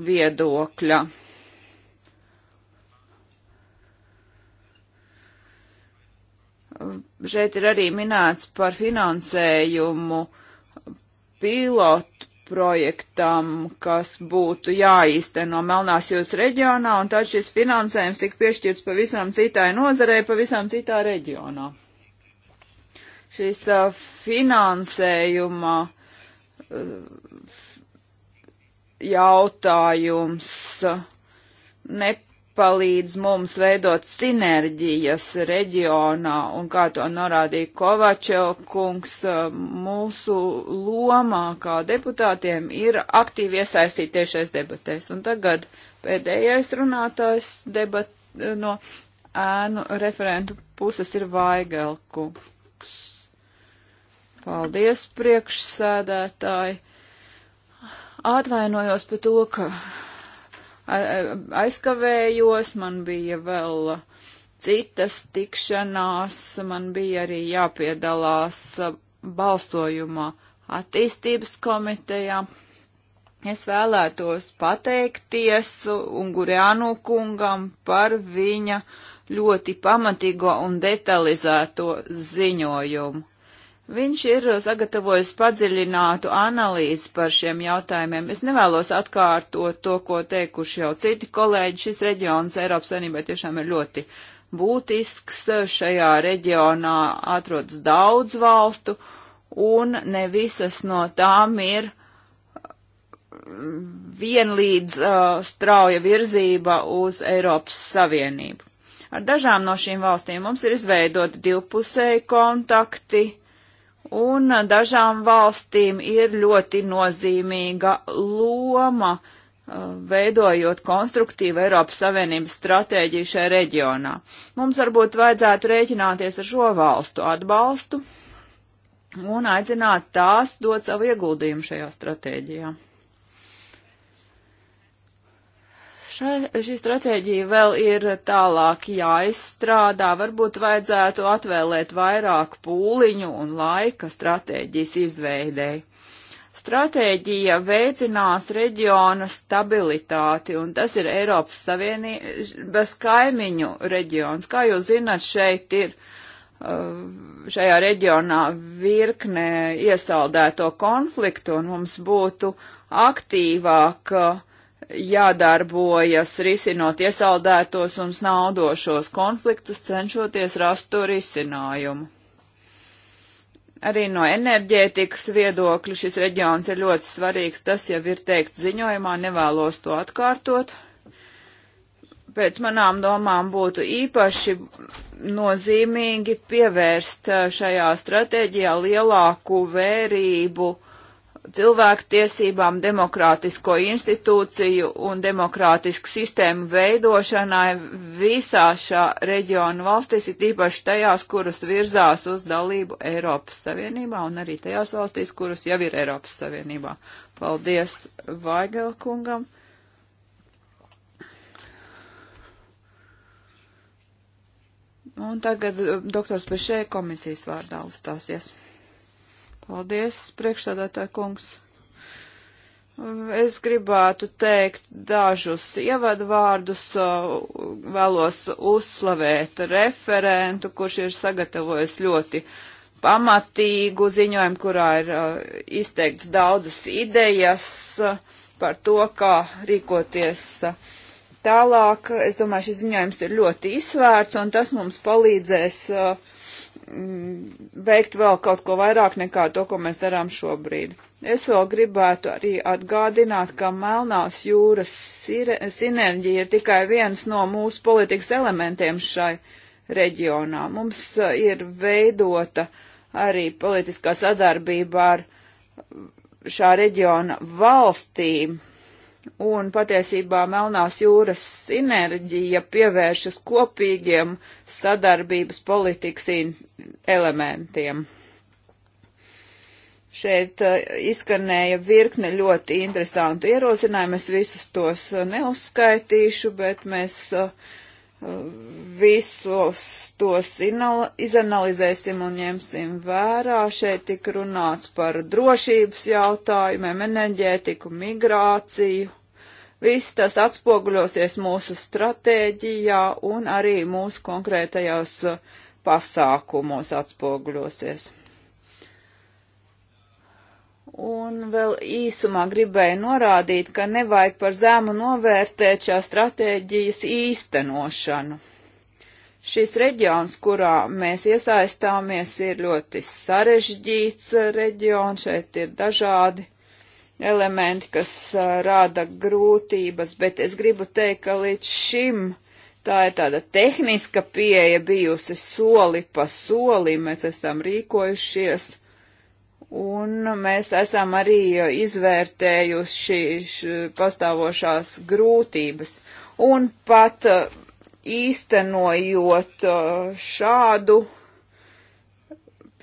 viedokļa. Šeit ir arī minēts par finansējumu pilotu projektam, kas būtu jāīsteno Melnās jūras reģionā, un tad šis finansējums tika piešķirts pavisam citai nozarei, pavisam citā reģionā šis finansējuma jautājums nepalīdz mums veidot sinerģijas reģionā, un kā to norādīja Kovačev kungs, mūsu lomā kā deputātiem ir aktīvi iesaistīties šais debatēs. Un tagad pēdējais runātājs debat no ēnu referentu puses ir Vaigelkungs. Paldies, priekšsēdētāji. Atvainojos par to, ka aizkavējos, man bija vēl citas tikšanās, man bija arī jāpiedalās balsojumā attīstības komitejā. Es vēlētos pateikties Ungurjānu kungam par viņa ļoti pamatīgo un detalizēto ziņojumu. Viņš ir sagatavojis padziļinātu analīzi par šiem jautājumiem. Es nevēlos atkārtot to, ko teikuši jau citi kolēģi. Šis reģions Eiropas Savienībai tiešām ir ļoti būtisks. Šajā reģionā atrodas daudz valstu, un ne visas no tām ir vienlīdz uh, strauja virzība uz Eiropas Savienību. Ar dažām no šīm valstīm mums ir izveidoti divpusēji kontakti un dažām valstīm ir ļoti nozīmīga loma uh, veidojot konstruktīvu Eiropas Savienības stratēģiju šajā reģionā. Mums varbūt vajadzētu rēķināties ar šo valstu atbalstu un aicināt tās dot savu ieguldījumu šajā stratēģijā. Šai, šī stratēģija vēl ir tālāk jāizstrādā, varbūt vajadzētu atvēlēt vairāk pūliņu un laika stratēģijas izveidēji. Stratēģija veicinās reģiona stabilitāti, un tas ir Eiropas Savienības kaimiņu reģions. Kā jūs zināt, šeit ir uh, šajā reģionā virknē iesaldēto konfliktu, un mums būtu aktīvāk uh, jādarbojas risinot iesaldētos un snaudošos konfliktus, cenšoties rastu risinājumu. Arī no enerģētikas viedokļa šis reģions ir ļoti svarīgs, tas jau ir teikt ziņojumā, nevēlos to atkārtot. Pēc manām domām būtu īpaši nozīmīgi pievērst eh, šajā stratēģijā lielāku vērību uh, cilvēktiesībām, demokrātisko institūciju un demokrātisku sistēmu veidošanai visā šā reģiona valstīs, ir tīpaši tajās, kuras virzās uz dalību Eiropas Savienībā un arī tajās valstīs, kuras jau ir Eiropas Savienībā. Paldies Vaigelkungam. Un tagad eh, doktors Pešē komisijas vārdā uzstāsies. Paldies, priekšsādātāja kungs. Es gribētu teikt dažus ievadu vārdus, uh, vēlos uzslavēt referentu, kurš ir sagatavojis ļoti pamatīgu ziņojumu, kurā ir uh, izteikts daudzas idejas uh, par to, kā rīkoties tālāk. Es domāju, šis ziņojums ir ļoti izsvērts, un tas mums palīdzēs uh, veikt mm, vēl kaut ko vairāk nekā to, ko mēs darām šobrīd. Es vēl gribētu arī atgādināt, ka Melnās jūras sinerģija ir tikai viens no mūsu politikas elementiem šai reģionā. Mums uh, ir veidota arī politiskā sadarbība ar šā reģiona valstīm un patiesībā Melnās jūras sinerģija pievēršas kopīgiem sadarbības politikas elementiem. Šeit uh, izskanēja virkne ļoti interesantu ierosinājumu. Es visus tos uh, neuzskaitīšu, bet mēs uh, visos tos izanalizēsim un ņemsim vērā. Šeit tik runāts par drošības jautājumiem, enerģētiku, migrāciju. Viss tas atspoguļosies mūsu stratēģijā un arī mūsu konkrētajās uh, pasākumos atspoguļosies. Un vēl īsumā gribēju norādīt, ka nevajag par zēmu novērtēt šā stratēģijas īstenošanu. Šis reģions, kurā mēs iesaistāmies, ir ļoti sarežģīts reģions, šeit ir dažādi elementi, kas rada grūtības, bet es gribu teikt, ka līdz šim tā ir tāda tehniska pieeja bijusi soli pa solim, mēs esam rīkojušies Un mēs esam arī izvērtējuši pastāvošās grūtības. Un pat uh, īstenojot uh, šādu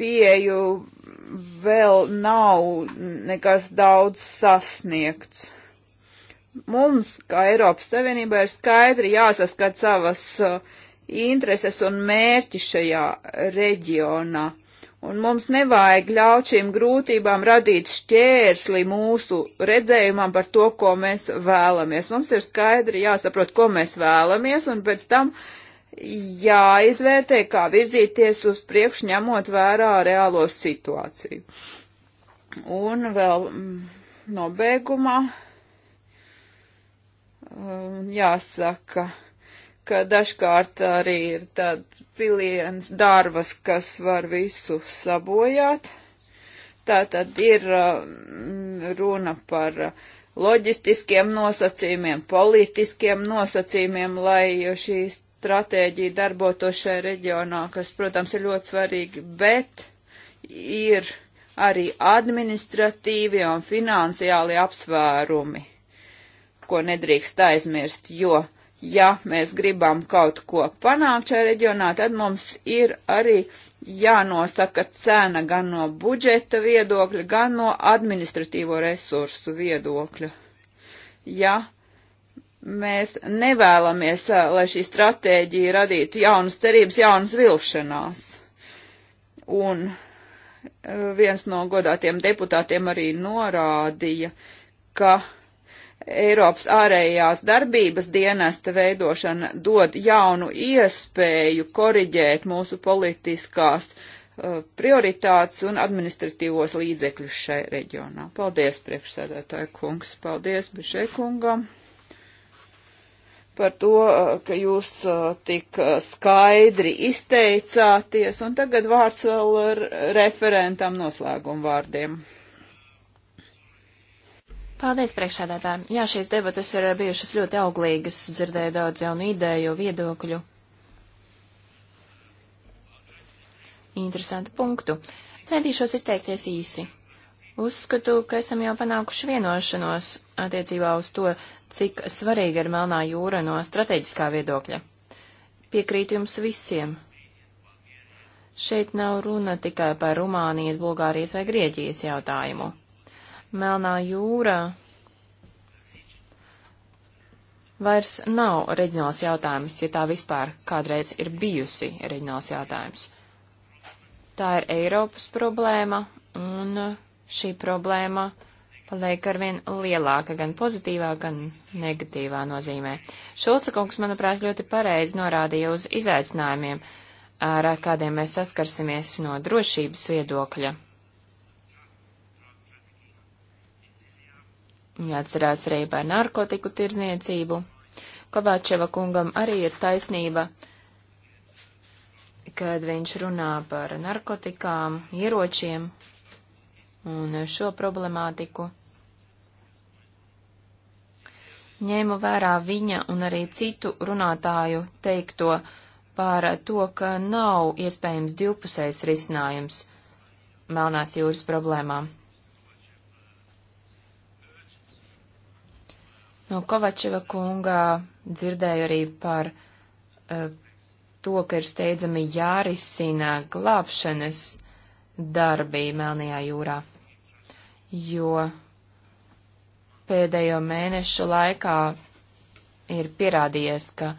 pieju, vēl nav nekas daudz sasniegts. Mums, kā Eiropas Savienībai, ir skaidri jāsaskat savas uh, intereses un mērķi šajā reģionā Un mums nevajag ļaut šīm grūtībām radīt šķērsli mūsu redzējumam par to, ko mēs vēlamies. Mums ir skaidri jāsaprot, ko mēs vēlamies, un pēc tam jāizvērtē, kā virzīties uz priekšu, ņemot vērā reālo situāciju. Un vēl mm, nobeigumā mm, jāsaka ka dažkārt arī ir tāds piliens darbas, kas var visu sabojāt. Tā tad ir mm, runa par loģistiskiem nosacījumiem, politiskiem nosacījumiem, lai šī stratēģija darbotos šajā reģionā, kas, protams, ir ļoti svarīgi, bet ir arī administratīvi un finansiāli apsvērumi, ko nedrīkst aizmirst, jo uh, ja mēs gribam kaut ko panākt šajā reģionā, tad mums ir arī jānosaka cena gan no budžeta viedokļa, gan no administratīvo resursu viedokļa. Ja mēs nevēlamies, eh, lai šī stratēģija radītu jaunas cerības, jaunas vilšanās. Un eh, viens no godātiem deputātiem arī norādīja, ka uh, Eiropas ārējās darbības dienesta veidošana dod jaunu iespēju koriģēt mūsu politiskās uh, prioritātes un administratīvos līdzekļus šai reģionā. Paldies, priekšsēdētāji kungs, paldies Bišekungam par to, uh, ka jūs uh, tik uh, skaidri izteicāties, un tagad vārds vēl referentam noslēgumu vārdiem. Paldies, priekšsēdētāji. Jā, šīs debatas ir bijušas ļoti auglīgas, dzirdēju daudz jaunu ideju, viedokļu. Interesantu punktu. Centīšos izteikties īsi. Uzskatu, ka esam jau panākuši vienošanos attiecībā uz to, cik svarīga ir Melnā jūra no strateģiskā viedokļa. Piekrīt jums visiem. Šeit nav runa tikai par Rumānijas, Bulgārijas vai Grieķijas jautājumu. Melnā jūrā vairs nav reģionāls jautājums, ja tā vispār kādreiz ir bijusi reģionāls jautājums. Tā ir Eiropas problēma, un šī problēma paliek arvien lielāka, gan pozitīvā, gan negatīvā nozīmē. Šulca kungs, manuprāt, ļoti pareizi norādīja uz izaicinājumiem, ar kādiem mēs saskarsimies no drošības viedokļa. jāatcerās arī par narkotiku tirzniecību. Kovāčeva kungam arī ir taisnība, kad viņš runā par narkotikām, ieročiem un šo problemātiku. Ņēmu vērā viņa un arī citu runātāju teikto par to, ka nav iespējams divpusējs risinājums Melnās jūras problēmām. No Kovačeva kunga dzirdēju arī par uh, to, ka ir steidzami jārisina glābšanas darbi Melnajā jūrā, jo pēdējo mēnešu laikā ir pierādījies, ka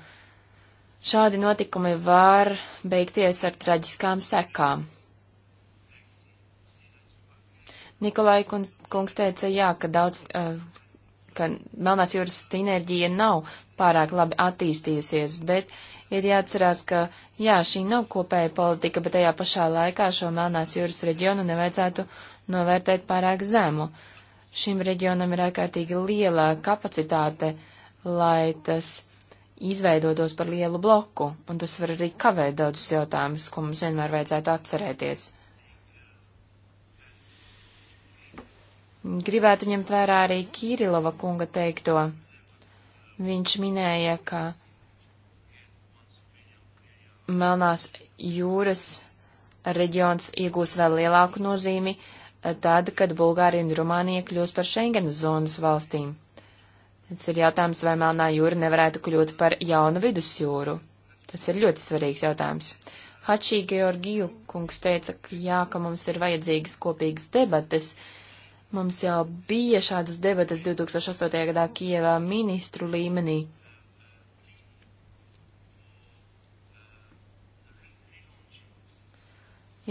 šādi notikumi var beigties ar traģiskām sekām. Nikolai kungs teica, jā, ka daudz uh, ka Melnās jūras sinerģija nav pārāk labi attīstījusies, bet ir jāatcerās, ka jā, šī nav kopēja politika, bet tajā pašā laikā šo Melnās jūras reģionu nevajadzētu novērtēt pārāk zemu. Šim reģionam ir ārkārtīgi liela kapacitāte, lai tas izveidotos par lielu bloku, un tas var arī kavēt daudzus jautājumus, ko mums vienmēr vajadzētu atcerēties. Gribētu ņemt vērā arī Kīrilova kunga teikto. Viņš minēja, ka Melnās jūras reģions iegūs vēl lielāku nozīmi eh, tad, kad Bulgārija un Rumānija kļūs par Schengenas zonas valstīm. Tas ir jautājums, vai Melnā jūra nevarētu kļūt par jaunu vidusjūru. Tas ir ļoti svarīgs jautājums. Hačī Georgiju kungs teica, ka jā, ka mums ir vajadzīgas kopīgas debates Mums jau bija šādas debatas 2008. gadā Kievā ministru līmenī.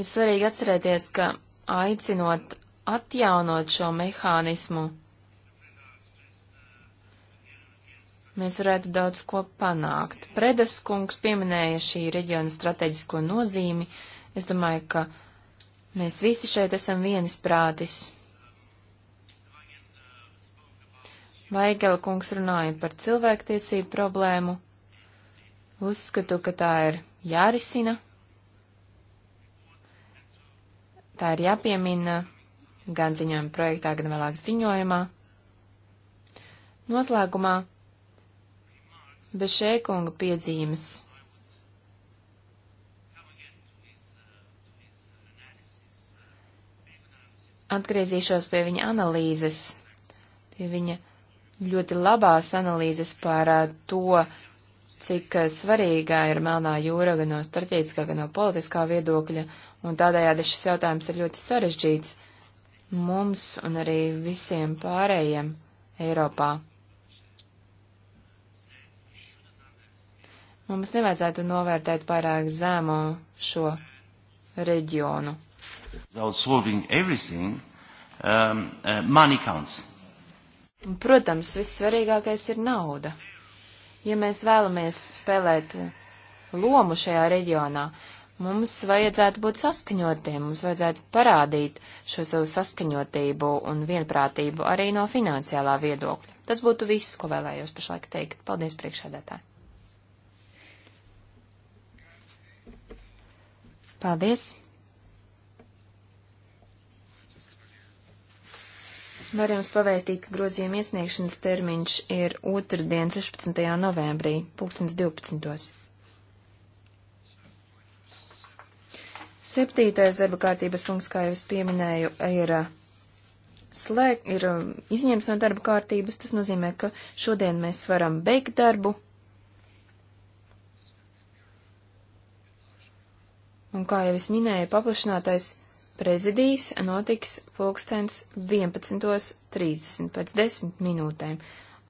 Ir svarīgi atcerēties, ka aicinot atjaunot šo mehānismu, mēs varētu daudz ko panākt. Predeskungs pieminēja šī reģiona strateģisko nozīmi. Es domāju, ka mēs visi šeit esam vienisprātis. prātis. Vaigela kungs runāja par cilvēktiesību problēmu. Uzskatu, ka tā ir jārisina. Tā ir jāpiemina gan ziņojuma projektā, gan vēlāk ziņojumā. Noslēgumā bez šēkunga piezīmes. Atgriezīšos pie viņa analīzes, pie viņa ļoti labās analīzes par to, cik svarīga ir Melnā jūra gan no strateģiskā, gan no politiskā viedokļa, un tādējādi šis jautājums ir ļoti sarežģīts mums un arī visiem pārējiem Eiropā. Mums nevajadzētu novērtēt pārāk zēmu šo reģionu. Solving everything, um, uh, money counts. Un, protams, vissvarīgākais ir nauda. Ja mēs vēlamies spēlēt lomu šajā reģionā, mums vajadzētu būt saskaņotiem, mums vajadzētu parādīt šo savu saskaņotību un vienprātību arī no finansiālā viedokļa. Tas būtu viss, ko vēlējos pašlaik teikt. Paldies, priekšsēdētāji! Paldies! Var jums pavēstīt, ka grozījuma iesniegšanas termiņš ir otrdien, 16. novembrī, 2012. Septītais darba kārtības punkts, kā jau es pieminēju, ir, uh, slēg, ir um, izņems no darba kārtības. Tas nozīmē, ka šodien mēs varam beigt darbu. Un kā jau es minēju, paplašinātais Prezidijs notiks pulkstens 11.30 pēc 10 minūtēm.